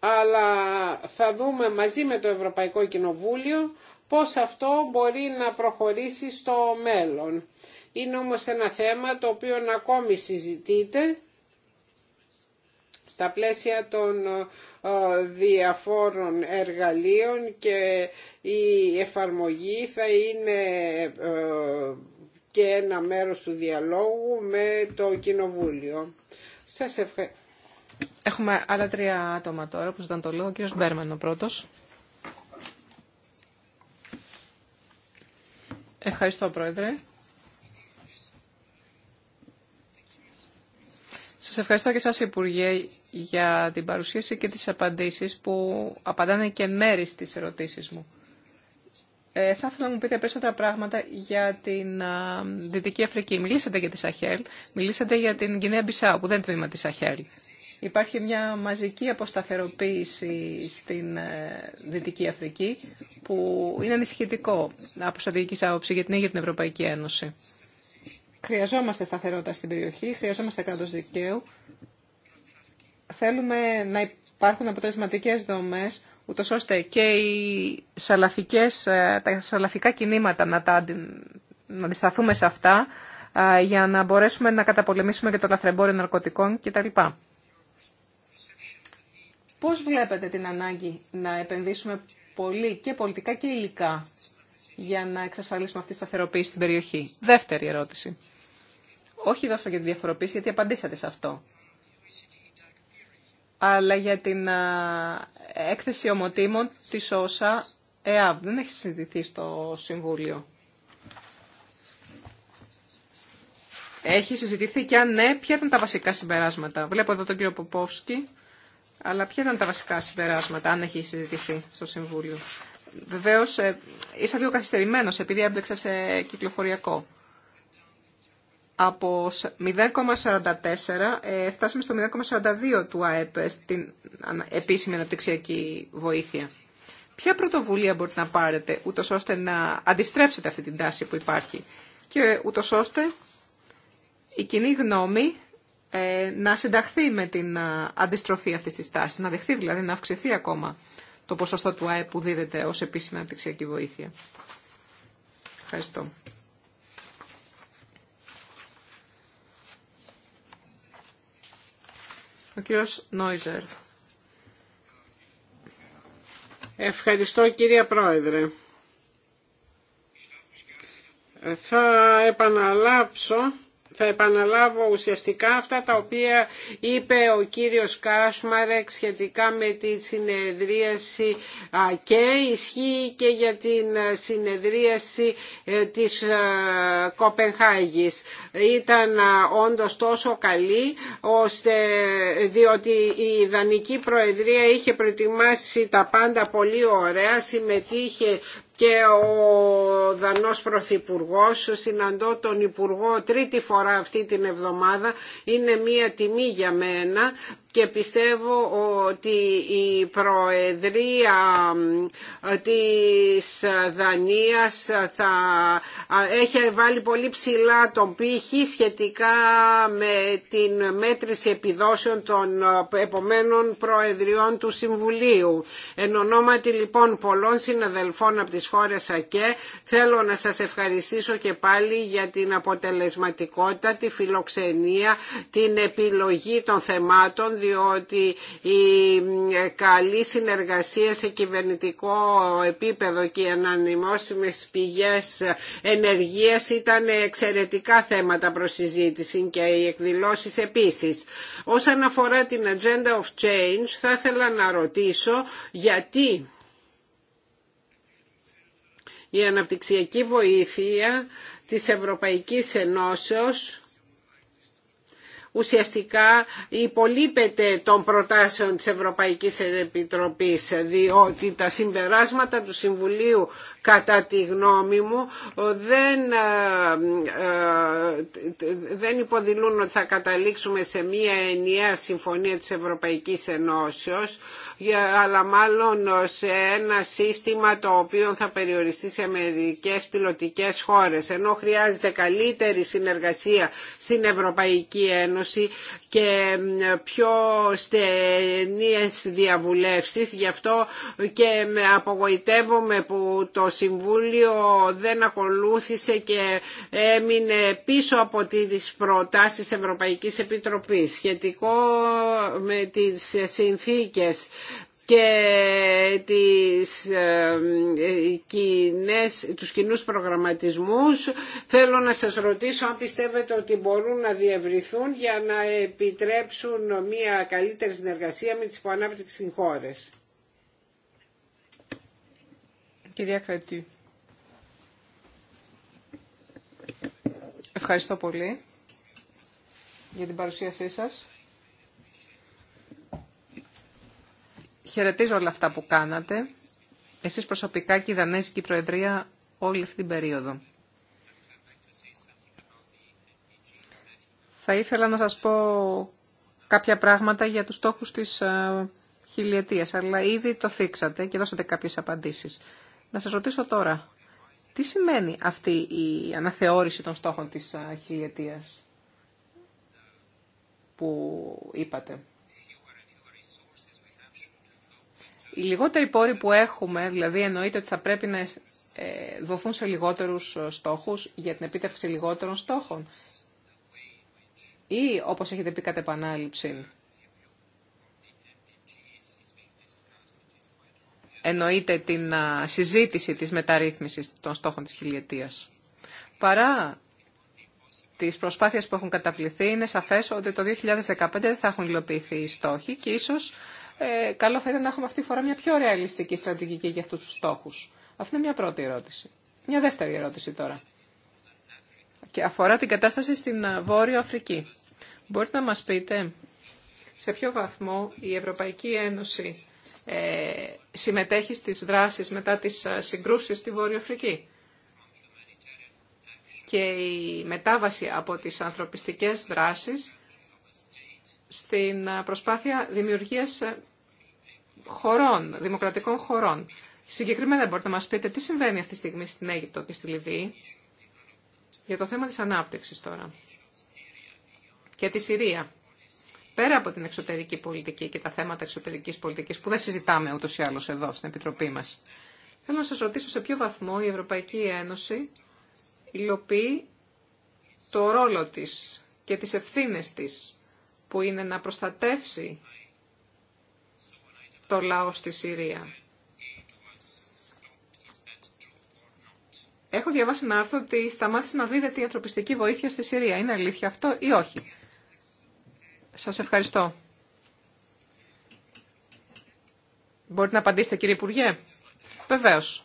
Αλλά θα δούμε μαζί με το Ευρωπαϊκό Κοινοβούλιο πώς αυτό μπορεί να προχωρήσει στο μέλλον. Είναι όμως ένα θέμα το οποίο ακόμη συζητείται στα πλαίσια των ε, διαφόρων εργαλείων και η εφαρμογή θα είναι ε, και ένα μέρος του διαλόγου με το Κοινοβούλιο. Σας ευχαριστώ. Έχουμε άλλα τρία άτομα τώρα που ζητάνε το λόγο. Ο κύριος Μπέρμαν ο πρώτος. Ευχαριστώ, Πρόεδρε. Σας ευχαριστώ και σας, Υπουργέ, για την παρουσίαση και τις απαντήσεις που απαντάνε και μέρη στις ερωτήσεις μου. Ε, θα ήθελα να μου πείτε περισσότερα πράγματα για την Δυτική Αφρική. Μιλήσατε για τη Σαχέλ, μιλήσατε για την Κινέα Μπισάου, που δεν είναι τμήμα τη Σαχέλ. Υπάρχει μια μαζική αποσταθεροποίηση στην ε, Δυτική Αφρική, που είναι ανησυχητικό από στρατηγική άποψη για την ίδια την Ευρωπαϊκή Ένωση. Χρειαζόμαστε σταθερότητα στην περιοχή, χρειαζόμαστε κράτο δικαίου. Θέλουμε να υπάρχουν αποτελεσματικέ δομέ ούτως ώστε και οι σαλαφικές, ε, τα σαλαφικά κινήματα να, τα, να αντισταθούμε σε αυτά ε, για να μπορέσουμε να καταπολεμήσουμε και το λαθρεμπόριο ναρκωτικών κτλ. Πώς βλέπετε την ανάγκη να επενδύσουμε πολύ και πολιτικά και υλικά για να εξασφαλίσουμε αυτή τη σταθεροποίηση στην περιοχή. Δεύτερη ερώτηση. Όχι δώσω για τη διαφοροποίηση, γιατί απαντήσατε σε αυτό αλλά για την έκθεση ομοτήμων της ΩΣΑ ΕΑΒ. Δεν έχει συζητηθεί στο Συμβούλιο. Έχει συζητηθεί και αν ναι, ποια ήταν τα βασικά συμπεράσματα. Βλέπω εδώ τον κύριο Ποπόφσκι, αλλά ποια ήταν τα βασικά συμπεράσματα, αν έχει συζητηθεί στο Συμβούλιο. Βεβαίω, ε, ήρθα λίγο καθυστερημένος, επειδή έμπλεξα σε κυκλοφοριακό από 0,44 ε, φτάσαμε στο 0,42 του ΑΕΠ στην επίσημη αναπτυξιακή βοήθεια. Ποια πρωτοβουλία μπορείτε να πάρετε ούτω ώστε να αντιστρέψετε αυτή την τάση που υπάρχει και ούτω ώστε η κοινή γνώμη ε, να συνταχθεί με την αντιστροφή αυτής της τάσης, να δεχθεί δηλαδή να αυξηθεί ακόμα το ποσοστό του ΑΕΠ που δίδεται ως επίσημη αναπτυξιακή βοήθεια. Ευχαριστώ. Ο κύριος Νόιζερ. Ευχαριστώ κύριε Πρόεδρε. Ε, θα επαναλάψω θα επαναλάβω ουσιαστικά αυτά τα οποία είπε ο κύριος Κάσμαρεκ σχετικά με τη συνεδρίαση και ισχύει και για την συνεδρίαση ε, της ε, Κοπενχάγης. Ήταν όντως τόσο καλή ώστε διότι η Ιδανική Προεδρία είχε προετοιμάσει τα πάντα πολύ ωραία, συμμετείχε και ο Δανός Πρωθυπουργό συναντώ τον Υπουργό τρίτη φορά αυτή την εβδομάδα είναι μια τιμή για μένα και πιστεύω ότι η Προεδρία της Δανίας θα έχει βάλει πολύ ψηλά τον πύχη σχετικά με την μέτρηση επιδόσεων των επομένων Προεδριών του Συμβουλίου. Εν ονόματι λοιπόν πολλών συναδελφών από τις χώρες ΑΚΕ θέλω να σας ευχαριστήσω και πάλι για την αποτελεσματικότητα, τη φιλοξενία, την επιλογή των θεμάτων ότι η καλή συνεργασία σε κυβερνητικό επίπεδο και οι ανανημόσιμες πηγές ενεργείας ήταν εξαιρετικά θέματα προς συζήτηση και οι εκδηλώσεις επίσης. Όσον αφορά την Agenda of Change θα ήθελα να ρωτήσω γιατί η αναπτυξιακή βοήθεια της Ευρωπαϊκής Ενώσεως ουσιαστικά υπολείπεται των προτάσεων της Ευρωπαϊκής Επιτροπής διότι τα συμπεράσματα του Συμβουλίου κατά τη γνώμη μου δεν, ε, ε, δεν υποδηλούν ότι θα καταλήξουμε σε μία ενιαία συμφωνία της Ευρωπαϊκής Ενώσεως αλλά μάλλον σε ένα σύστημα το οποίο θα περιοριστεί σε μερικές πιλωτικές χώρες ενώ χρειάζεται καλύτερη συνεργασία στην Ευρωπαϊκή Ένωση και ε, πιο στενίες διαβουλεύσεις γι' αυτό και με απογοητεύομαι που το Συμβούλιο δεν ακολούθησε και έμεινε πίσω από τις προτάσεις Ευρωπαϊκής Επιτροπής σχετικό με τις συνθήκες και τις, ε, ε, κοινές, τους κοινούς προγραμματισμούς. Θέλω να σας ρωτήσω αν πιστεύετε ότι μπορούν να διευρυθούν για να επιτρέψουν μια καλύτερη συνεργασία με τις υποανάπτυξης χώρες. Κυρία Κρατή. Ευχαριστώ πολύ για την παρουσίασή σας. Χαιρετίζω όλα αυτά που κάνατε, εσείς προσωπικά και η Δανέζικη Προεδρία όλη αυτή την περίοδο. Θα ήθελα να σας πω κάποια πράγματα για τους στόχους της ε, χιλιετίας, αλλά ήδη το θίξατε και δώσατε κάποιες απαντήσεις. Να σας ρωτήσω τώρα, τι σημαίνει αυτή η αναθεώρηση των στόχων της χιλιετίας που είπατε. Οι λιγότεροι πόροι που έχουμε, δηλαδή εννοείται ότι θα πρέπει να ε, δοθούν σε λιγότερους ε, στόχους για την επίτευξη λιγότερων στόχων. Ή, όπως έχετε πει κατά επανάληψη, εννοείται την συζήτηση της μεταρρύθμισης των στόχων της χιλιετίας. Παρά τις προσπάθειες που έχουν καταβληθεί, είναι σαφές ότι το 2015 δεν θα έχουν υλοποιηθεί οι στόχοι και ίσως ε, καλό θα ήταν να έχουμε αυτή τη φορά μια πιο ρεαλιστική στρατηγική για αυτούς τους στόχους. Αυτή είναι μια πρώτη ερώτηση. Μια δεύτερη ερώτηση τώρα. Και αφορά την κατάσταση στην Βόρεια Αφρική. Μπορείτε να μας πείτε σε ποιο βαθμό η Ευρωπαϊκή Ένωση ε, συμμετέχει στις δράσεις μετά τις ε, συγκρούσεις στη Βόρεια Αφρική. Και η μετάβαση από τις ανθρωπιστικές δράσεις στην ε, προσπάθεια δημιουργίας χωρών, δημοκρατικών χωρών. Συγκεκριμένα μπορείτε να μας πείτε τι συμβαίνει αυτή τη στιγμή στην Αίγυπτο και στη Λιβύη για το θέμα της ανάπτυξης τώρα και τη Συρία πέρα από την εξωτερική πολιτική και τα θέματα εξωτερικής πολιτικής που δεν συζητάμε ούτως ή άλλως εδώ στην Επιτροπή μας. Θέλω να σας ρωτήσω σε ποιο βαθμό η Ευρωπαϊκή Ένωση υλοποιεί το ρόλο της και τι ευθύνε της που είναι να προστατεύσει το λαό στη Συρία. Έχω διαβάσει ένα άρθρο ότι σταμάτησε να δίδεται η ανθρωπιστική βοήθεια στη Συρία. Είναι αλήθεια αυτό ή όχι. Σας ευχαριστώ. Μπορείτε να απαντήσετε κύριε Υπουργέ. Βεβαίως.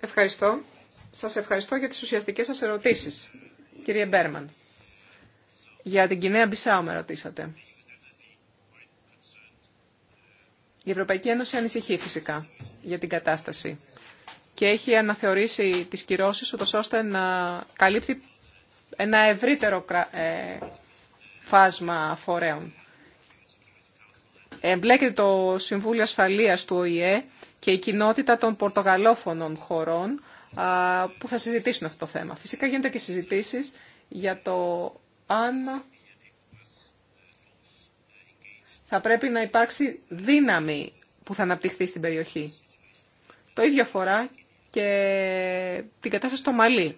Ευχαριστώ. Σας ευχαριστώ για τις ουσιαστικές σας ερωτήσεις, κύριε Μπέρμαν. Για την Κινέα Μπισάου με ρωτήσατε. Η Ευρωπαϊκή Ένωση ανησυχεί φυσικά για την κατάσταση και έχει αναθεωρήσει τις κυρώσεις ούτως ώστε να καλύπτει ένα ευρύτερο ε, φάσμα φορέων. Εμπλέκεται το Συμβούλιο Ασφαλείας του ΟΗΕ και η κοινότητα των πορτογαλόφωνων χωρών που θα συζητήσουν αυτό το θέμα. Φυσικά γίνονται και συζητήσεις για το αν θα πρέπει να υπάρξει δύναμη που θα αναπτυχθεί στην περιοχή. Το ίδιο φορά και την κατάσταση στο Μαλί,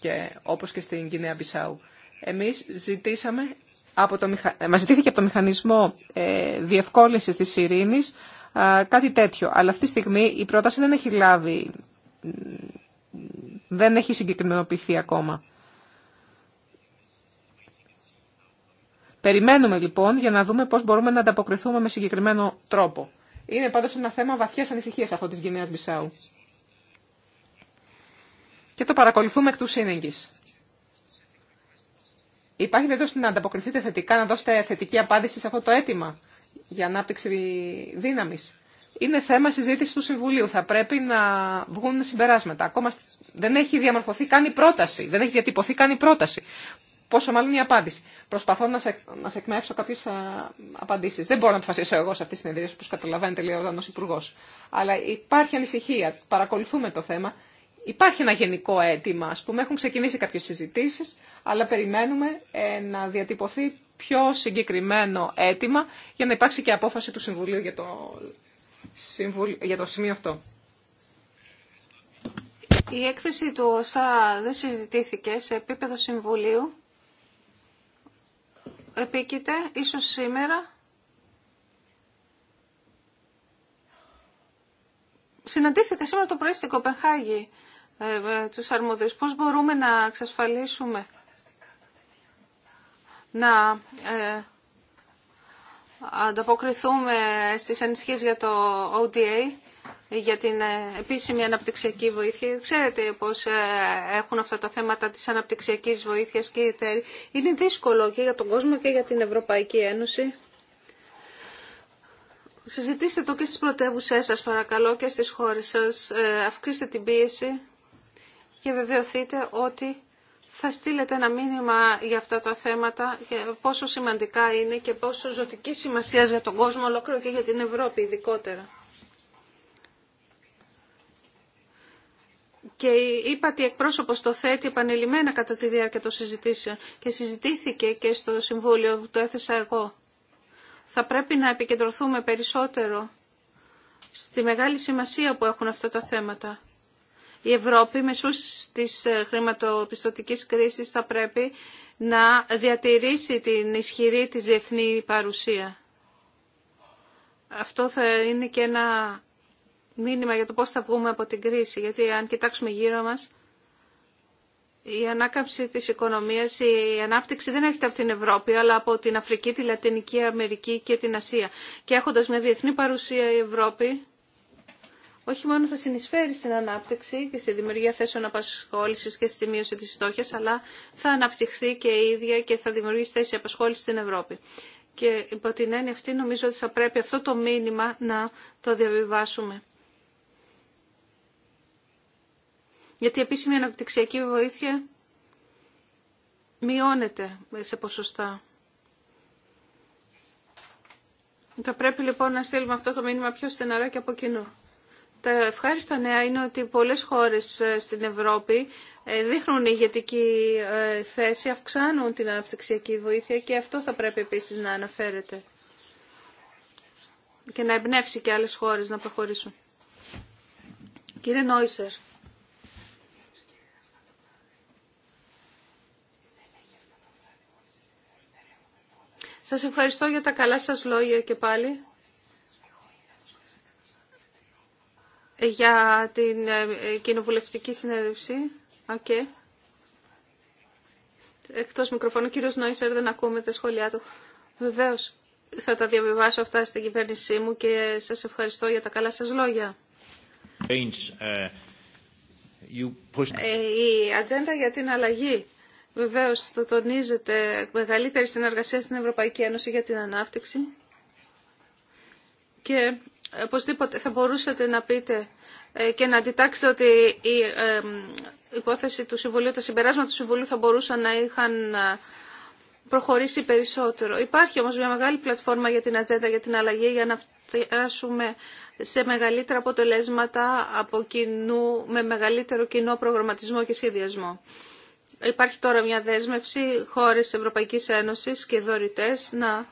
και, όπως και στην Κινέα Μπισάου. Εμείς ζητήσαμε, από το, ε, μας ζητήθηκε από το μηχανισμό ε, διευκόλυνσης της ειρήνης κάτι τέτοιο. Αλλά αυτή τη στιγμή η πρόταση δεν έχει λάβει, δεν έχει συγκεκριμενοποιηθεί ακόμα. Περιμένουμε λοιπόν για να δούμε πώ μπορούμε να ανταποκριθούμε με συγκεκριμένο τρόπο. Είναι πάντω ένα θέμα βαθιά ανησυχία αυτό τη Γενέα Μπισάου. Και το παρακολουθούμε εκ του σύνεγγυ. Υπάρχει περίπτωση να ανταποκριθείτε θετικά, να δώσετε θετική απάντηση σε αυτό το αίτημα για ανάπτυξη δύναμη. Είναι θέμα συζήτηση του Συμβουλίου. Θα πρέπει να βγουν συμπεράσματα. Ακόμα δεν έχει διαμορφωθεί καν η πρόταση. Δεν έχει διατυπωθεί καν η πρόταση πόσο μάλλον η απάντηση. Προσπαθώ να, σε, να σε εκμεύσω κάποιε απαντήσει. Δεν μπορώ να αποφασίσω εγώ σε αυτή τη συνεδρία, όπω καταλαβαίνετε, λέει ο Δανό Υπουργό. Αλλά υπάρχει ανησυχία. Παρακολουθούμε το θέμα. Υπάρχει ένα γενικό αίτημα, α πούμε. Έχουν ξεκινήσει κάποιε συζητήσει, αλλά περιμένουμε ε, να διατυπωθεί πιο συγκεκριμένο αίτημα για να υπάρξει και απόφαση του Συμβουλίου για το, για το σημείο αυτό. Η έκθεση του ΩΣΑ δεν συζητήθηκε σε επίπεδο Συμβουλίου επίκειται ίσως σήμερα συναντήθηκα σήμερα το πρωί στην Κοπενχάγη ε, με τους αρμοδίους. Πώς μπορούμε να εξασφαλίσουμε να ε, ανταποκριθούμε στις ανησυχίες για το ODA για την ε, επίσημη αναπτυξιακή βοήθεια. Ξέρετε πώς ε, έχουν αυτά τα θέματα της αναπτυξιακής βοήθειας και εταίροι. Είναι δύσκολο και για τον κόσμο και για την Ευρωπαϊκή Ένωση. Συζητήστε το και στις πρωτεύουσές σας παρακαλώ και στις χώρες σας. Ε, αυξήστε την πίεση και βεβαιωθείτε ότι θα στείλετε ένα μήνυμα για αυτά τα θέματα, και πόσο σημαντικά είναι και πόσο ζωτική σημασία για τον κόσμο ολόκληρο και για την Ευρώπη ειδικότερα. και η ύπατη εκπρόσωπο το θέτει επανειλημμένα κατά τη διάρκεια των συζητήσεων και συζητήθηκε και στο Συμβούλιο που το έθεσα εγώ. Θα πρέπει να επικεντρωθούμε περισσότερο στη μεγάλη σημασία που έχουν αυτά τα θέματα. Η Ευρώπη μεσού της ε, χρηματοπιστωτικής κρίσης θα πρέπει να διατηρήσει την ισχυρή της διεθνή παρουσία. Αυτό θα είναι και ένα μήνυμα για το πώς θα βγούμε από την κρίση. Γιατί αν κοιτάξουμε γύρω μας, η ανάκαμψη της οικονομίας, η ανάπτυξη δεν έρχεται από την Ευρώπη, αλλά από την Αφρική, τη Λατινική Αμερική και την Ασία. Και έχοντας μια διεθνή παρουσία η Ευρώπη, όχι μόνο θα συνεισφέρει στην ανάπτυξη και στη δημιουργία θέσεων απασχόλησης και στη μείωση της φτώχειας, αλλά θα αναπτυχθεί και η ίδια και θα δημιουργήσει θέση απασχόληση στην Ευρώπη. Και υπό την έννοια αυτή νομίζω ότι θα πρέπει αυτό το μήνυμα να το διαβιβάσουμε. Γιατί η επίσημη αναπτυξιακή βοήθεια μειώνεται σε ποσοστά. Θα πρέπει λοιπόν να στείλουμε αυτό το μήνυμα πιο στεναρά και από κοινού. Τα ευχάριστα νέα είναι ότι πολλές χώρες ε, στην Ευρώπη ε, δείχνουν ηγετική ε, θέση, αυξάνουν την αναπτυξιακή βοήθεια και αυτό θα πρέπει επίσης να αναφέρεται και να εμπνεύσει και άλλες χώρες να προχωρήσουν. Κύριε Νόισερ, Σας ευχαριστώ για τα καλά σας λόγια και πάλι. Για την ε, κοινοβουλευτική συνέλευση. Okay. Εκτός μικροφώνου, κύριο κύριος Νόησερ δεν ακούμε τα σχόλιά του. Βεβαίως, θα τα διαβιβάσω αυτά στην κυβέρνησή μου και σας ευχαριστώ για τα καλά σας λόγια. Ε, ε, η ατζέντα για την αλλαγή Βεβαίω, το τονίζετε μεγαλύτερη συνεργασία στην Ευρωπαϊκή Ένωση για την ανάπτυξη. Και οπωσδήποτε θα μπορούσατε να πείτε ε, και να αντιτάξετε ότι η ε, υπόθεση του Συμβουλίου, τα συμπεράσματα του Συμβουλίου θα μπορούσαν να είχαν ε, προχωρήσει περισσότερο. Υπάρχει όμως μια μεγάλη πλατφόρμα για την ατζέντα, για την αλλαγή, για να φτάσουμε σε μεγαλύτερα αποτελέσματα με μεγαλύτερο κοινό προγραμματισμό και σχεδιασμό. Υπάρχει τώρα μια δέσμευση χώρες Ευρωπαϊκής Ένωσης και δωρητές να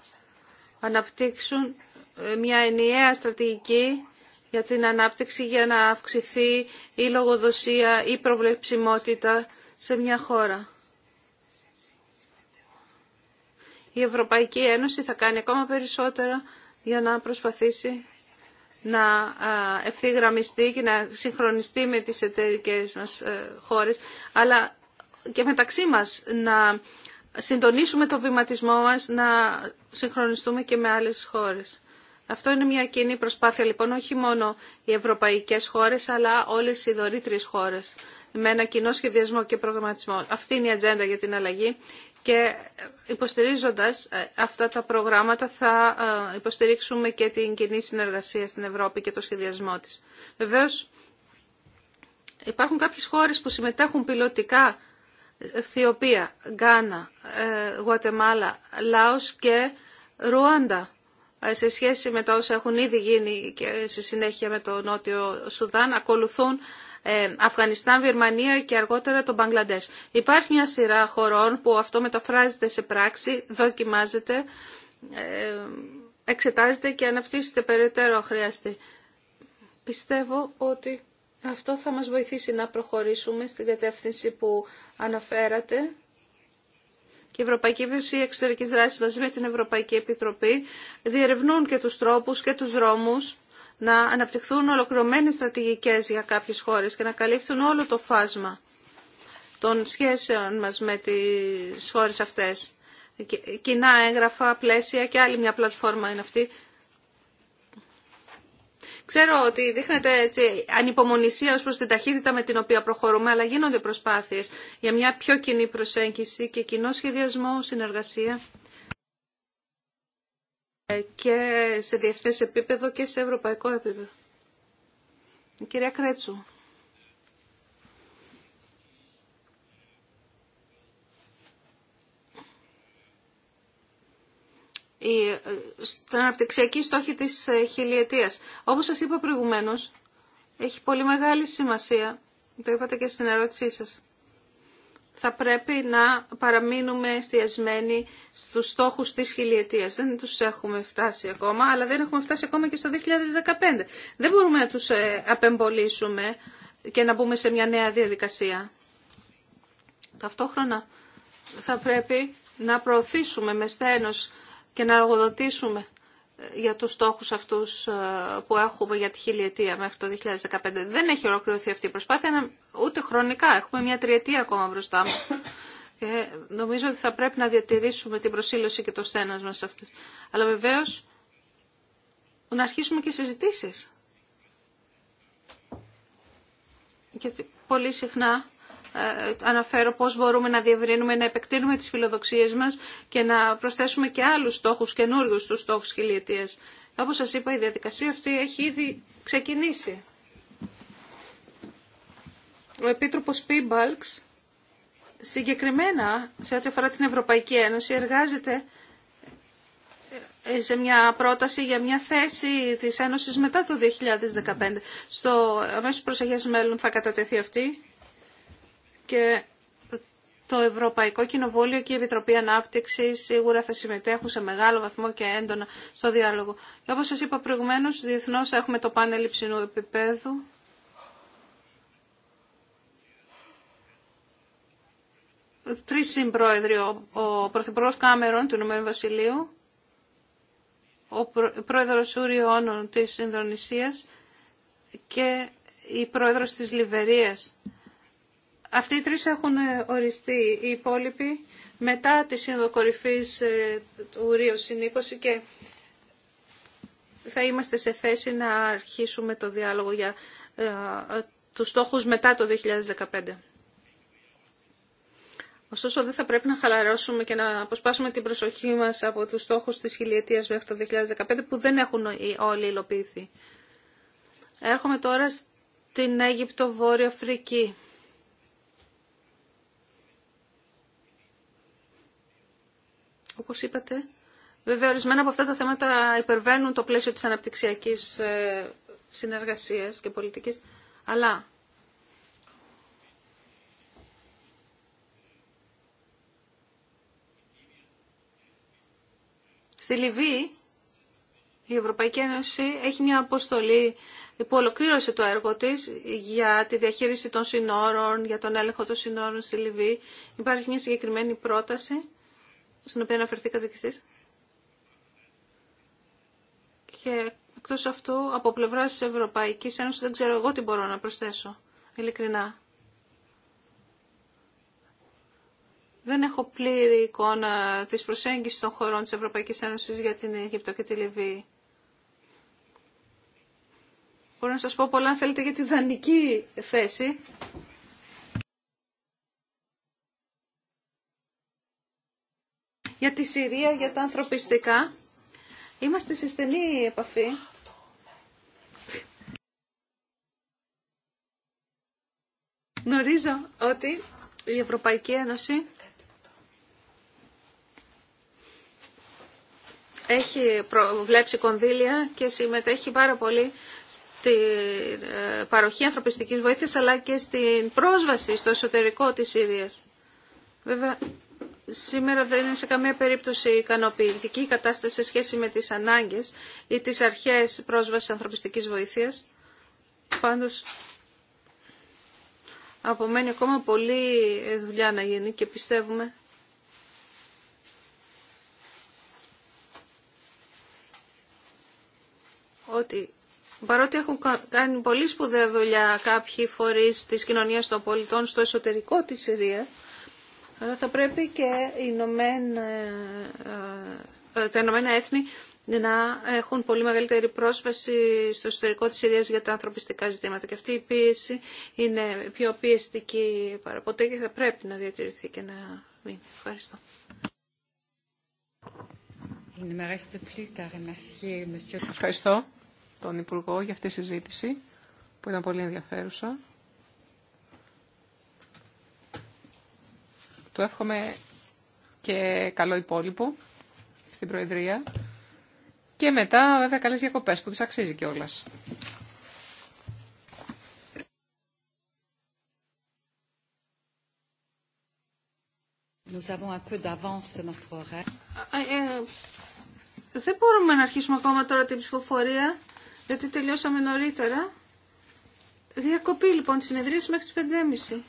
αναπτύξουν ε, μια ενιαία στρατηγική για την ανάπτυξη για να αυξηθεί η λογοδοσία, η προβλεψιμότητα σε μια χώρα. Η Ευρωπαϊκή Ένωση θα κάνει ακόμα περισσότερα για να προσπαθήσει να ευθυγραμμιστεί και να συγχρονιστεί με τις εταιρικές μας ε, χώρες. Αλλά και μεταξύ μας να συντονίσουμε το βηματισμό μας, να συγχρονιστούμε και με άλλες χώρες. Αυτό είναι μια κοινή προσπάθεια λοιπόν όχι μόνο οι ευρωπαϊκές χώρες αλλά όλες οι δωρήτριες χώρες με ένα κοινό σχεδιασμό και προγραμματισμό. Αυτή είναι η ατζέντα για την αλλαγή και ε, υποστηρίζοντας ε, αυτά τα προγράμματα θα ε, υποστηρίξουμε και την κοινή συνεργασία στην Ευρώπη και το σχεδιασμό της. Βεβαίως υπάρχουν κάποιες χώρες που συμμετέχουν πιλωτικά Θεοπία, Γκάνα, ε, Γουατεμάλα, Λάος και Ρουάντα ε, σε σχέση με τα όσα έχουν ήδη γίνει και σε συνέχεια με το Νότιο Σουδάν ακολουθούν ε, Αφγανιστάν, Βερμανία και αργότερα το Μπαγκλαντές. Υπάρχει μια σειρά χωρών που αυτό μεταφράζεται σε πράξη, δοκιμάζεται, εξετάζεται και αναπτύσσεται περαιτέρω χρειαστεί. Πιστεύω ότι αυτό θα μας βοηθήσει να προχωρήσουμε στην κατεύθυνση που αναφέρατε. Και η Ευρωπαϊκή Υπηρεσία Εξωτερικής Δράσης μαζί με την Ευρωπαϊκή Επιτροπή διερευνούν και τους τρόπους και τους δρόμους να αναπτυχθούν ολοκληρωμένες στρατηγικές για κάποιες χώρες και να καλύπτουν όλο το φάσμα των σχέσεων μας με τις χώρες αυτές. Κοινά έγγραφα, πλαίσια και άλλη μια πλατφόρμα είναι αυτή Ξέρω ότι δείχνεται έτσι ανυπομονησία ως προς την ταχύτητα με την οποία προχωρούμε, αλλά γίνονται προσπάθειες για μια πιο κοινή προσέγγιση και κοινό σχεδιασμό, συνεργασία ε, και σε διεθνές επίπεδο και σε ευρωπαϊκό επίπεδο. κυρία Κρέτσου. στον αναπτυξιακή στόχη της ε, χιλιετίας. Όπως σας είπα προηγουμένως, έχει πολύ μεγάλη σημασία, το είπατε και στην ερώτησή σας, θα πρέπει να παραμείνουμε εστιασμένοι στους στόχους της χιλιετίας. Δεν τους έχουμε φτάσει ακόμα, αλλά δεν έχουμε φτάσει ακόμα και στο 2015. Δεν μπορούμε να τους ε, απεμπολίσουμε και να μπούμε σε μια νέα διαδικασία. Ταυτόχρονα θα πρέπει να προωθήσουμε με στένος και να εργοδοτήσουμε ε, για τους στόχους αυτούς ε, που έχουμε για τη χιλιετία μέχρι το 2015. Δεν έχει ολοκληρωθεί αυτή η προσπάθεια, ούτε χρονικά. Έχουμε μια τριετία ακόμα μπροστά μας. Και νομίζω ότι θα πρέπει να διατηρήσουμε την προσήλωση και το στένας μας αυτή. Αλλά βεβαίως να αρχίσουμε και συζητήσεις. Γιατί πολύ συχνά ε, αναφέρω πώς μπορούμε να διευρύνουμε, να επεκτείνουμε τις φιλοδοξίες μας και να προσθέσουμε και άλλους στόχους, καινούριου στους στόχους χιλιετίας. Όπως σας είπα, η διαδικασία αυτή έχει ήδη ξεκινήσει. Ο Επίτροπος Πίμπαλξ συγκεκριμένα σε ό,τι αφορά την Ευρωπαϊκή Ένωση εργάζεται σε μια πρόταση για μια θέση της Ένωσης μετά το 2015. Στο αμέσως προσεχές μέλλον θα κατατεθεί αυτή και το Ευρωπαϊκό Κοινοβούλιο και η Επιτροπή Ανάπτυξη σίγουρα θα συμμετέχουν σε μεγάλο βαθμό και έντονα στο διάλογο. Όπω σα είπα προηγουμένω, διεθνώ έχουμε το πάνελ υψηλού επίπεδου. Τρει συμπρόεδροι, ο, Πρωθυπουργό Κάμερον του Ηνωμένου Βασιλείου, ο Πρόεδρο Ούριο τη Ινδονησία και η Πρόεδρο τη Λιβερίας αυτοί οι τρεις έχουν ε, οριστεί. Οι υπόλοιποι μετά τη σύνοδο κορυφής ε, του Ρίου Συνήκωση και θα είμαστε σε θέση να αρχίσουμε το διάλογο για ε, τους στόχους μετά το 2015. Ωστόσο, δεν θα πρέπει να χαλαρώσουμε και να αποσπάσουμε την προσοχή μας από τους στόχους της χιλιετίας μέχρι το 2015 που δεν έχουν όλοι υλοποιηθεί. Έρχομαι τώρα στην Αίγυπτο Βόρειο Αφρική. Όπως είπατε, βέβαια ορισμένα από αυτά τα θέματα υπερβαίνουν το πλαίσιο της αναπτυξιακής ε, συνεργασίας και πολιτικής, αλλά Στη Λιβύη η Ευρωπαϊκή Ένωση έχει μια αποστολή που ολοκλήρωσε το έργο της για τη διαχείριση των συνόρων, για τον έλεγχο των συνόρων στη Λιβύη. Υπάρχει μια συγκεκριμένη πρόταση στην οποία αναφερθήκατε κι εσείς. Και εκτός αυτού, από πλευράς της Ευρωπαϊκής Ένωσης, δεν ξέρω εγώ τι μπορώ να προσθέσω, ειλικρινά. Δεν έχω πλήρη εικόνα της προσέγγισης των χωρών της Ευρωπαϊκής Ένωσης για την Αίγυπτο και τη Λιβύη. Μπορώ να σας πω πολλά αν θέλετε για τη δανεική θέση για τη Συρία, για τα ανθρωπιστικά. Είμαστε σε στενή επαφή. Γνωρίζω ότι η Ευρωπαϊκή Ένωση έχει προβλέψει κονδύλια και συμμετέχει πάρα πολύ στην ε, παροχή ανθρωπιστικής βοήθειας αλλά και στην πρόσβαση στο εσωτερικό της Συρίας. Βέβαια, Σήμερα δεν είναι σε καμία περίπτωση ικανοποιητική η κατάσταση σε σχέση με τις ανάγκες ή τις αρχές πρόσβασης ανθρωπιστικής βοήθειας. Πάντως, απομένει ακόμα πολύ δουλειά να γίνει και πιστεύουμε ότι παρότι έχουν κάνει πολύ σπουδαία δουλειά κάποιοι φορείς της κοινωνίας των πολιτών στο εσωτερικό της Συρίας, αλλά θα πρέπει και οι ε, ε, τα Ηνωμένα Έθνη να έχουν πολύ μεγαλύτερη πρόσβαση στο εσωτερικό της Συρίας για τα ανθρωπιστικά ζητήματα. Και αυτή η πίεση είναι πιο πιεστική παραποτέ και θα πρέπει να διατηρηθεί και να μείνει. Ευχαριστώ. Ευχαριστώ τον Υπουργό για αυτή τη συζήτηση που ήταν πολύ ενδιαφέρουσα. Του εύχομαι και καλό υπόλοιπο στην Προεδρία. Και μετά, βέβαια, καλές διακοπές που τις αξίζει κιόλα. Nous ε, Δεν μπορούμε να αρχίσουμε ακόμα τώρα την ψηφοφορία, γιατί τελειώσαμε νωρίτερα. Διακοπή λοιπόν τη συνεδρία μέχρι τι 5.30.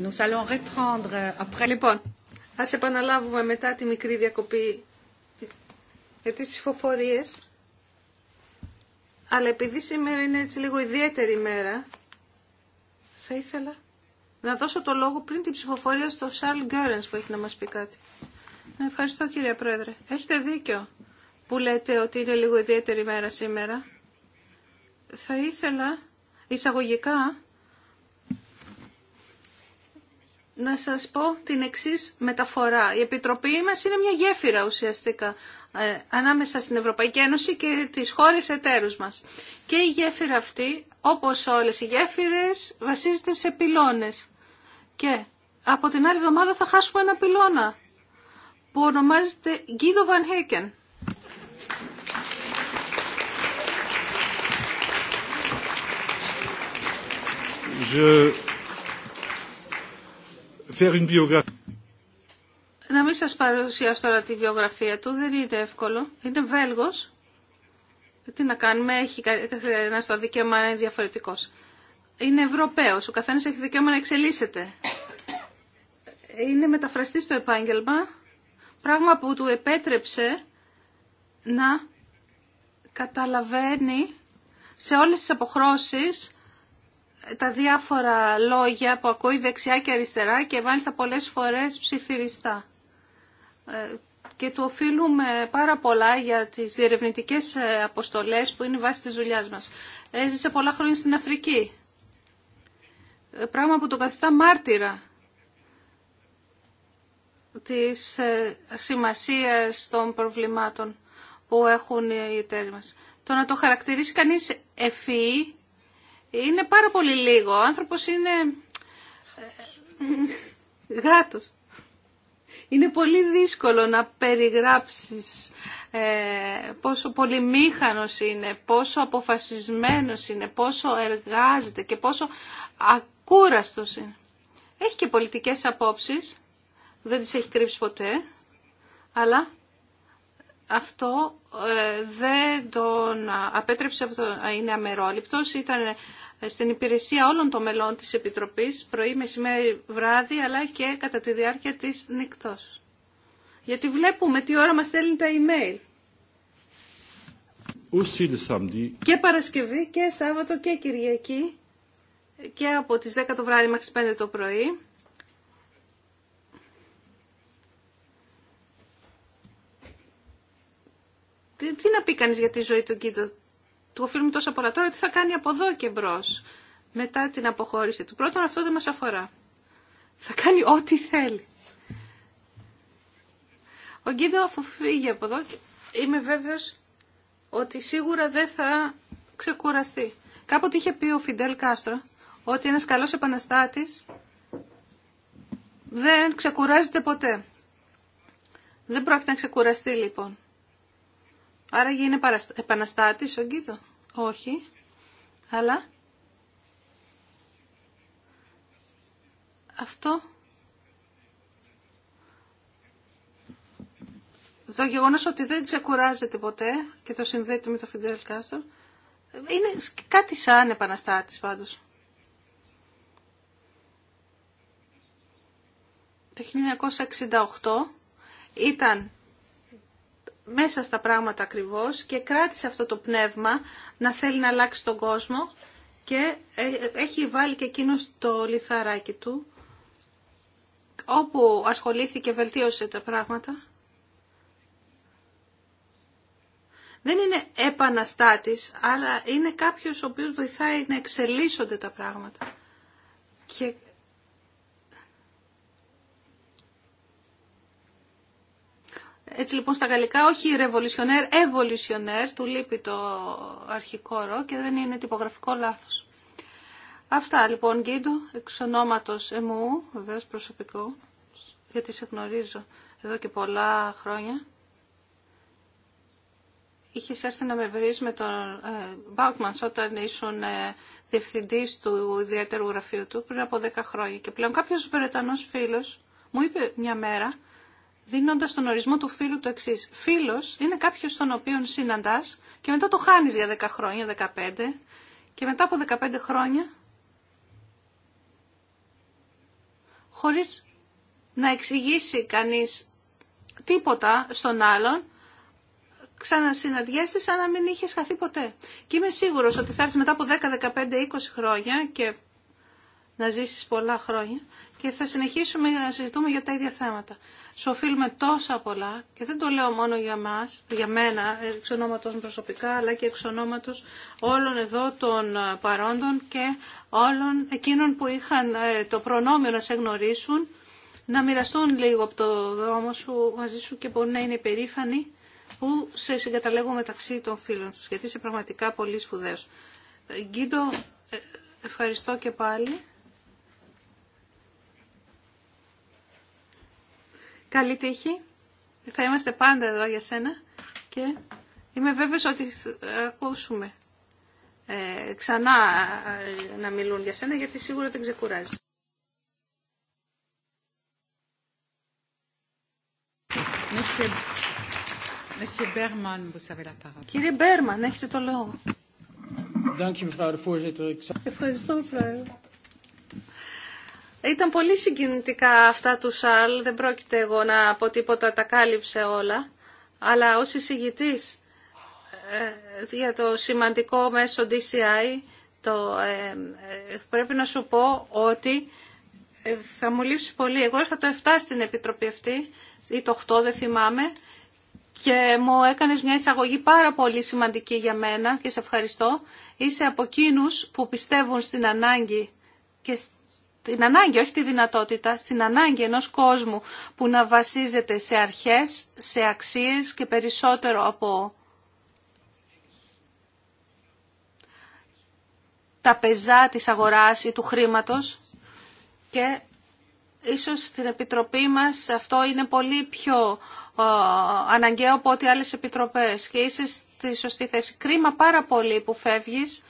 Nous allons reprendre euh, après... Λοιπόν, α επαναλάβουμε μετά τη μικρή διακοπή για τις ψηφοφορίες. Αλλά επειδή σήμερα είναι έτσι λίγο ιδιαίτερη ημέρα, θα ήθελα να δώσω το λόγο πριν την ψηφοφορία στο Σαρλ Γκέρενς που έχει να μας πει κάτι. Ευχαριστώ κύριε Πρόεδρε. Έχετε δίκιο που λέτε ότι είναι λίγο ιδιαίτερη ημέρα σήμερα. Θα ήθελα εισαγωγικά να σας πω την εξής μεταφορά. Η Επιτροπή μας είναι μια γέφυρα ουσιαστικά ε, ανάμεσα στην Ευρωπαϊκή Ένωση και τις χώρες εταίρους μας. Και η γέφυρα αυτή, όπως όλες οι γέφυρες, βασίζεται σε πυλώνες. Και από την άλλη εβδομάδα θα χάσουμε ένα πυλώνα που ονομάζεται Γκίδο Van να μην σας παρουσιάσω τώρα τη βιογραφία του, δεν είναι εύκολο. Είναι Βέλγος. Τι να κάνουμε, έχει καθένας το δικαίωμα να είναι διαφορετικός. Είναι Ευρωπαίος, ο καθένας έχει δικαίωμα να εξελίσσεται. Είναι μεταφραστής στο επάγγελμα, πράγμα που του επέτρεψε να καταλαβαίνει σε όλες τις αποχρώσεις τα διάφορα λόγια που ακούει δεξιά και αριστερά και μάλιστα πολλές φορές ψιθυριστά. Ε, και του οφείλουμε πάρα πολλά για τις διερευνητικές ε, αποστολές που είναι βάση της δουλειά μας. Έζησε πολλά χρόνια στην Αφρική. Ε, πράγμα που το καθιστά μάρτυρα της σημασίας των προβλημάτων που έχουν οι εταίροι μας. Το να το χαρακτηρίσει κανείς ευφυή είναι πάρα πολύ λίγο. Ο άνθρωπος είναι ε, ε, γάτος. Είναι πολύ δύσκολο να περιγράψεις ε, πόσο πολυμήχανος είναι, πόσο αποφασισμένος είναι, πόσο εργάζεται και πόσο ακούραστος είναι. Έχει και πολιτικές απόψεις, δεν τις έχει κρύψει ποτέ, αλλά αυτό ε, δεν τον απέτρεψε αυτό. είναι αμερόληπτος, ήταν στην υπηρεσία όλων των μελών της Επιτροπής, πρωί, μεσημέρι, βράδυ, αλλά και κατά τη διάρκεια της νύκτος. Γιατί βλέπουμε τι ώρα μας στέλνει τα email. Και Παρασκευή και Σάββατο και Κυριακή και από τις 10 το βράδυ μέχρι τις 5 το πρωί. Τι, να πει κανείς για τη ζωή του κύτου του οφείλουμε τόσο πολλά. Τώρα τι θα κάνει από εδώ και μπρο μετά την αποχώρηση του. Πρώτον αυτό δεν μας αφορά. Θα κάνει ό,τι θέλει. Ο Γκίδο αφού φύγει από εδώ είμαι βέβαιος ότι σίγουρα δεν θα ξεκουραστεί. Κάποτε είχε πει ο Φιντέλ Κάστρο ότι ένας καλός επαναστάτης δεν ξεκουράζεται ποτέ. Δεν πρόκειται να ξεκουραστεί λοιπόν. Άραγε είναι επαναστάτης ο Γκίτο. Όχι. Αλλά αυτό το γεγονό ότι δεν ξεκουράζεται ποτέ και το συνδέεται με το Φιντερελ Κάστρο είναι κάτι σαν επαναστάτης πάντως. Το 1968 ήταν μέσα στα πράγματα ακριβώς και κράτησε αυτό το πνεύμα να θέλει να αλλάξει τον κόσμο και ε, έχει βάλει και εκείνο το λιθαράκι του όπου ασχολήθηκε, βελτίωσε τα πράγματα. Δεν είναι επαναστάτης, αλλά είναι κάποιος ο οποίος βοηθάει να εξελίσσονται τα πράγματα. Και Έτσι λοιπόν στα γαλλικά όχι revolutionaire, evolutionaire, του λείπει το αρχικό ρο και δεν είναι τυπογραφικό λάθος. Αυτά λοιπόν Γκίντο, εξ ονόματος εμού, βεβαίως προσωπικό, γιατί σε γνωρίζω εδώ και πολλά χρόνια. Είχε έρθει να με βρεις με τον ε, όταν ήσουν ε, διευθυντής του ιδιαίτερου γραφείου του πριν από 10 χρόνια. Και πλέον κάποιος Βρετανός φίλος μου είπε μια μέρα δίνοντα τον ορισμό του φίλου το εξή. Φίλο είναι κάποιο τον οποίον σύναντά και μετά το χάνει για 10 χρόνια, 15 και μετά από 15 χρόνια Χωρί να εξηγήσει κανεί τίποτα στον άλλον, ξανασυναντιέσαι σαν να μην είχε χαθεί ποτέ. Και είμαι σίγουρος ότι θα έρθει μετά από 10, 15, 20 χρόνια και να ζήσεις πολλά χρόνια και θα συνεχίσουμε να συζητούμε για τα ίδια θέματα. Σου οφείλουμε τόσα πολλά και δεν το λέω μόνο για μας, για μένα, εξ ονόματος μου προσωπικά, αλλά και εξ ονόματος όλων εδώ των ε, παρόντων και όλων εκείνων που είχαν ε, το προνόμιο να σε γνωρίσουν, να μοιραστούν λίγο από το δρόμο σου μαζί σου και μπορεί να είναι περήφανοι που σε συγκαταλέγω μεταξύ των φίλων τους, γιατί είσαι πραγματικά πολύ σπουδαίος. Ε, Γκίντο, ευχαριστώ και πάλι. Καλή τύχη. Θα είμαστε πάντα εδώ για σένα και είμαι βέβαιος ότι θα ε, ακούσουμε ε, ξανά ε, να μιλούν για σένα γιατί σίγουρα δεν ξεκουράζει. Κύριε Μπέρμαν, έχετε το λόγο. Ευχαριστώ, Πρόεδρε. Ήταν πολύ συγκινητικά αυτά του Σαλ, δεν πρόκειται εγώ να πω τίποτα, τα κάλυψε όλα. Αλλά ως εισηγητής ε, για το σημαντικό μέσο DCI το, ε, ε, πρέπει να σου πω ότι θα μου λείψει πολύ. Εγώ θα το 7 στην Επιτροπή αυτή ή το 8 δεν θυμάμαι και μου έκανες μια εισαγωγή πάρα πολύ σημαντική για μένα και σε ευχαριστώ. Είσαι από εκείνους που πιστεύουν στην ανάγκη και την ανάγκη, όχι τη δυνατότητα, στην ανάγκη ενός κόσμου που να βασίζεται σε αρχές, σε αξίες και περισσότερο από τα πεζά της αγοράς ή του χρήματος και ίσως στην Επιτροπή μας αυτό είναι πολύ πιο ε, αναγκαίο από ό,τι άλλες επιτροπές και είσαι στη σωστή θέση. Κρίμα πάρα πολύ που φεύγεις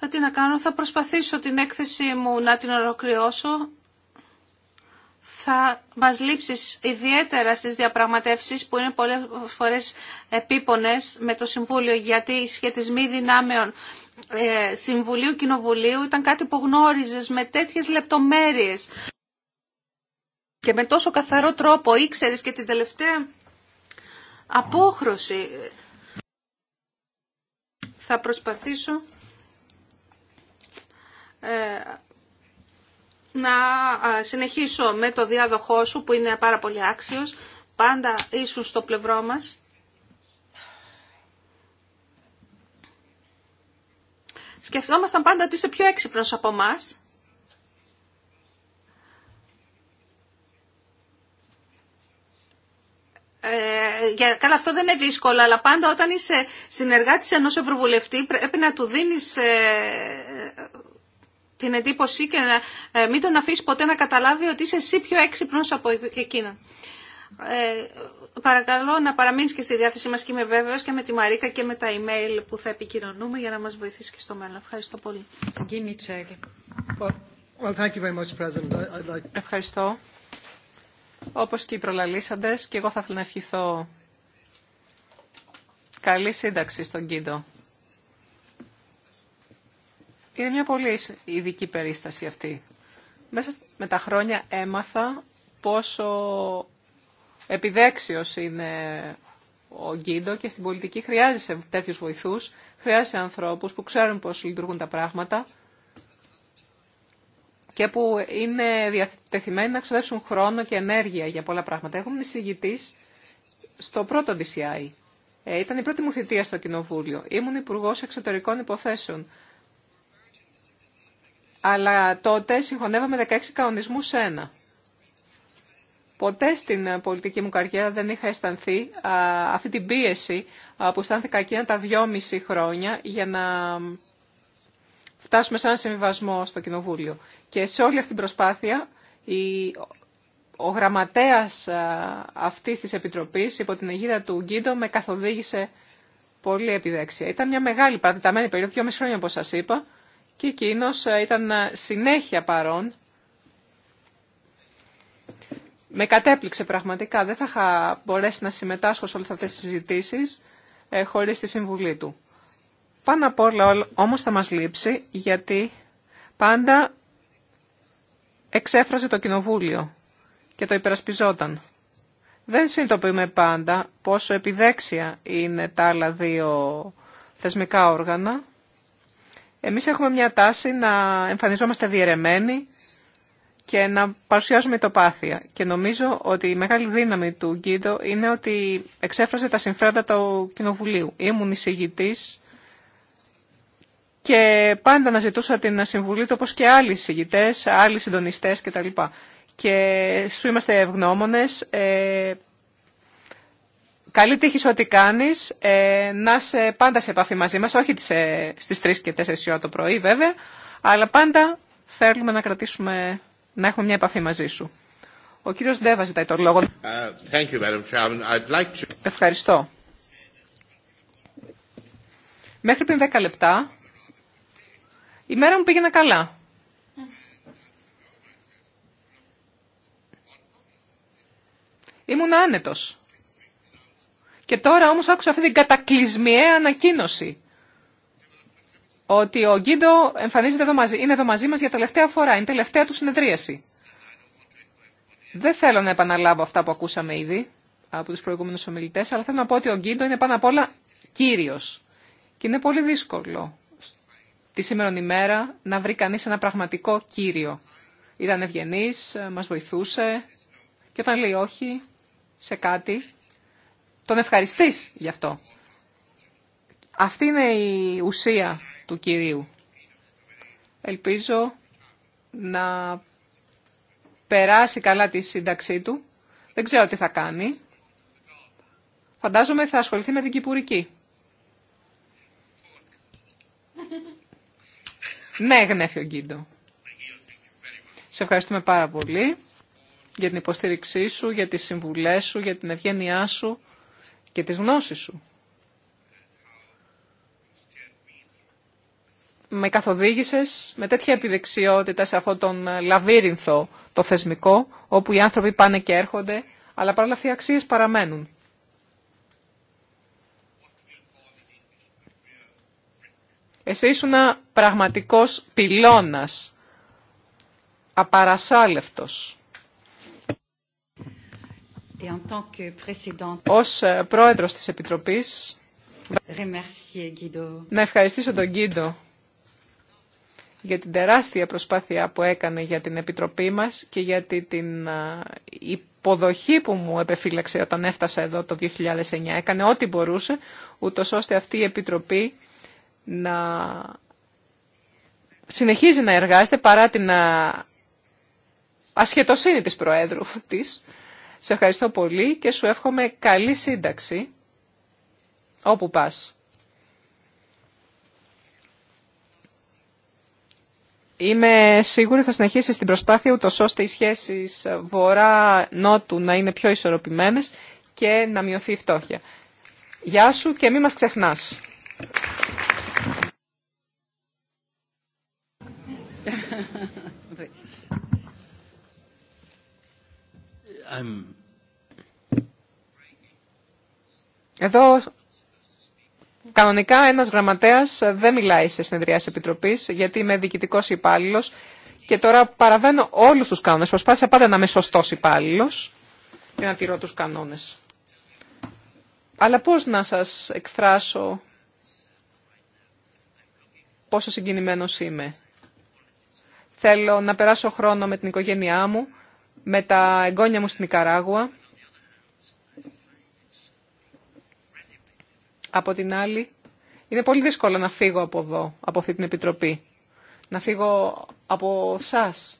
θα τι να κάνω, θα προσπαθήσω την έκθεση μου να την ολοκληρώσω. Θα μας λείψεις ιδιαίτερα στις διαπραγματεύσεις που είναι πολλές φορές επίπονες με το Συμβούλιο γιατί οι σχετισμοί δυνάμεων ε, Συμβουλίου Κοινοβουλίου ήταν κάτι που γνώριζες με τέτοιες λεπτομέρειες και με τόσο καθαρό τρόπο ήξερες και την τελευταία απόχρωση. Θα προσπαθήσω ε, να συνεχίσω με το διάδοχό σου που είναι πάρα πολύ άξιος, πάντα ήσουν στο πλευρό μας. Σκεφτόμασταν πάντα ότι είσαι πιο έξυπνος από μας. Ε, για, καλά, αυτό δεν είναι δύσκολο, αλλά πάντα όταν είσαι συνεργάτης ενός ευρωβουλευτή πρέπει να του δίνεις ε, την εντύπωση και να ε, μην τον αφήσει ποτέ να καταλάβει ότι είσαι εσύ πιο έξυπνος από εκείνον. Ε, παρακαλώ να παραμείνεις και στη διάθεσή μας και με βέβαιος και με τη Μαρίκα και με τα email που θα επικοινωνούμε για να μας βοηθήσει και στο μέλλον. Ευχαριστώ πολύ. Well, thank you very much, President. I'd like... Ευχαριστώ. Όπως και οι προλαλήσαντες και εγώ θα ήθελα να ευχηθώ καλή σύνταξη στον Κίντο. Είναι μια πολύ ειδική περίσταση αυτή. Μέσα με τα χρόνια έμαθα πόσο επιδέξιος είναι ο Γκίντο και στην πολιτική χρειάζεσαι τέτοιους βοηθούς, χρειάζεσαι ανθρώπους που ξέρουν πώς λειτουργούν τα πράγματα και που είναι διατεθειμένοι να ξοδέψουν χρόνο και ενέργεια για πολλά πράγματα. Έχουμε εισηγητή στο πρώτο DCI. Ε, ήταν η πρώτη μου θητεία στο Κοινοβούλιο. Ήμουν υπουργό εξωτερικών υποθέσεων αλλά τότε συγχωνεύαμε 16 κανονισμούς σε ένα. Ποτέ στην πολιτική μου καριέρα δεν είχα αισθανθεί αυτή την πίεση που αισθάνθηκα εκείνα τα δυόμιση χρόνια για να φτάσουμε σε ένα συμβιβασμό στο Κοινοβούλιο. Και σε όλη αυτή την προσπάθεια ο γραμματέας αυτής της Επιτροπής υπό την αιγύδα του Γκίντο με καθοδήγησε πολύ επιδέξια. Ήταν μια μεγάλη παρατηταμένη περίοδο, δυόμιση χρόνια όπως σας είπα, και εκείνο ε, ήταν ε, συνέχεια παρόν. Με κατέπληξε πραγματικά. Δεν θα είχα μπορέσει να συμμετάσχω σε όλες αυτές τις συζητήσεις ε, χωρίς τη συμβουλή του. Πάνω απ' όλα όμως θα μας λείψει γιατί πάντα εξέφραζε το κοινοβούλιο και το υπερασπιζόταν. Δεν συνειδητοποιούμε πάντα πόσο επιδέξια είναι τα άλλα δύο θεσμικά όργανα εμείς έχουμε μια τάση να εμφανιζόμαστε διαιρεμένοι και να παρουσιάζουμε το πάθεια. Και νομίζω ότι η μεγάλη δύναμη του Γκίντο είναι ότι εξέφρασε τα συμφέροντα του Κοινοβουλίου. Ήμουν εισηγητής και πάντα να ζητούσα την συμβουλή του όπως και άλλοι εισηγητές, άλλοι συντονιστές κτλ. Και σου είμαστε ευγνώμονες, ε, Καλή τύχη σε ό,τι κάνει. Ε, να είσαι πάντα σε επαφή μαζί μα, όχι ε, στι 3 και 4 ώρα το πρωί βέβαια, αλλά πάντα θέλουμε να κρατήσουμε, να έχουμε μια επαφή μαζί σου. Ο κύριο Ντέβα ζητάει τον λόγο. Ε, you, like to... Ευχαριστώ. Μέχρι πριν 10 λεπτά η μέρα μου πήγαινε καλά. Ήμουν άνετος. Και τώρα όμως άκουσα αυτή την κατακλυσμιαία ανακοίνωση ότι ο Γκίντο εμφανίζεται εδώ μαζί, είναι εδώ μαζί μας για τελευταία φορά, είναι τελευταία του συνεδρίαση. Δεν θέλω να επαναλάβω αυτά που ακούσαμε ήδη από τους προηγούμενους ομιλητές, αλλά θέλω να πω ότι ο Γκίντο είναι πάνω απ' όλα κύριος. Και είναι πολύ δύσκολο τη σήμερα ημέρα να βρει κανείς ένα πραγματικό κύριο. Ήταν ευγενής, μας βοηθούσε και όταν λέει όχι σε κάτι, τον ευχαριστείς γι' αυτό. Αυτή είναι η ουσία του Κυρίου. Ελπίζω να περάσει καλά τη σύνταξή του. Δεν ξέρω τι θα κάνει. Φαντάζομαι θα ασχοληθεί με την Κυπουρική. Ναι, γνέφει ο Γκίντο. Σε ευχαριστούμε πάρα πολύ για την υποστήριξή σου, για τις συμβουλές σου, για την ευγένειά σου και τις γνώσεις σου. Με καθοδήγησες με τέτοια επιδεξιότητα σε αυτόν τον ε, λαβύρινθο το θεσμικό, όπου οι άνθρωποι πάνε και έρχονται, αλλά παρόλα αυτά οι αξίες παραμένουν. Εσύ ήσουν πραγματικός πυλώνας, απαρασάλευτος. Ως ε, πρόεδρος της Επιτροπής, να ευχαριστήσω τον Κίντο για την τεράστια προσπάθεια που έκανε για την Επιτροπή μας και για την ε, υποδοχή που μου επεφύλαξε όταν έφτασα εδώ το 2009. Έκανε ό,τι μπορούσε, ούτω ώστε αυτή η Επιτροπή να συνεχίζει να εργάζεται παρά την ε, ασχετοσύνη της Προέδρου της. Σε ευχαριστώ πολύ και σου εύχομαι καλή σύνταξη όπου πας. Είμαι σίγουρη θα συνεχίσει την προσπάθεια ούτω ώστε οι σχέσεις βορρά-νότου να είναι πιο ισορροπημένες και να μειωθεί η φτώχεια. Γεια σου και μην μας ξεχνάς. Εδώ κανονικά ένας γραμματέας δεν μιλάει σε συνεδρία επιτροπής γιατί είμαι διοικητικό υπάλληλο και τώρα παραβαίνω όλους τους κανόνες. Προσπάθησα πάντα να είμαι σωστό υπάλληλο και να τηρώ τους κανόνες. Αλλά πώς να σας εκφράσω πόσο συγκινημένος είμαι. Θέλω να περάσω χρόνο με την οικογένειά μου, με τα εγγόνια μου στην Νικαράγουα, Από την άλλη, είναι πολύ δύσκολο να φύγω από εδώ, από αυτή την Επιτροπή. Να φύγω από σας.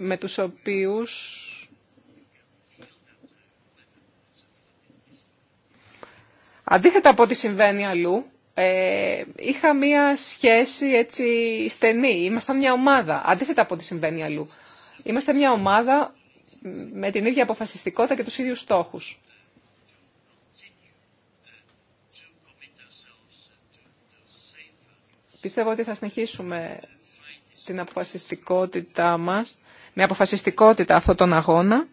με τους οποίους αντίθετα από ό,τι συμβαίνει αλλού ε, είχα μία σχέση έτσι στενή. Ήμασταν μια ομάδα, αντίθετα από ό,τι συμβαίνει αλλού. Είμαστε μια ομάδα με την ίδια αποφασιστικότητα και τους ίδιους στόχους. Πιστεύω ότι θα συνεχίσουμε την αποφασιστικότητά μας, με αποφασιστικότητα αυτόν τον αγώνα.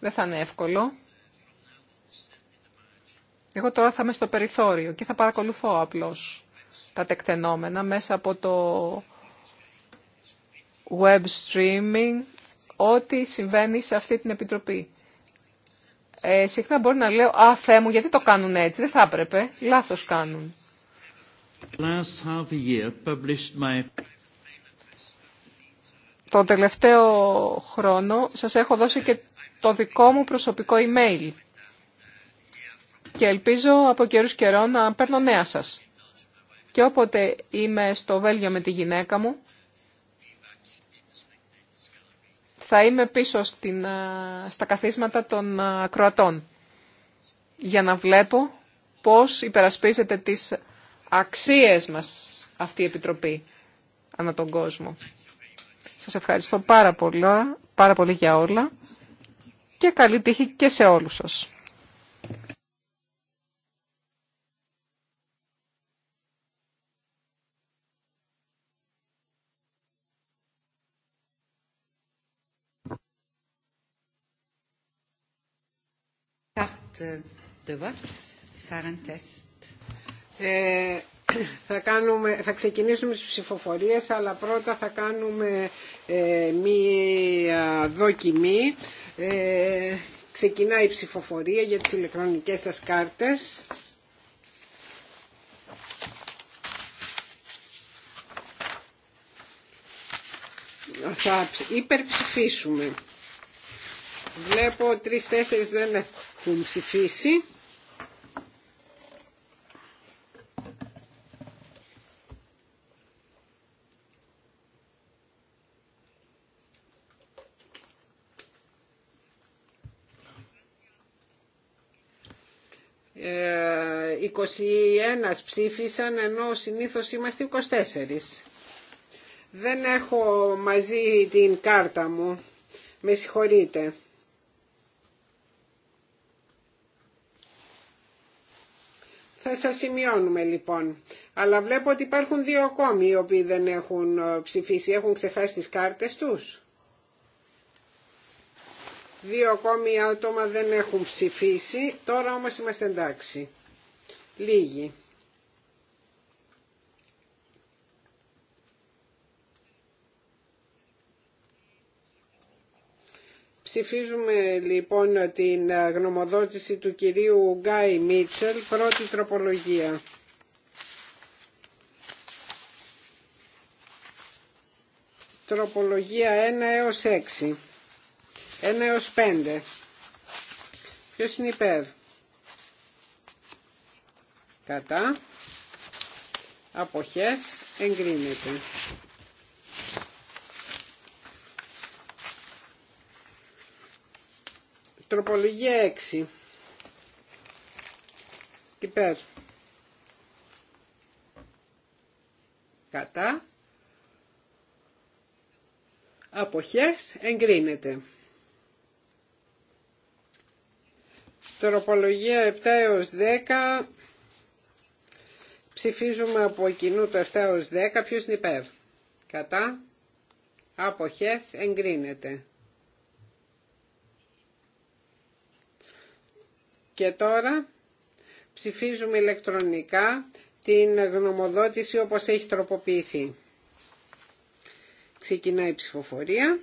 Δεν θα είναι εύκολο. Εγώ τώρα θα είμαι στο περιθώριο και θα παρακολουθώ απλώς τα τεκτενόμενα μέσα από το web streaming, ό,τι συμβαίνει σε αυτή την επιτροπή. Ε, συχνά μπορεί να λέω, α, Θεέ μου, γιατί το κάνουν έτσι, δεν θα έπρεπε, λάθος κάνουν. Το τελευταίο χρόνο σας έχω δώσει και το δικό μου προσωπικό email και ελπίζω από καιρούς καιρό να παίρνω νέα σας. Και όποτε είμαι στο Βέλγιο με τη γυναίκα μου, θα είμαι πίσω στην, στα καθίσματα των Κροατών για να βλέπω πώς υπερασπίζεται τις αξίες μας αυτή η Επιτροπή ανά τον κόσμο. Σας ευχαριστώ πάρα πολύ, πάρα πολύ για όλα και καλή τύχη και σε όλους σας. Ε, θα, κάνουμε, θα ξεκινήσουμε τις ψηφοφορίες, αλλά πρώτα θα κάνουμε ε, μία δοκιμή. Ε, ξεκινάει η ψηφοφορία για τις ηλεκτρονικές σας κάρτες. Θα υπερψηφίσουμε. Βλέπω τρεις-τέσσερις δεν έχω έχουν ψηφίσει. Ε, 21 ψήφισαν ενώ συνήθως είμαστε 24. Δεν έχω μαζί την κάρτα μου. Με συγχωρείτε. Θα σας σημειώνουμε λοιπόν. Αλλά βλέπω ότι υπάρχουν δύο ακόμη οι οποίοι δεν έχουν ε, ψηφίσει. Έχουν ξεχάσει τις κάρτες τους. Δύο ακόμη άτομα δεν έχουν ψηφίσει. Τώρα όμως είμαστε εντάξει. Λίγοι. Ψηφίζουμε λοιπόν την ε, γνωμοδότηση του κυρίου Γκάι Μίτσελ, πρώτη τροπολογία. Τροπολογία 1 έως 6. 1 έως 5. Ποιος είναι υπέρ. Κατά. Αποχές εγκρίνεται. Τροπολογία 6. Υπέρ. Κατά. Αποχές εγκρίνεται. Τροπολογία 7 έως 10. Ψηφίζουμε από κοινού το 7 έως 10. Ποιος είναι υπέρ. Κατά. Αποχές εγκρίνεται. Και τώρα ψηφίζουμε ηλεκτρονικά την γνωμοδότηση όπως έχει τροποποιηθεί. Ξεκινάει η ψηφοφορία.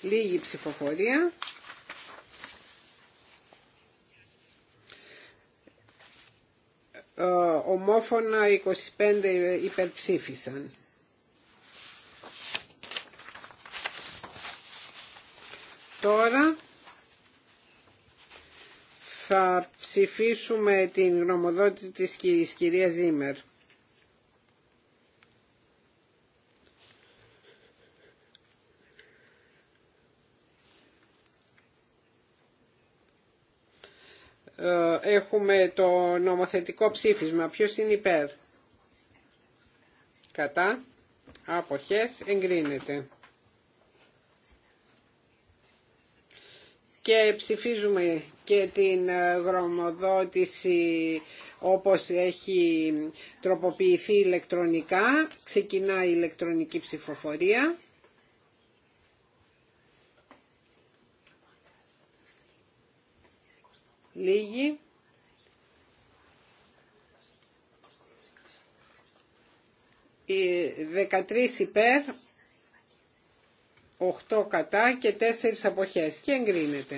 Λίγη ψηφοφορία. Ε, ομόφωνα 25 υπερψήφισαν. Τώρα θα ψηφίσουμε την γνωμοδότηση της κυρίας Ζήμερ. Ε, έχουμε το νομοθετικό ψήφισμα. Ποιος είναι υπέρ. Κατά. Αποχές. Εγκρίνεται. και ψηφίζουμε και την ε, γρομοδότηση όπως έχει τροποποιηθεί ηλεκτρονικά. Ξεκινά η ηλεκτρονική ψηφοφορία. Λίγη. Οι 13 υπέρ, 8 κατά και 4 αποχές και εγκρίνεται.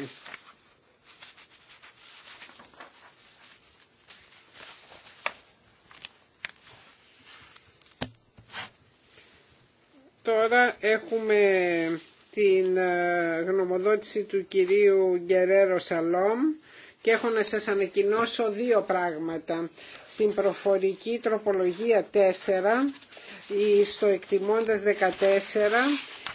Τώρα έχουμε την ε, γνωμοδότηση του κυρίου Γκερέρο Σαλόμ και έχω να σας ανακοινώσω δύο πράγματα. Στην προφορική τροπολογία 4, στο εκτιμώντας 14,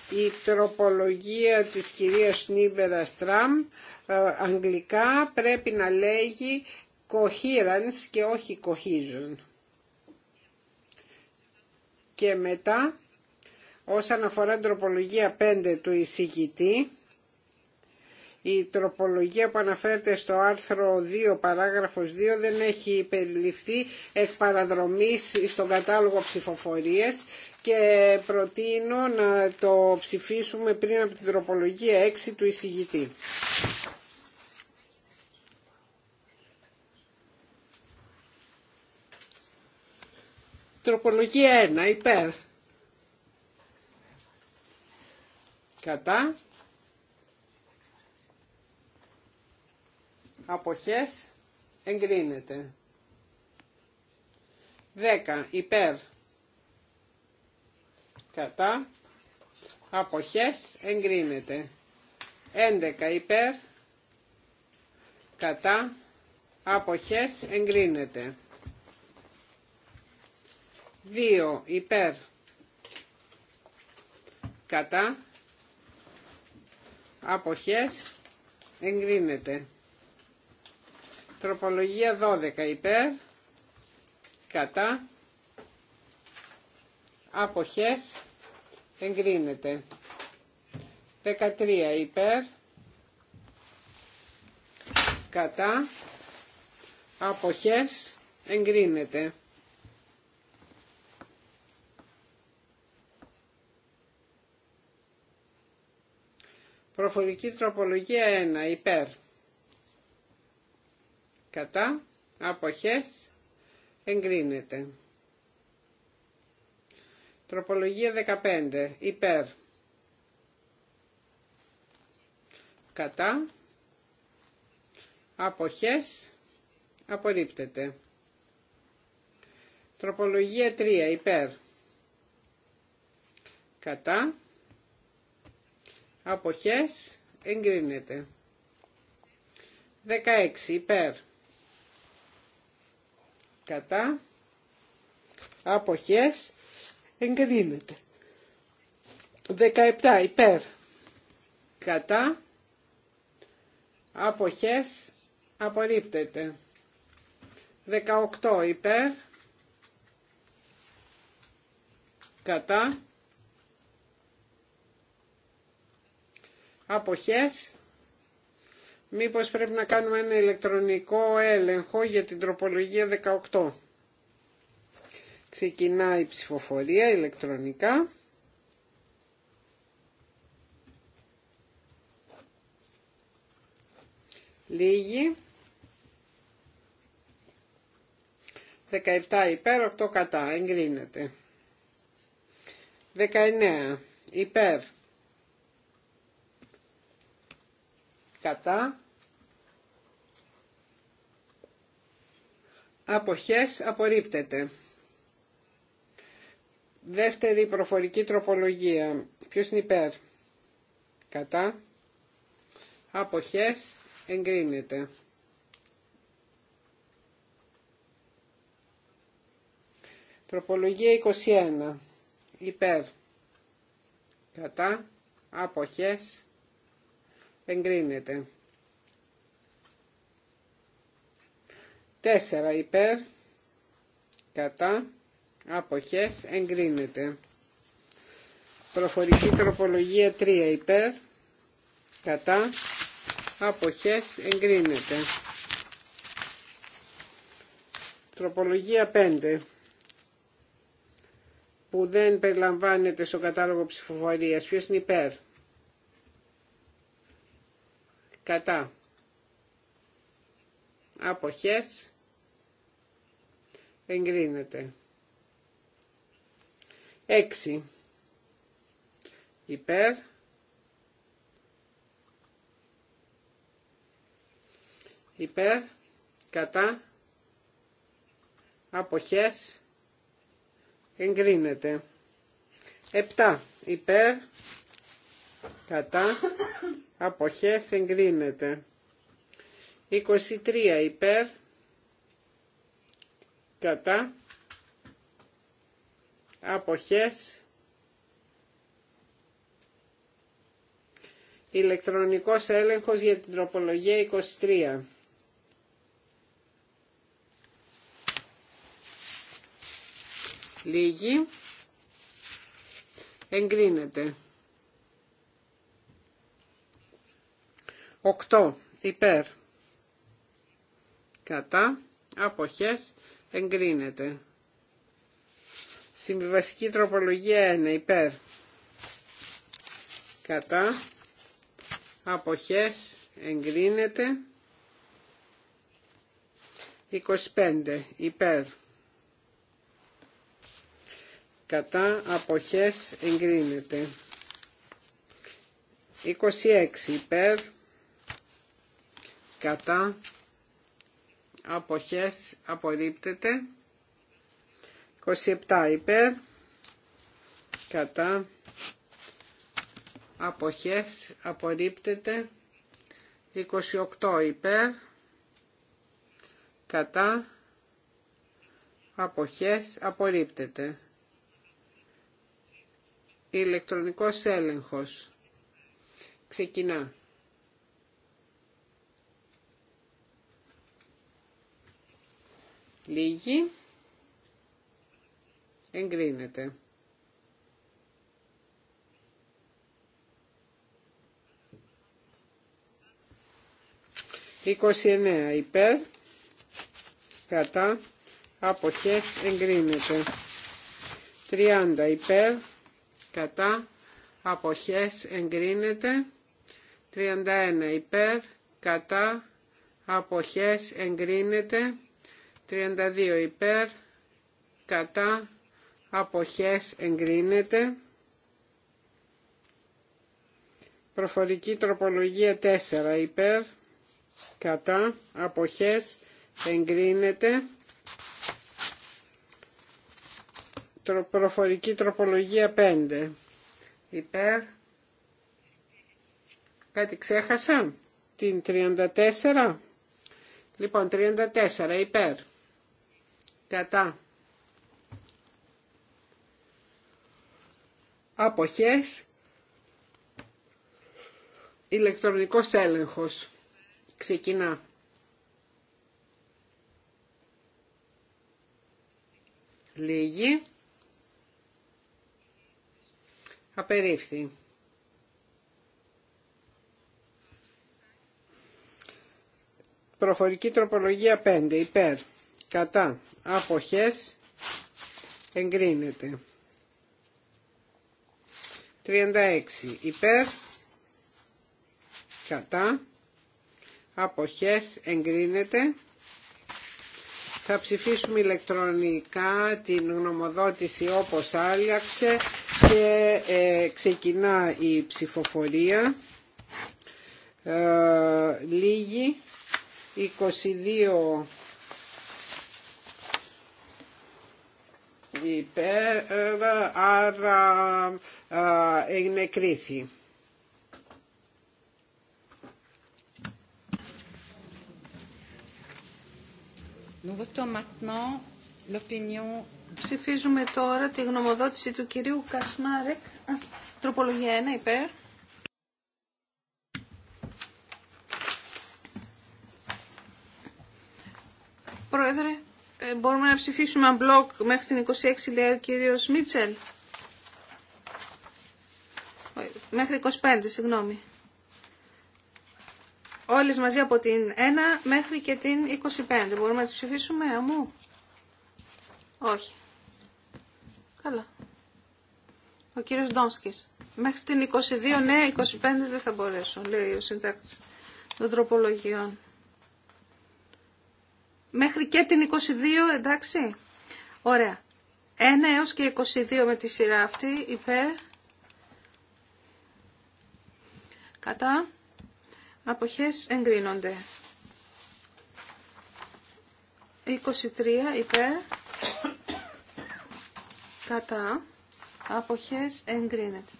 η τροπολογία της κυρίας Νίμπερα Στραμ ε, αγγλικά πρέπει να λέγει coherence και όχι cohesion. Και μετά, όσον αφορά την τροπολογία 5 του εισηγητή, η τροπολογία που αναφέρεται στο άρθρο 2 παράγραφος 2 δεν έχει περιληφθεί εκ παραδρομής στον κατάλογο ψηφοφορίες και προτείνω να το ψηφίσουμε πριν από την τροπολογία 6 του εισηγητή. Τροπολογία 1, υπέρ. Κατά. Αποχές εγκρίνεται. 10. Υπέρ κατά αποχές εγκρίνεται 11 υπέρ κατά αποχές εγκρίνεται 2 υπέρ κατά αποχές εγκρίνεται τροπολογία 12 υπέρ κατά αποχές εγκρίνεται 13 υπέρ κατά αποχές εγκρίνεται Προφορική τροπολογία 1 υπέρ κατά αποχές εγκρίνεται Τροπολογία 15. Υπέρ. Κατά. Αποχές. Απορρίπτεται. Τροπολογία 3. Υπέρ. Κατά. Αποχές. Εγκρίνεται. 16. Υπέρ. Κατά. Αποχές εγκρίνεται. 17 υπέρ κατά αποχές απορρίπτεται. 18 υπέρ κατά αποχές Μήπως πρέπει να κάνουμε ένα ηλεκτρονικό έλεγχο για την τροπολογία 18. Ξεκινάει η ψηφοφορία ηλεκτρονικά. Λίγη. 17 υπέρ, 8 κατά. Εγκρίνεται. 19 υπέρ. Κατά. Αποχές απορρίπτεται. Δεύτερη προφορική τροπολογία. Ποιο είναι υπέρ. Κατά. Αποχές. Εγκρίνεται. Τροπολογία 21. Υπέρ. Κατά. Αποχές. Εγκρίνεται. Τέσσερα Υπέρ. Κατά αποχές εγκρίνεται. Προφορική τροπολογία 3 υπέρ, κατά, αποχές εγκρίνεται. Τροπολογία 5 που δεν περιλαμβάνεται στο κατάλογο ψηφοφορίας. Ποιος είναι υπέρ. Κατά. Αποχές. Εγκρίνεται. 6 υπέρ υπέρ κατά αποχές εγκρίνεται 7 υπέρ κατά αποχές εγκρίνεται 23 υπέρ κατά αποχές ηλεκτρονικός έλεγχος για την τροπολογία 23 λίγη εγκρίνεται 8 υπέρ κατά αποχές εγκρίνεται Συμβιβαστική τροπολογία 1 υπέρ. Κατά. Αποχές εγκρίνεται. 25 υπέρ. Κατά αποχές εγκρίνεται. 26 υπέρ. Κατά αποχές απορρίπτεται. 27 υπέρ κατά αποχές απορρίπτεται 28 υπέρ κατά αποχές απορρίπτεται ηλεκτρονικός έλεγχος ξεκινά λίγη 29 Υπέρ Κατά Αποχές εγκρίνεται 30 Υπέρ Κατά Αποχές εγκρίνεται. 31 Υπέρ Κατά Αποχές εγκρίνεται. 32 Υπέρ Κατά αποχές εγκρίνεται. Προφορική τροπολογία 4 υπέρ, κατά, αποχές εγκρίνεται. Προφορική τροπολογία 5 υπέρ. Κάτι ξέχασα. Την 34. Λοιπόν, 34 υπέρ. Κατά. αποχές, ηλεκτρονικός έλεγχος. Ξεκινά. Λίγη. Απερίφθη. Προφορική τροπολογία 5. Υπέρ. Κατά. Αποχές. Εγκρίνεται. 36 υπέρ κατά αποχές εγκρίνεται θα ψηφίσουμε ηλεκτρονικά την γνωμοδότηση όπως άλλαξε και ε, ξεκινά η ψηφοφορία ε, λίγη 22 υπέρ, άρα κρίθη. Ψηφίζουμε τώρα τη γνωμοδότηση του κυρίου Κασμάρεκ. Τροπολογία 1 υπέρ. Πρόεδρε, ε, μπορούμε να ψηφίσουμε μπλοκ μέχρι την 26 λέει ο κύριος Μίτσελ. Μέχρι 25, συγγνώμη. Όλες μαζί από την 1 μέχρι και την 25. Μπορούμε να τις ψηφίσουμε, αμού. Όχι. Καλά. Ο κύριος Ντόνσκης. Μέχρι την 22, ναι, 25 δεν θα μπορέσω, λέει ο συντάκτης των τροπολογιών μέχρι και την 22, εντάξει. Ωραία. 1 έως και 22 με τη σειρά αυτή, υπέρ. Κατά. Αποχές εγκρίνονται. 23 υπέρ. Κατά. Αποχές εγκρίνεται.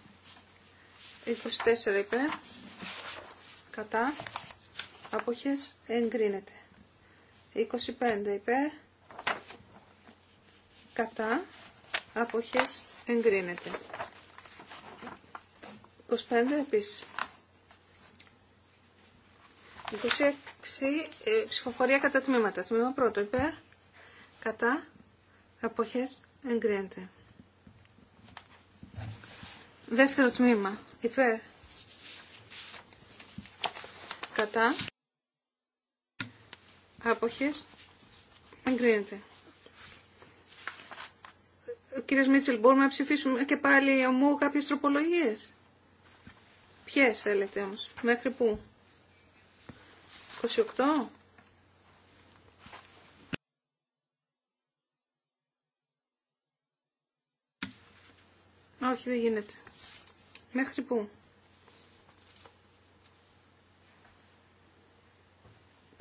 24 υπέρ. Κατά. Αποχές εγκρίνεται. 25 υπέρ κατά αποχές εγκρίνεται 25 επίσης 26 ε, ψηφοφορία κατά τμήματα τμήμα πρώτο υπέρ κατά αποχές εγκρίνεται δεύτερο τμήμα υπέρ κατά Άποχες. Εγκρίνεται. Κύριε Μίτσελ, μπορούμε να ψηφίσουμε και πάλι ομού κάποιες τροπολογίες. Ποιες θέλετε όμως. Μέχρι πού. 28. Όχι, δεν γίνεται. Μέχρι πού.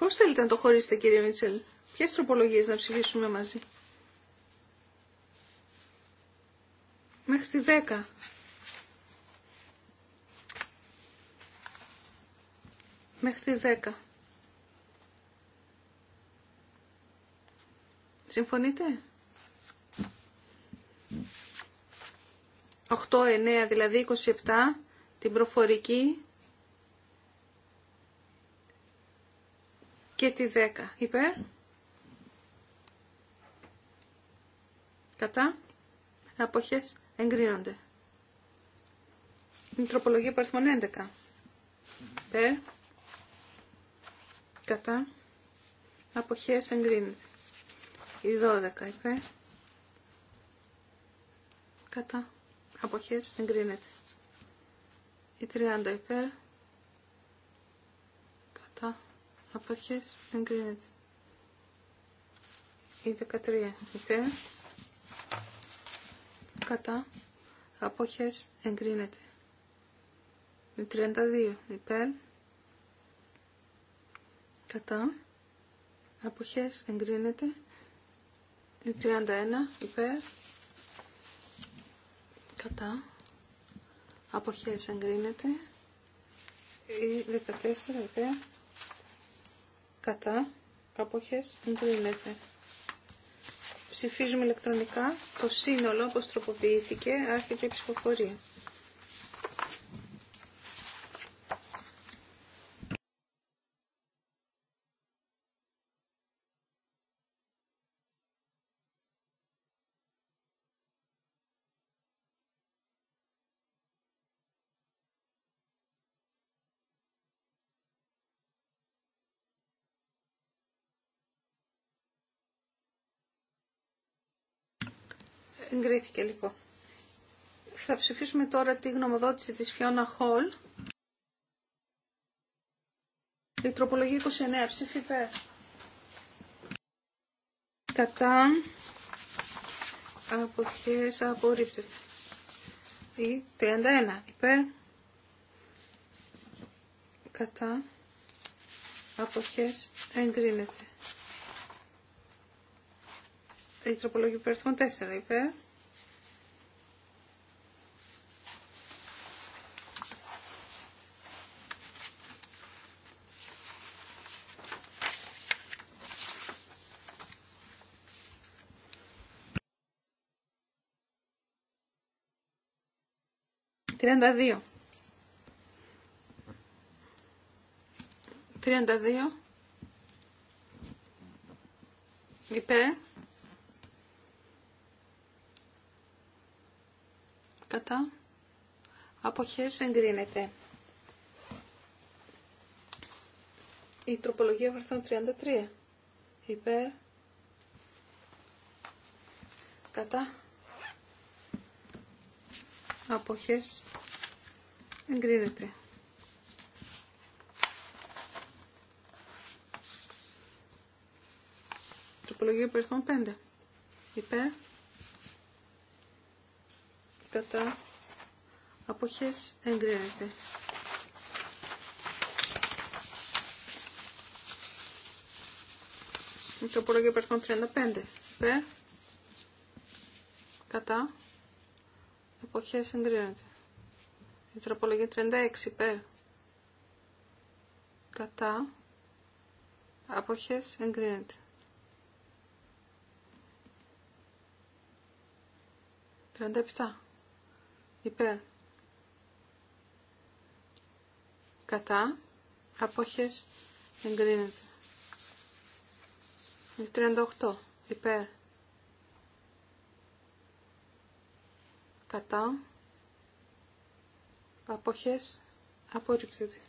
Πώς θέλετε να το χωρίσετε κύριε Μίτσελ, ποιες τροπολογίες να ψηφίσουμε μαζί. Μέχρι τη 10. Μέχρι τη 10. Συμφωνείτε. 8, 9, δηλαδή 27, την προφορική και τη 10 υπέρ. Κατά. Αποχές εγκρίνονται. Η τροπολογία παριθμών 11. Υπέρ. Κατά. Αποχές εγκρίνεται. Η 12 υπέρ. Κατά. Αποχές εγκρίνεται. Η 30 υπέρ. Κατά αποχές εγκρίνεται. Η 13 υπέρ κατά αποχές εγκρίνεται. Η 32 υπέρ κατά αποχές εγκρίνεται. Η 31 υπέρ κατά αποχές εγκρίνεται. Η 14 υπέρ κατά αποχές εγκρίνεται. Ψηφίζουμε ηλεκτρονικά το σύνολο όπως τροποποιήθηκε άρχεται η ψηφοφορία. Εγκρίθηκε λοιπόν. Θα ψηφίσουμε τώρα τη γνωμοδότηση της Φιώνα Χολ. Η τροπολογία 29 ψήφι Κατά αποχές απορρίπτεται. Η 31 υπέρ. Κατά αποχές εγκρίνεται η τροπολογία έρθουν 4 είπε. Τριάντα δύο. 32 κατά αποχές εγκρίνεται. Η τροπολογία βαρθών 33 υπέρ κατά αποχές εγκρίνεται. Τροπολογία βαρθών 5 υπέρ κατά αποχές εγκρίνεται. το τροπολογία υπερθών 35 υπέρ κατά αποχές εγκρίνεται. Η τροπολογία 36 υπέρ κατά αποχές εγκρίνεται. 37 υπέρ κατά απόχες εγκρίνεται 38 υπέρ κατά απόχες απορρίπτεται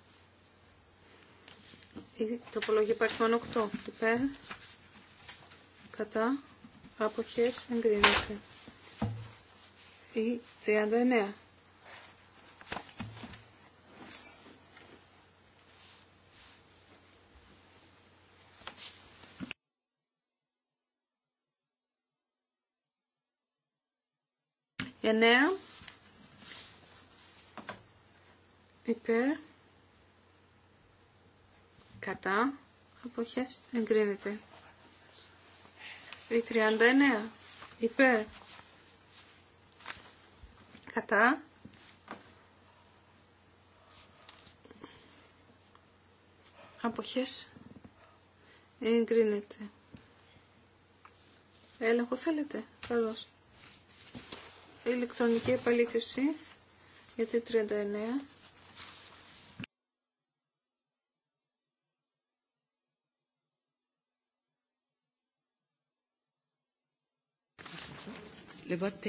η τοπολογία μόνο 8 υπέρ κατά απόχες εγκρίνεται ή 39. Εννέα. Υπέρ. Κατά. Αποχές εγκρίνεται. Η 39. Υπέρ. Κατά. Αποχές. Εγκρίνεται. Έλεγχο θέλετε. Καλώς. Ηλεκτρονική επαλήθευση για τη 39. Le vote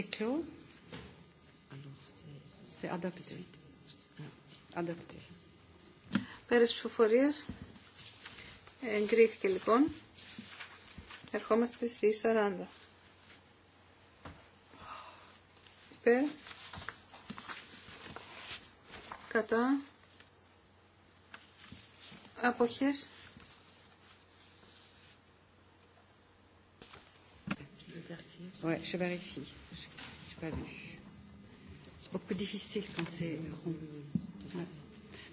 σε adopted. Ναι. adopted. Πέρας ψηφοφορίας. Εγκρίθηκε λοιπόν. Ερχόμαστε στη 40. Υπέρ. Κατά. Αποχές. Ouais, je vérifie. Je n'ai pas vu beaucoup difficile quand c'est rond.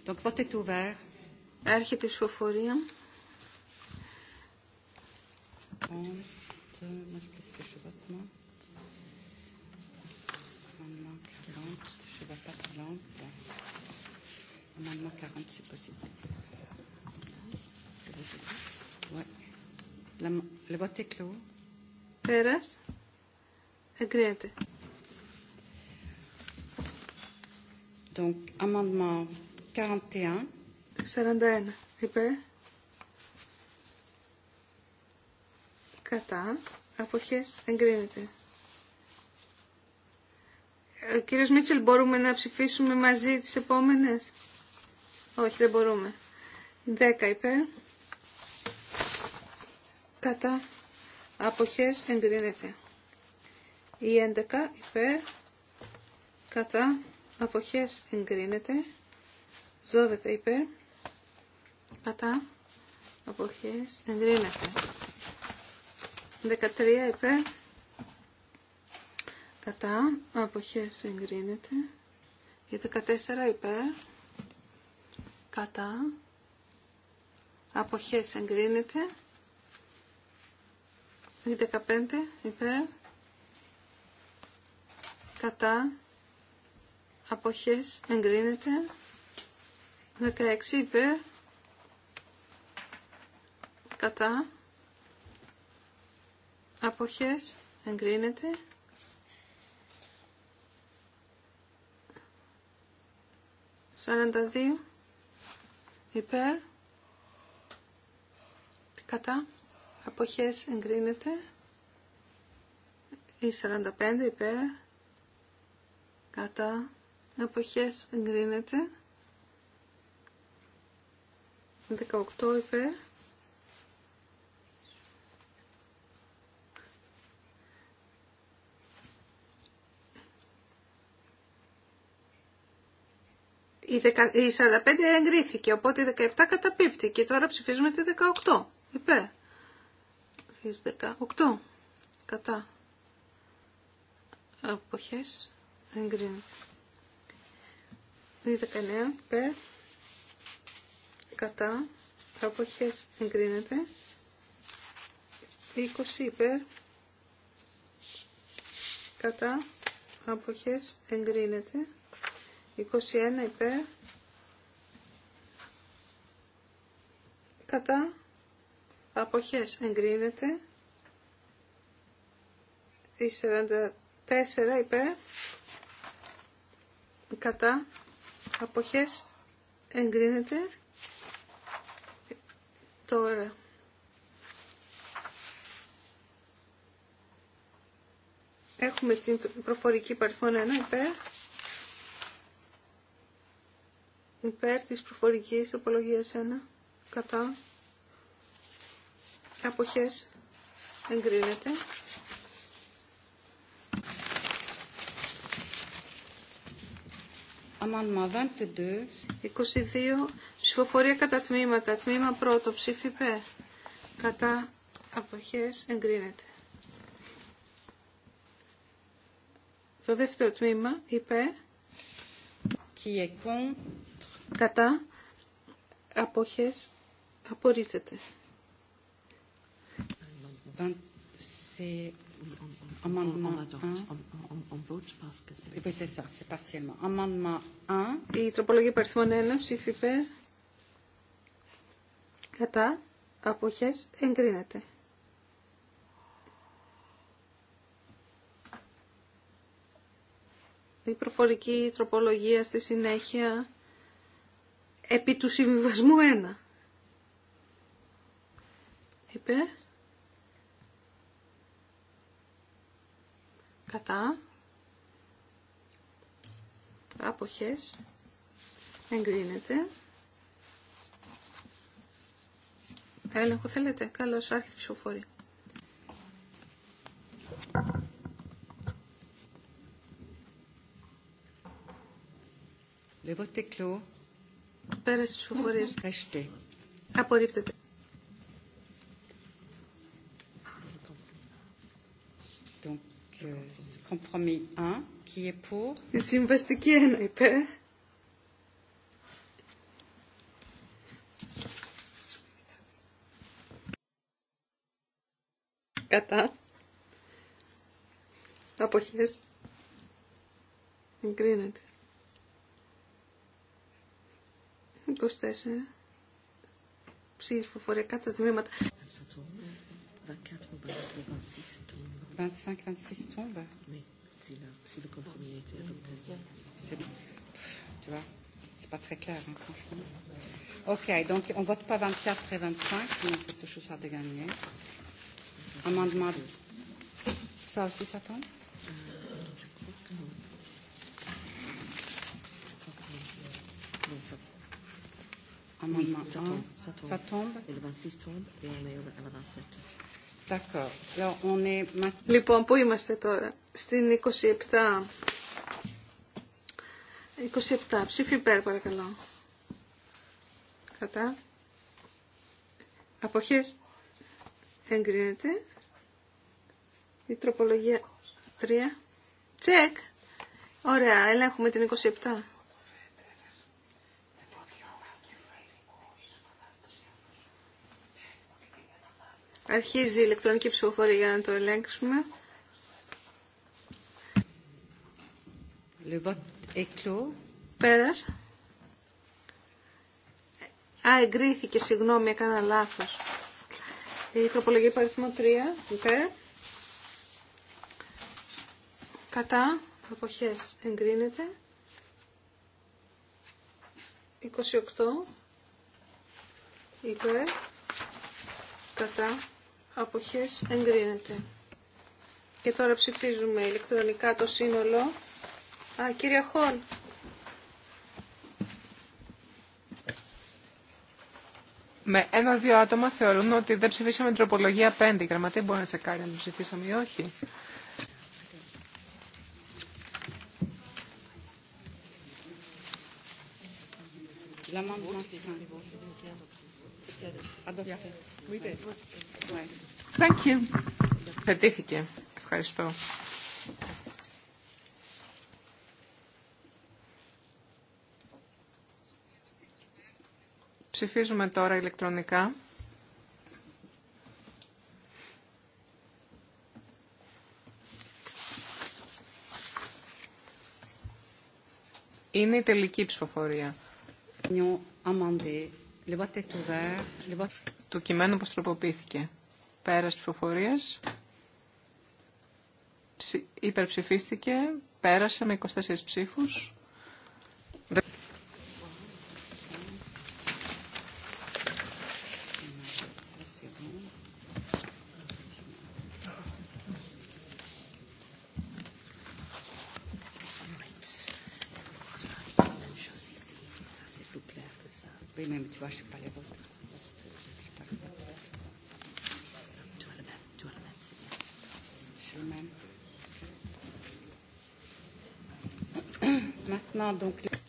Donc, vote est ouvert. Έρχεται η ψηφοφορία. Amendement pas si est Εγκρίνεται. Donc, amendement 41. 41. Υπέρ. Κατά. Αποχές. Εγκρίνεται. Ε, ο κύριος Μίτσελ, μπορούμε να ψηφίσουμε μαζί τις επόμενες. Όχι, δεν μπορούμε. 10 υπέρ. Κατά. Αποχές. Εγκρίνεται. Η 11 υπέρ. Κατά αποχές εγκρίνεται 12 υπέρ κατά αποχές εγκρίνεται 13 υπέρ κατά αποχές εγκρίνεται 14 υπέρ κατά αποχές εγκρίνεται 15 υπέρ κατά αποχές εγκρίνεται 16 υπέρ κατά αποχές εγκρίνεται 42 υπέρ κατά αποχές εγκρίνεται ή 45 υπέρ κατά αποχές εγκρίνεται 18 υπέρ Η 45 εγκρίθηκε, οπότε η 17 καταπίπτει και τώρα ψηφίζουμε τη 18. Υπέρ. 18. Κατά. Αποχές. Εγκρίνεται. 19 υπέρ κατά αποχές εγκρίνεται 20 υπέρ κατά αποχές εγκρίνεται 21 υπέρ κατά αποχές εγκρίνεται η 44 υπέρ κατά αποχές εγκρίνεται τώρα. Έχουμε την προφορική παρθόνα 1 υπέρ. Υπέρ της προφορικής τροπολογίας 1. Κατά. Αποχές εγκρίνεται. 22. Ψηφοφορία κατά τμήματα. Τμήμα πρώτο. Ψήφι Κατά αποχές εγκρίνεται. Το δεύτερο τμήμα υπέρ. Qui Κατά αποχές απορρίπτεται. Η τροπολογία 1 Κατά. Αποχές εγκρίνεται. Η προφορική τροπολογία στη συνέχεια επί του συμβιβασμού 1. Υπέρ κατά αποχές εγκρίνεται έλεγχο θέλετε καλώς άρχιτε ψηφοφορία Le vote est clos. ψηφοφορία. Απορρίπτεται. Euh, compromis 1, Η συμβαστική 1 Κατά. Αποχές. Εγκρίνεται. 24. Ψήφοφορία κατά τμήματα. 24 ou 26 tombes. 25, 26 tombes Oui, si, là, si le compromis était adopté. C'est bon. Tu vois, c'est pas très clair, hein, franchement. Ok, donc on vote pas 24 et 25, sinon toujours chose des gagner. Amendement. 2. Ça aussi, ça tombe Amendement ça tombe. Ça tombe. Et le 26 tombe et on est à la 27. Λοιπόν, πού είμαστε τώρα. Στην 27. 27. Ψήφι υπέρ, παρακαλώ. Κατά. Αποχές. Εγκρίνεται. Η τροπολογία 3. Τσεκ. Ωραία, ελέγχουμε την 27. Αρχίζει η ηλεκτρονική ψηφοφορία για να το ελέγξουμε. Le Πέρας. Α, εγκρίθηκε, συγγνώμη, έκανα λάθος. Η τροπολογία παριθμό 3, υπέρ. Κατά, αποχές, εγκρίνεται. 28, υπέρ. Κατά, αποχές εγκρίνεται. Και τώρα ψηφίζουμε ηλεκτρονικά το σύνολο. Α, κύριε Χόλ. Με ένα-δύο άτομα θεωρούν ότι δεν ψηφίσαμε τροπολογία 5. Η γραμματεία μπορεί να τσεκάρει αν ψηφίσαμε ή όχι. L'amendement Thank you. Ευχαριστώ. Ψηφίζουμε τώρα ηλεκτρονικά. Είναι η τελική ψηφοφορία. Το κειμένο που τροποποιήθηκε. Πέρας ψηφοφορίας. Υπερψηφίστηκε. Πέρασε με 24 ψήφους.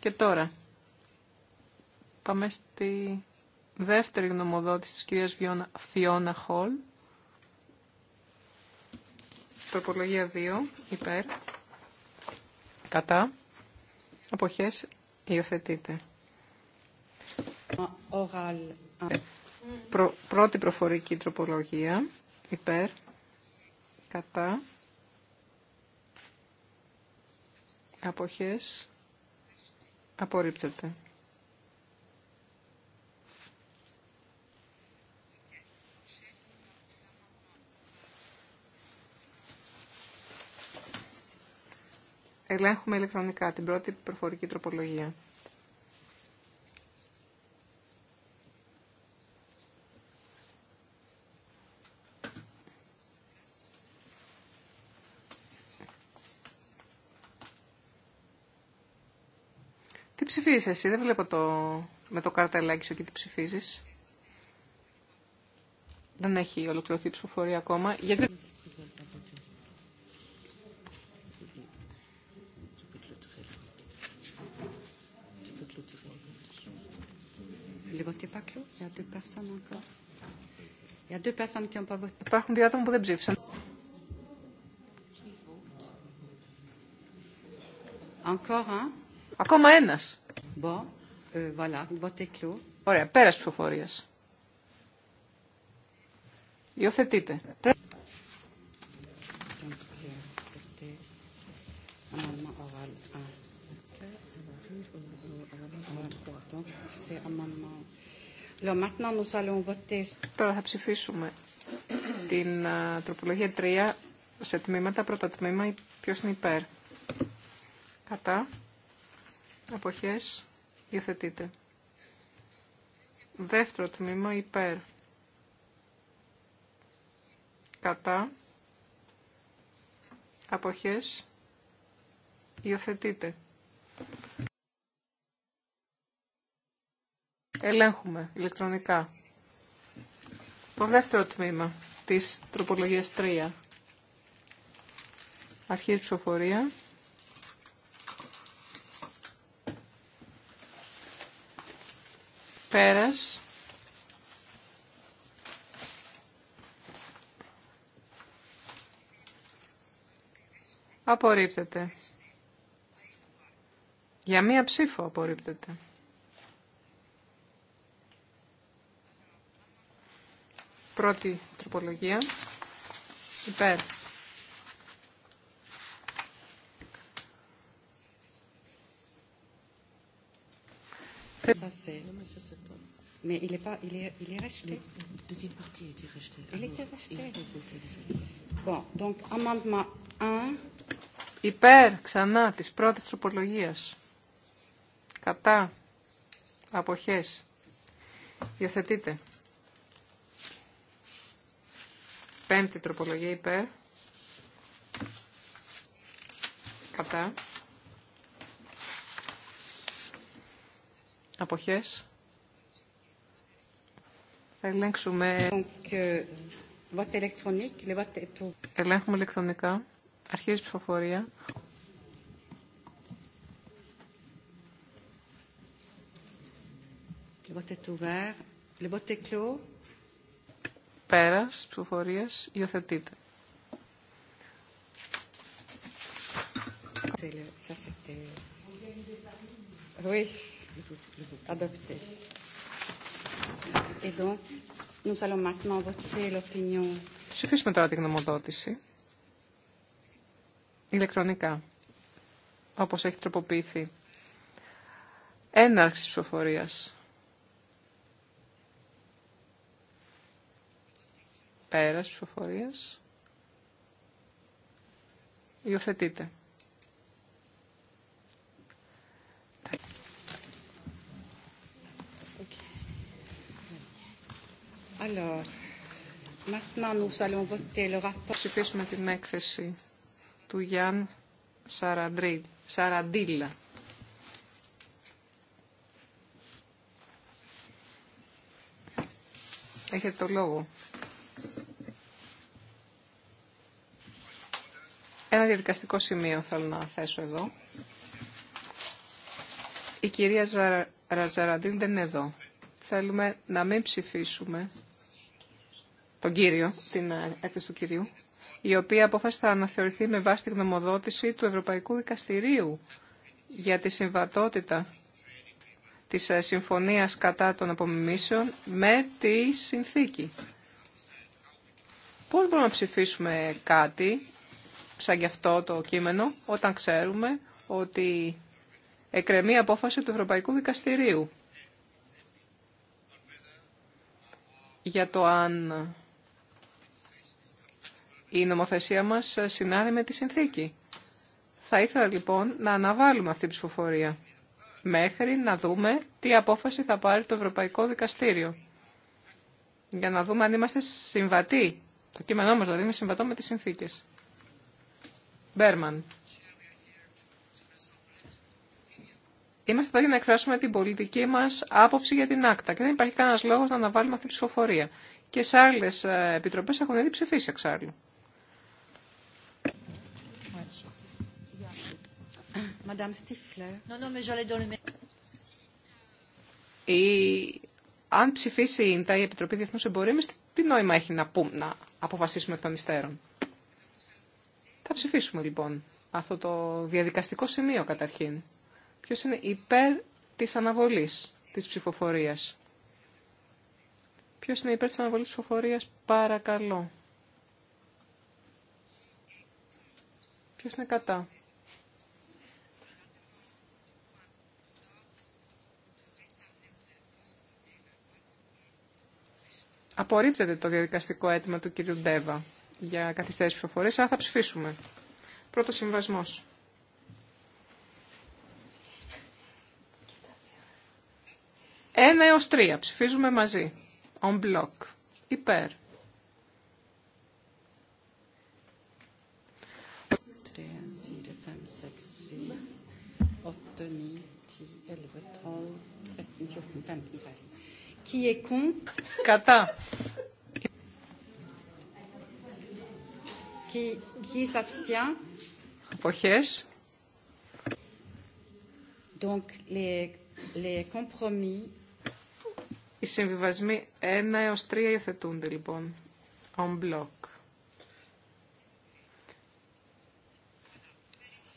Και τώρα πάμε στη δεύτερη γνωμοδότηση της κυρίας Φιώνα Χολ. Τροπολογία 2, υπέρ. Κατά. Αποχές υιοθετείται. Ε, πρώτη προφορική τροπολογία. Υπέρ. Κατά. Αποχές. Απορρίπτεται. Ελέγχουμε ηλεκτρονικά την πρώτη προφορική τροπολογία. ψηφίζεις εσύ. Δεν βλέπω το... με το καρτελάκι σου και τι ψηφίζεις. Δεν έχει ολοκληρωθεί η ψηφοφορία ακόμα. Γιατί... Λοιπόν, Υπάρχουν δύο άτομα που δεν ψήφισαν. Ακόμα ένας. Bon, euh, voilà, vote Ωραία, πέρας ψηφοφορία. Υιοθετείτε. Euh, Τώρα θα ψηφίσουμε την τροπολογία 3 σε τμήματα. Πρώτο τμήμα, ποιος είναι υπέρ. Κατά αποχές υιοθετείτε. Δεύτερο τμήμα υπέρ κατά αποχές υιοθετείτε. Ελέγχουμε ηλεκτρονικά. Το δεύτερο τμήμα της τροπολογίας 3. Αρχή ψηφοφορία. Πέρας. Απορρίπτεται. Για μία ψήφο απορρίπτεται. Πρώτη τροπολογία. Υπέρ. Υπέρ, ξανά, της πρώτης τροπολογίας. Κατά. Αποχές. Διαθετείτε. Πέμπτη τροπολογία υπέρ. Κατά. Αποχές. Θα ελέγξουμε... Euh, Ελέγχουμε ηλεκτρονικά. Αρχίζει η ψηφοφορία. Πέρα, ψηφοφορία, Υιοθετείτε. Oui adopté. Et donc, nous allons maintenant voter l'opinion. Ψηφίσουμε τώρα τη γνωμοδότηση. Ηλεκτρονικά. Όπως έχει τροποποιηθεί. Έναρξη ψηφοφορίας. Πέρας ψηφοφορίας. Υιοθετείται. Alors, Ψηφίσουμε την έκθεση του Γιάν Σαραντίλα. Έχετε το λόγο. Ένα διαδικαστικό σημείο θέλω να θέσω εδώ. Η κυρία Ζαρα... δεν είναι εδώ. Θέλουμε να μην ψηφίσουμε τον κύριο, την ε, έκθεση του κυρίου, η οποία απόφαση θα αναθεωρηθεί με βάση τη γνωμοδότηση του Ευρωπαϊκού Δικαστηρίου για τη συμβατότητα της ε, συμφωνίας κατά των απομιμήσεων με τη συνθήκη. Πώς μπορούμε να ψηφίσουμε κάτι σαν γι' αυτό το κείμενο όταν ξέρουμε ότι εκρεμεί απόφαση του Ευρωπαϊκού Δικαστηρίου για το αν η νομοθεσία μας συνάδει με τη συνθήκη. Θα ήθελα λοιπόν να αναβάλουμε αυτή την ψηφοφορία μέχρι να δούμε τι απόφαση θα πάρει το Ευρωπαϊκό Δικαστήριο. Για να δούμε αν είμαστε συμβατοί. Το κείμενό μας δηλαδή είναι συμβατό με τις συνθήκες. Μπέρμαν. Είμαστε εδώ για να εκφράσουμε την πολιτική μας άποψη για την άκτα και δεν υπάρχει κανένας λόγος να αναβάλουμε αυτή την ψηφοφορία. Και σε άλλες ε, επιτροπές έχουν ήδη ψηφίσει εξάλλου. Madame Stifler. Non, non, mais j'allais dans le même. Αν ψηφίσει η ΙΝΤΑ, η Επιτροπή Διεθνούς Εμπορίου, τι νόημα έχει να, πούμε, να αποφασίσουμε εκ των υστέρων. Θα ψηφίσουμε λοιπόν αυτό το διαδικαστικό σημείο καταρχήν. Ποιο είναι υπέρ της αναβολής της ψηφοφορίας. Ποιο είναι υπέρ της αναβολής της ψηφοφορίας, παρακαλώ. Ποιος είναι κατά. Απορρίπτεται το διαδικαστικό έτοιμο του κύριου Ντέβα για καθυστέρηση πληροφορίας, αλλά θα ψηφίσουμε. Πρώτο συμβασμός. Ένα έως τρία. Ψηφίζουμε μαζί. On block. Υπέρ. 3, 4, 5, 6, 7, 8, 9, 10, 11, 12, 13, 14, 15, 16. Qui est contre. Κατά. Qui, qui s'abstient. Αποχές. Donc, les, les compromis... Οι συμβιβασμοί 1 έως 3 υιοθετούνται λοιπόν. On block.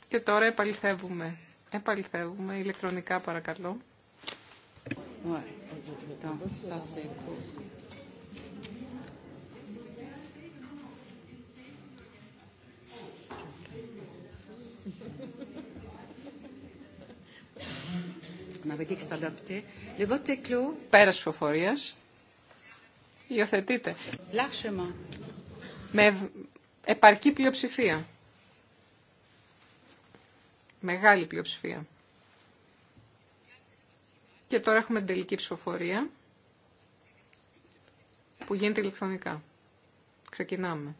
Και τώρα επαληθεύουμε. Επαληθεύουμε ηλεκτρονικά παρακαλώ. Ouais. Πέρα ça c'est Πέρας ψηφοφορίας. Υιοθετείτε. Με επαρκή πλειοψηφία. Μεγάλη πλειοψηφία. Και τώρα έχουμε την τελική ψηφοφορία που γίνεται ηλεκτρονικά. Ξεκινάμε.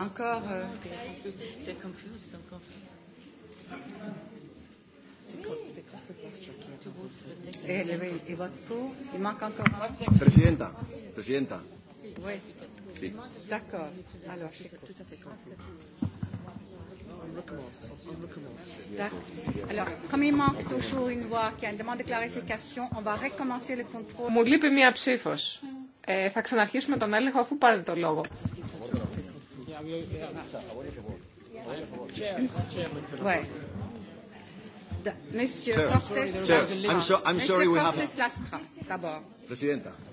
Encore. Euh, Presidenta, Presidenta. Oui. D'accord. Alors, Alors, comme il manque toujours une voix qui a une demande de clarification, on va recommencer le contrôle. Μου λείπει μία Ε, θα ξαναρχίσουμε τον έλεγχο αφού πάρετε το λόγο. Ouais.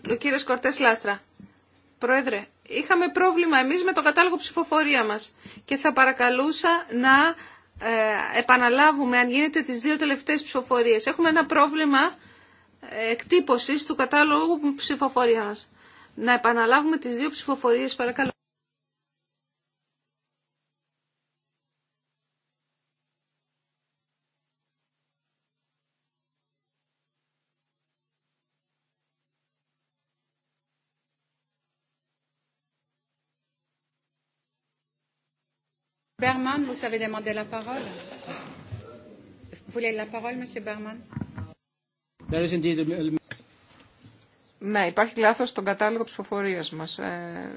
Ο κύριος Κορτές Λάστρα. Πρόεδρε, είχαμε πρόβλημα εμείς με το κατάλογο ψηφοφορία μας και θα παρακαλούσα να ε, επαναλάβουμε αν γίνεται τις δύο τελευταίες ψηφοφορίες. Έχουμε ένα πρόβλημα ε, εκτύπωσης του κατάλογου ψηφοφορία μας. Να επαναλάβουμε τις δύο ψηφοφορίες παρακαλώ. Berman, vous avez demandé la parole. Vous voulez la parole, Monsieur Ναι, υπάρχει λάθος στον κατάλογο ψηφοφορίας μας. Ε,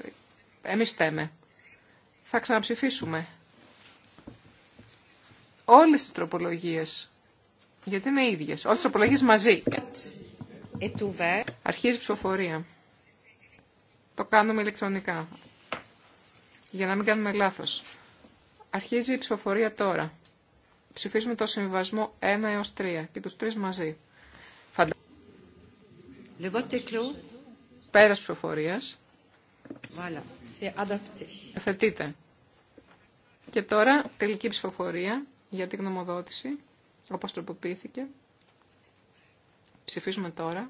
εμείς θέμε. Θα ξαναψηφίσουμε. Όλες τις τροπολογίες. Γιατί είναι ίδιες. Όλες τις τροπολογίες μαζί. Αρχίζει η ψηφοφορία. Το κάνουμε ηλεκτρονικά. Για να μην κάνουμε λάθος. Αρχίζει η ψηφοφορία τώρα. Ψηφίζουμε το συμβιβασμό 1 έως 3 και τους τρεις μαζί. Πέρα Πέρας ψηφοφορίας. Voilà. Και τώρα τελική ψηφοφορία για την γνωμοδότηση, όπως τροποποιήθηκε. Ψηφίζουμε τώρα.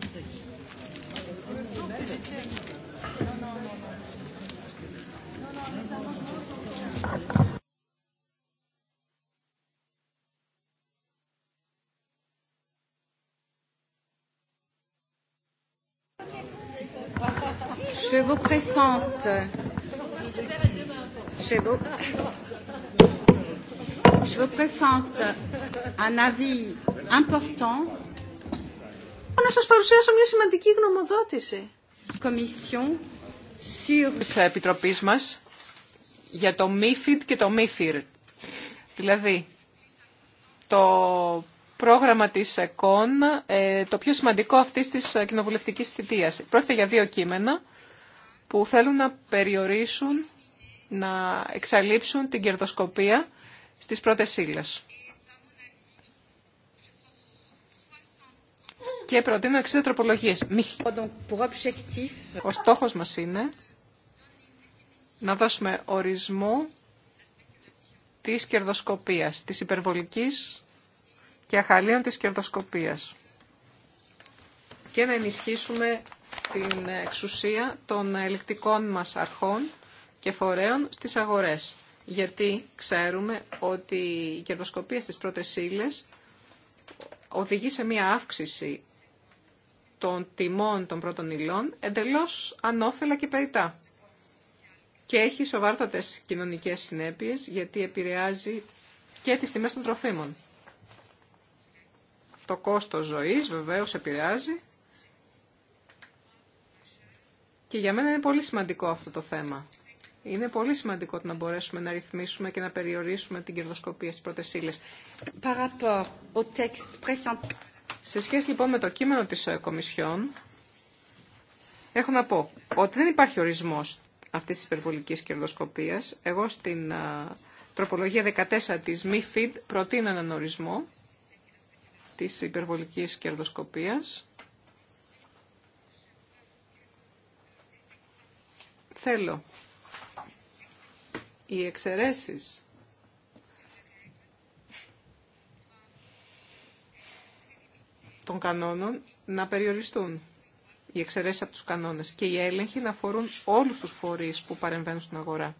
Je vous présente. Je vous, je vous présente un avis important. Να σας παρουσιάσω μια σημαντική γνωμοδότηση της Επιτροπής μας για το MIFID και το MIFIR. Δηλαδή, το πρόγραμμα της ΕΚΟΝ, ε, το πιο σημαντικό αυτής της κοινοβουλευτικής θητείας. Πρόκειται για δύο κείμενα που θέλουν να περιορίσουν, να εξαλείψουν την κερδοσκοπία στις πρώτες σύλλες. και προτείνω 60 τροπολογίε. Ο στόχο μας είναι να δώσουμε ορισμό της κερδοσκοπία, της υπερβολικής και αχαλίων της κερδοσκοπία. και να ενισχύσουμε την εξουσία των ελεκτικών μας αρχών και φορέων στις αγορές. Γιατί ξέρουμε ότι η κερδοσκοπία στις πρώτες ύλες οδηγεί σε μία αύξηση των τιμών των πρώτων υλών εντελώς ανώφελα και περιτά. Και έχει σοβαρότατες κοινωνικές συνέπειες γιατί επηρεάζει και τις τιμές των τροφίμων. Το κόστος ζωής βεβαίως επηρεάζει και για μένα είναι πολύ σημαντικό αυτό το θέμα. Είναι πολύ σημαντικό να μπορέσουμε να ρυθμίσουμε και να περιορίσουμε την κερδοσκοπία στις πρώτες ύλες. Σε σχέση λοιπόν με το κείμενο της ε, Κομισιόν, έχω να πω ότι δεν υπάρχει ορισμός αυτής της υπερβολικής κερδοσκοπίας. Εγώ στην ε, τροπολογία 14 της MIFID προτείνω έναν ορισμό της υπερβολικής κερδοσκοπίας. Θέλω οι εξαιρέσεις των κανόνων να περιοριστούν οι εξαιρέσει από τους κανόνες και οι έλεγχοι να αφορούν όλους τους φορείς που παρεμβαίνουν στην αγορά.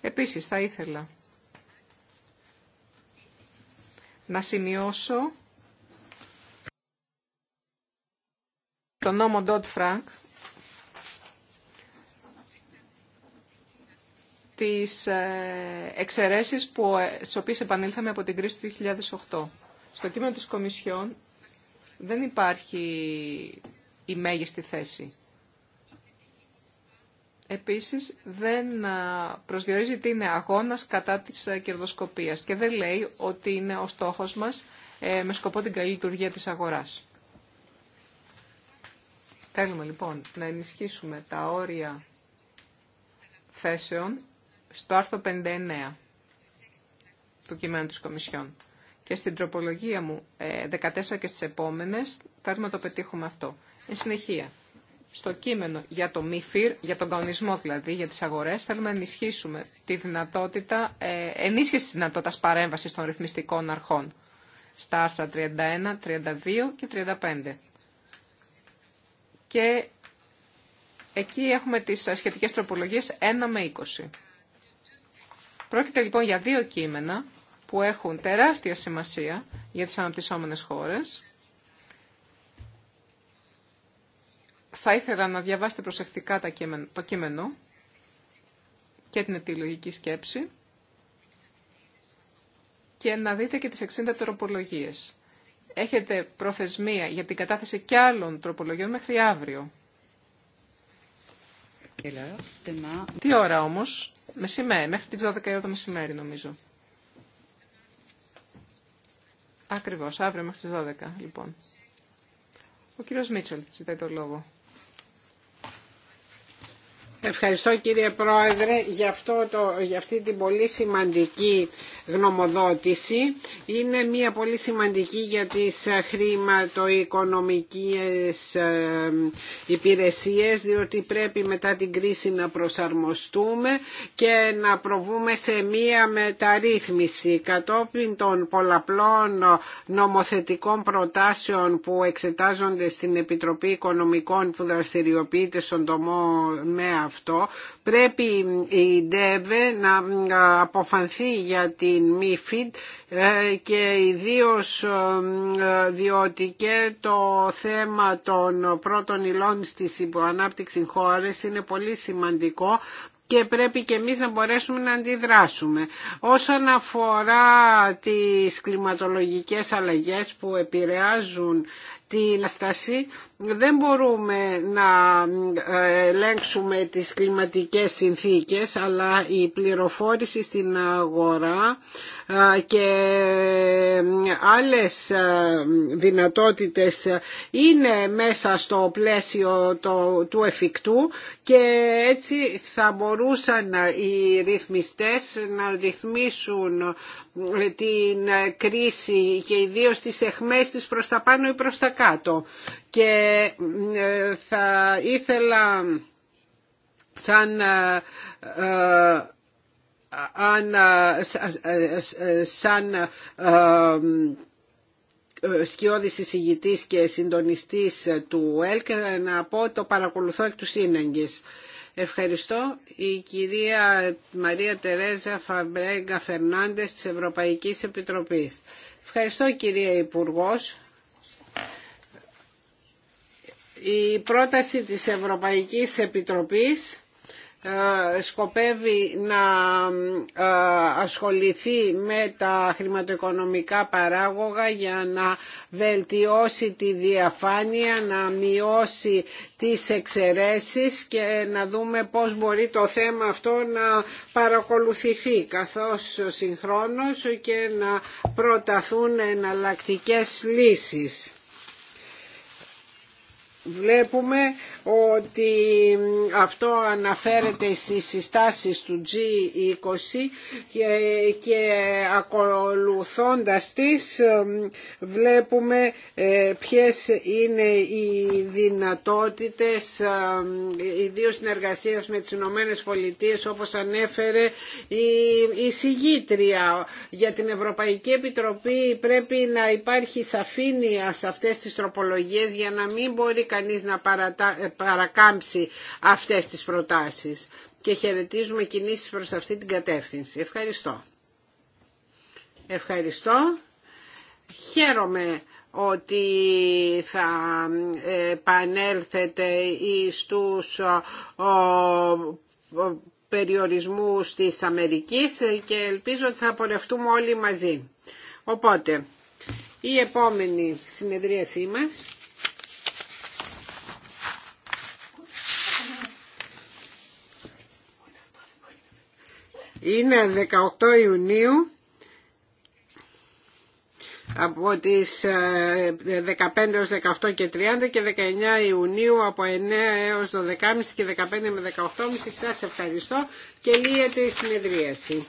Επίσης, θα ήθελα να σημειώσω τον νόμο Dodd Frank τις ε, εξαιρέσεις που, ε, στις οποίες επανήλθαμε από την κρίση του 2008. Στο κείμενο της Κομισιόν δεν υπάρχει η μέγιστη θέση. Επίσης δεν προσδιορίζει τι είναι αγώνας κατά της κερδοσκοπίας και δεν λέει ότι είναι ο στόχος μας ε, με σκοπό την καλή λειτουργία της αγοράς. Θέλουμε λοιπόν να ενισχύσουμε τα όρια θέσεων στο άρθρο 59 του κειμένου της Κομισιόν και στην τροπολογία μου 14 ε, και στις επόμενες θέλουμε να το πετύχουμε αυτό. Εν συνεχεία, στο κείμενο για το MIFIR, για τον καονισμό δηλαδή, για τις αγορές, θέλουμε να ενισχύσουμε τη δυνατότητα, ε, ενίσχυση της δυνατότητας παρέμβασης των ρυθμιστικών αρχών στα άρθρα 31, 32 και 35. Και εκεί έχουμε τις ε, σχετικές τροπολογίες 1 με 20. Πρόκειται λοιπόν για δύο κείμενα που έχουν τεράστια σημασία για τις αναπτυσσόμενες χώρες. Θα ήθελα να διαβάσετε προσεκτικά το κείμενο και την αιτιολογική σκέψη και να δείτε και τις 60 τροπολογίες. Έχετε προθεσμία για την κατάθεση και άλλων τροπολογιών μέχρι αύριο. Τι ώρα όμως, μεσημέρι, μέχρι τις 12 το μεσημέρι νομίζω. Ακριβώς, αύριο μέχρι τις 12, λοιπόν. Ο κύριος Μίτσολ ζητάει το λόγο. Ευχαριστώ κύριε Πρόεδρε για, αυτό το, για αυτή την πολύ σημαντική γνωμοδότηση. Είναι μια πολύ σημαντική για τις ε, χρηματοοικονομικές ε, υπηρεσίες διότι πρέπει μετά την κρίση να προσαρμοστούμε και να προβούμε σε μια μεταρρύθμιση κατόπιν των πολλαπλών νομοθετικών προτάσεων που εξετάζονται στην Επιτροπή Οικονομικών που δραστηριοποιείται στον τομό αυτό πρέπει η ΔΕΒΕ να αποφανθεί για την ΜΥΦΙΤ ε, και ιδίω ε, διότι και το θέμα των πρώτων υλών στις υποανάπτυξη χώρες είναι πολύ σημαντικό και πρέπει και εμείς να μπορέσουμε να αντιδράσουμε. Όσον αφορά τις κλιματολογικές αλλαγές που επηρεάζουν την αστασή, δεν μπορούμε να ε, ελέγξουμε τις κλιματικές συνθήκες αλλά η πληροφόρηση στην αγορά ε, και ε, άλλες δυνατότητες είναι μέσα στο πλαίσιο του εφικτού και έτσι θα μπορούσαν οι ρυθμιστές να ρυθμίσουν την κρίση και ιδίως τις εχμές της προς τα πάνω ή προς τα κάτω και ε, θα ήθελα σαν σαν σκιώδης εισηγητής και συντονιστής του ΕΛΚ να πω το παρακολουθώ εκ του σύνεγγης. Ευχαριστώ. Η κυρία Μαρία Τερέζα Φαμπρέγκα Φερνάντες της Ευρωπαϊκής Επιτροπής. Ευχαριστώ κυρία Υπουργός. Η πρόταση της Ευρωπαϊκής Επιτροπής ε, σκοπεύει να ε, ασχοληθεί με τα χρηματοοικονομικά παράγωγα για να βελτιώσει τη διαφάνεια, να μειώσει τις εξαιρέσεις και να δούμε πώς μπορεί το θέμα αυτό να παρακολουθηθεί καθώς συγχρόνως και να προταθούν εναλλακτικές λύσεις βλέπουμε ότι αυτό αναφέρεται στις συστάσεις του G20 και ακολουθώντας τις βλέπουμε ε, ποιες είναι οι δυνατότητες ε, ιδίως συνεργασίας με τις Ηνωμένε Πολιτείες όπως ανέφερε η συγγήτρια για την Ευρωπαϊκή Επιτροπή πρέπει να υπάρχει σαφήνεια σε αυτές τις τροπολογίες για να μην μπορεί κανείς να παρατα... Ε, παρακάμψει αυτές τις προτάσεις και χαιρετίζουμε κινήσεις προς αυτή την κατεύθυνση. Ευχαριστώ. Ευχαριστώ. Χαίρομαι ότι θα ε, επανέλθετε στους περιορισμούς της Αμερικής και ελπίζω ότι θα πορευτούμε όλοι μαζί. Οπότε, η επόμενη συνεδρίασή μας είναι 18 Ιουνίου από τις 15 ε, έως 18 και 30 και 19 Ιουνίου από 9 έως 12.30 και 15 με 18.30 σας ευχαριστώ και λύεται η συνεδρίαση.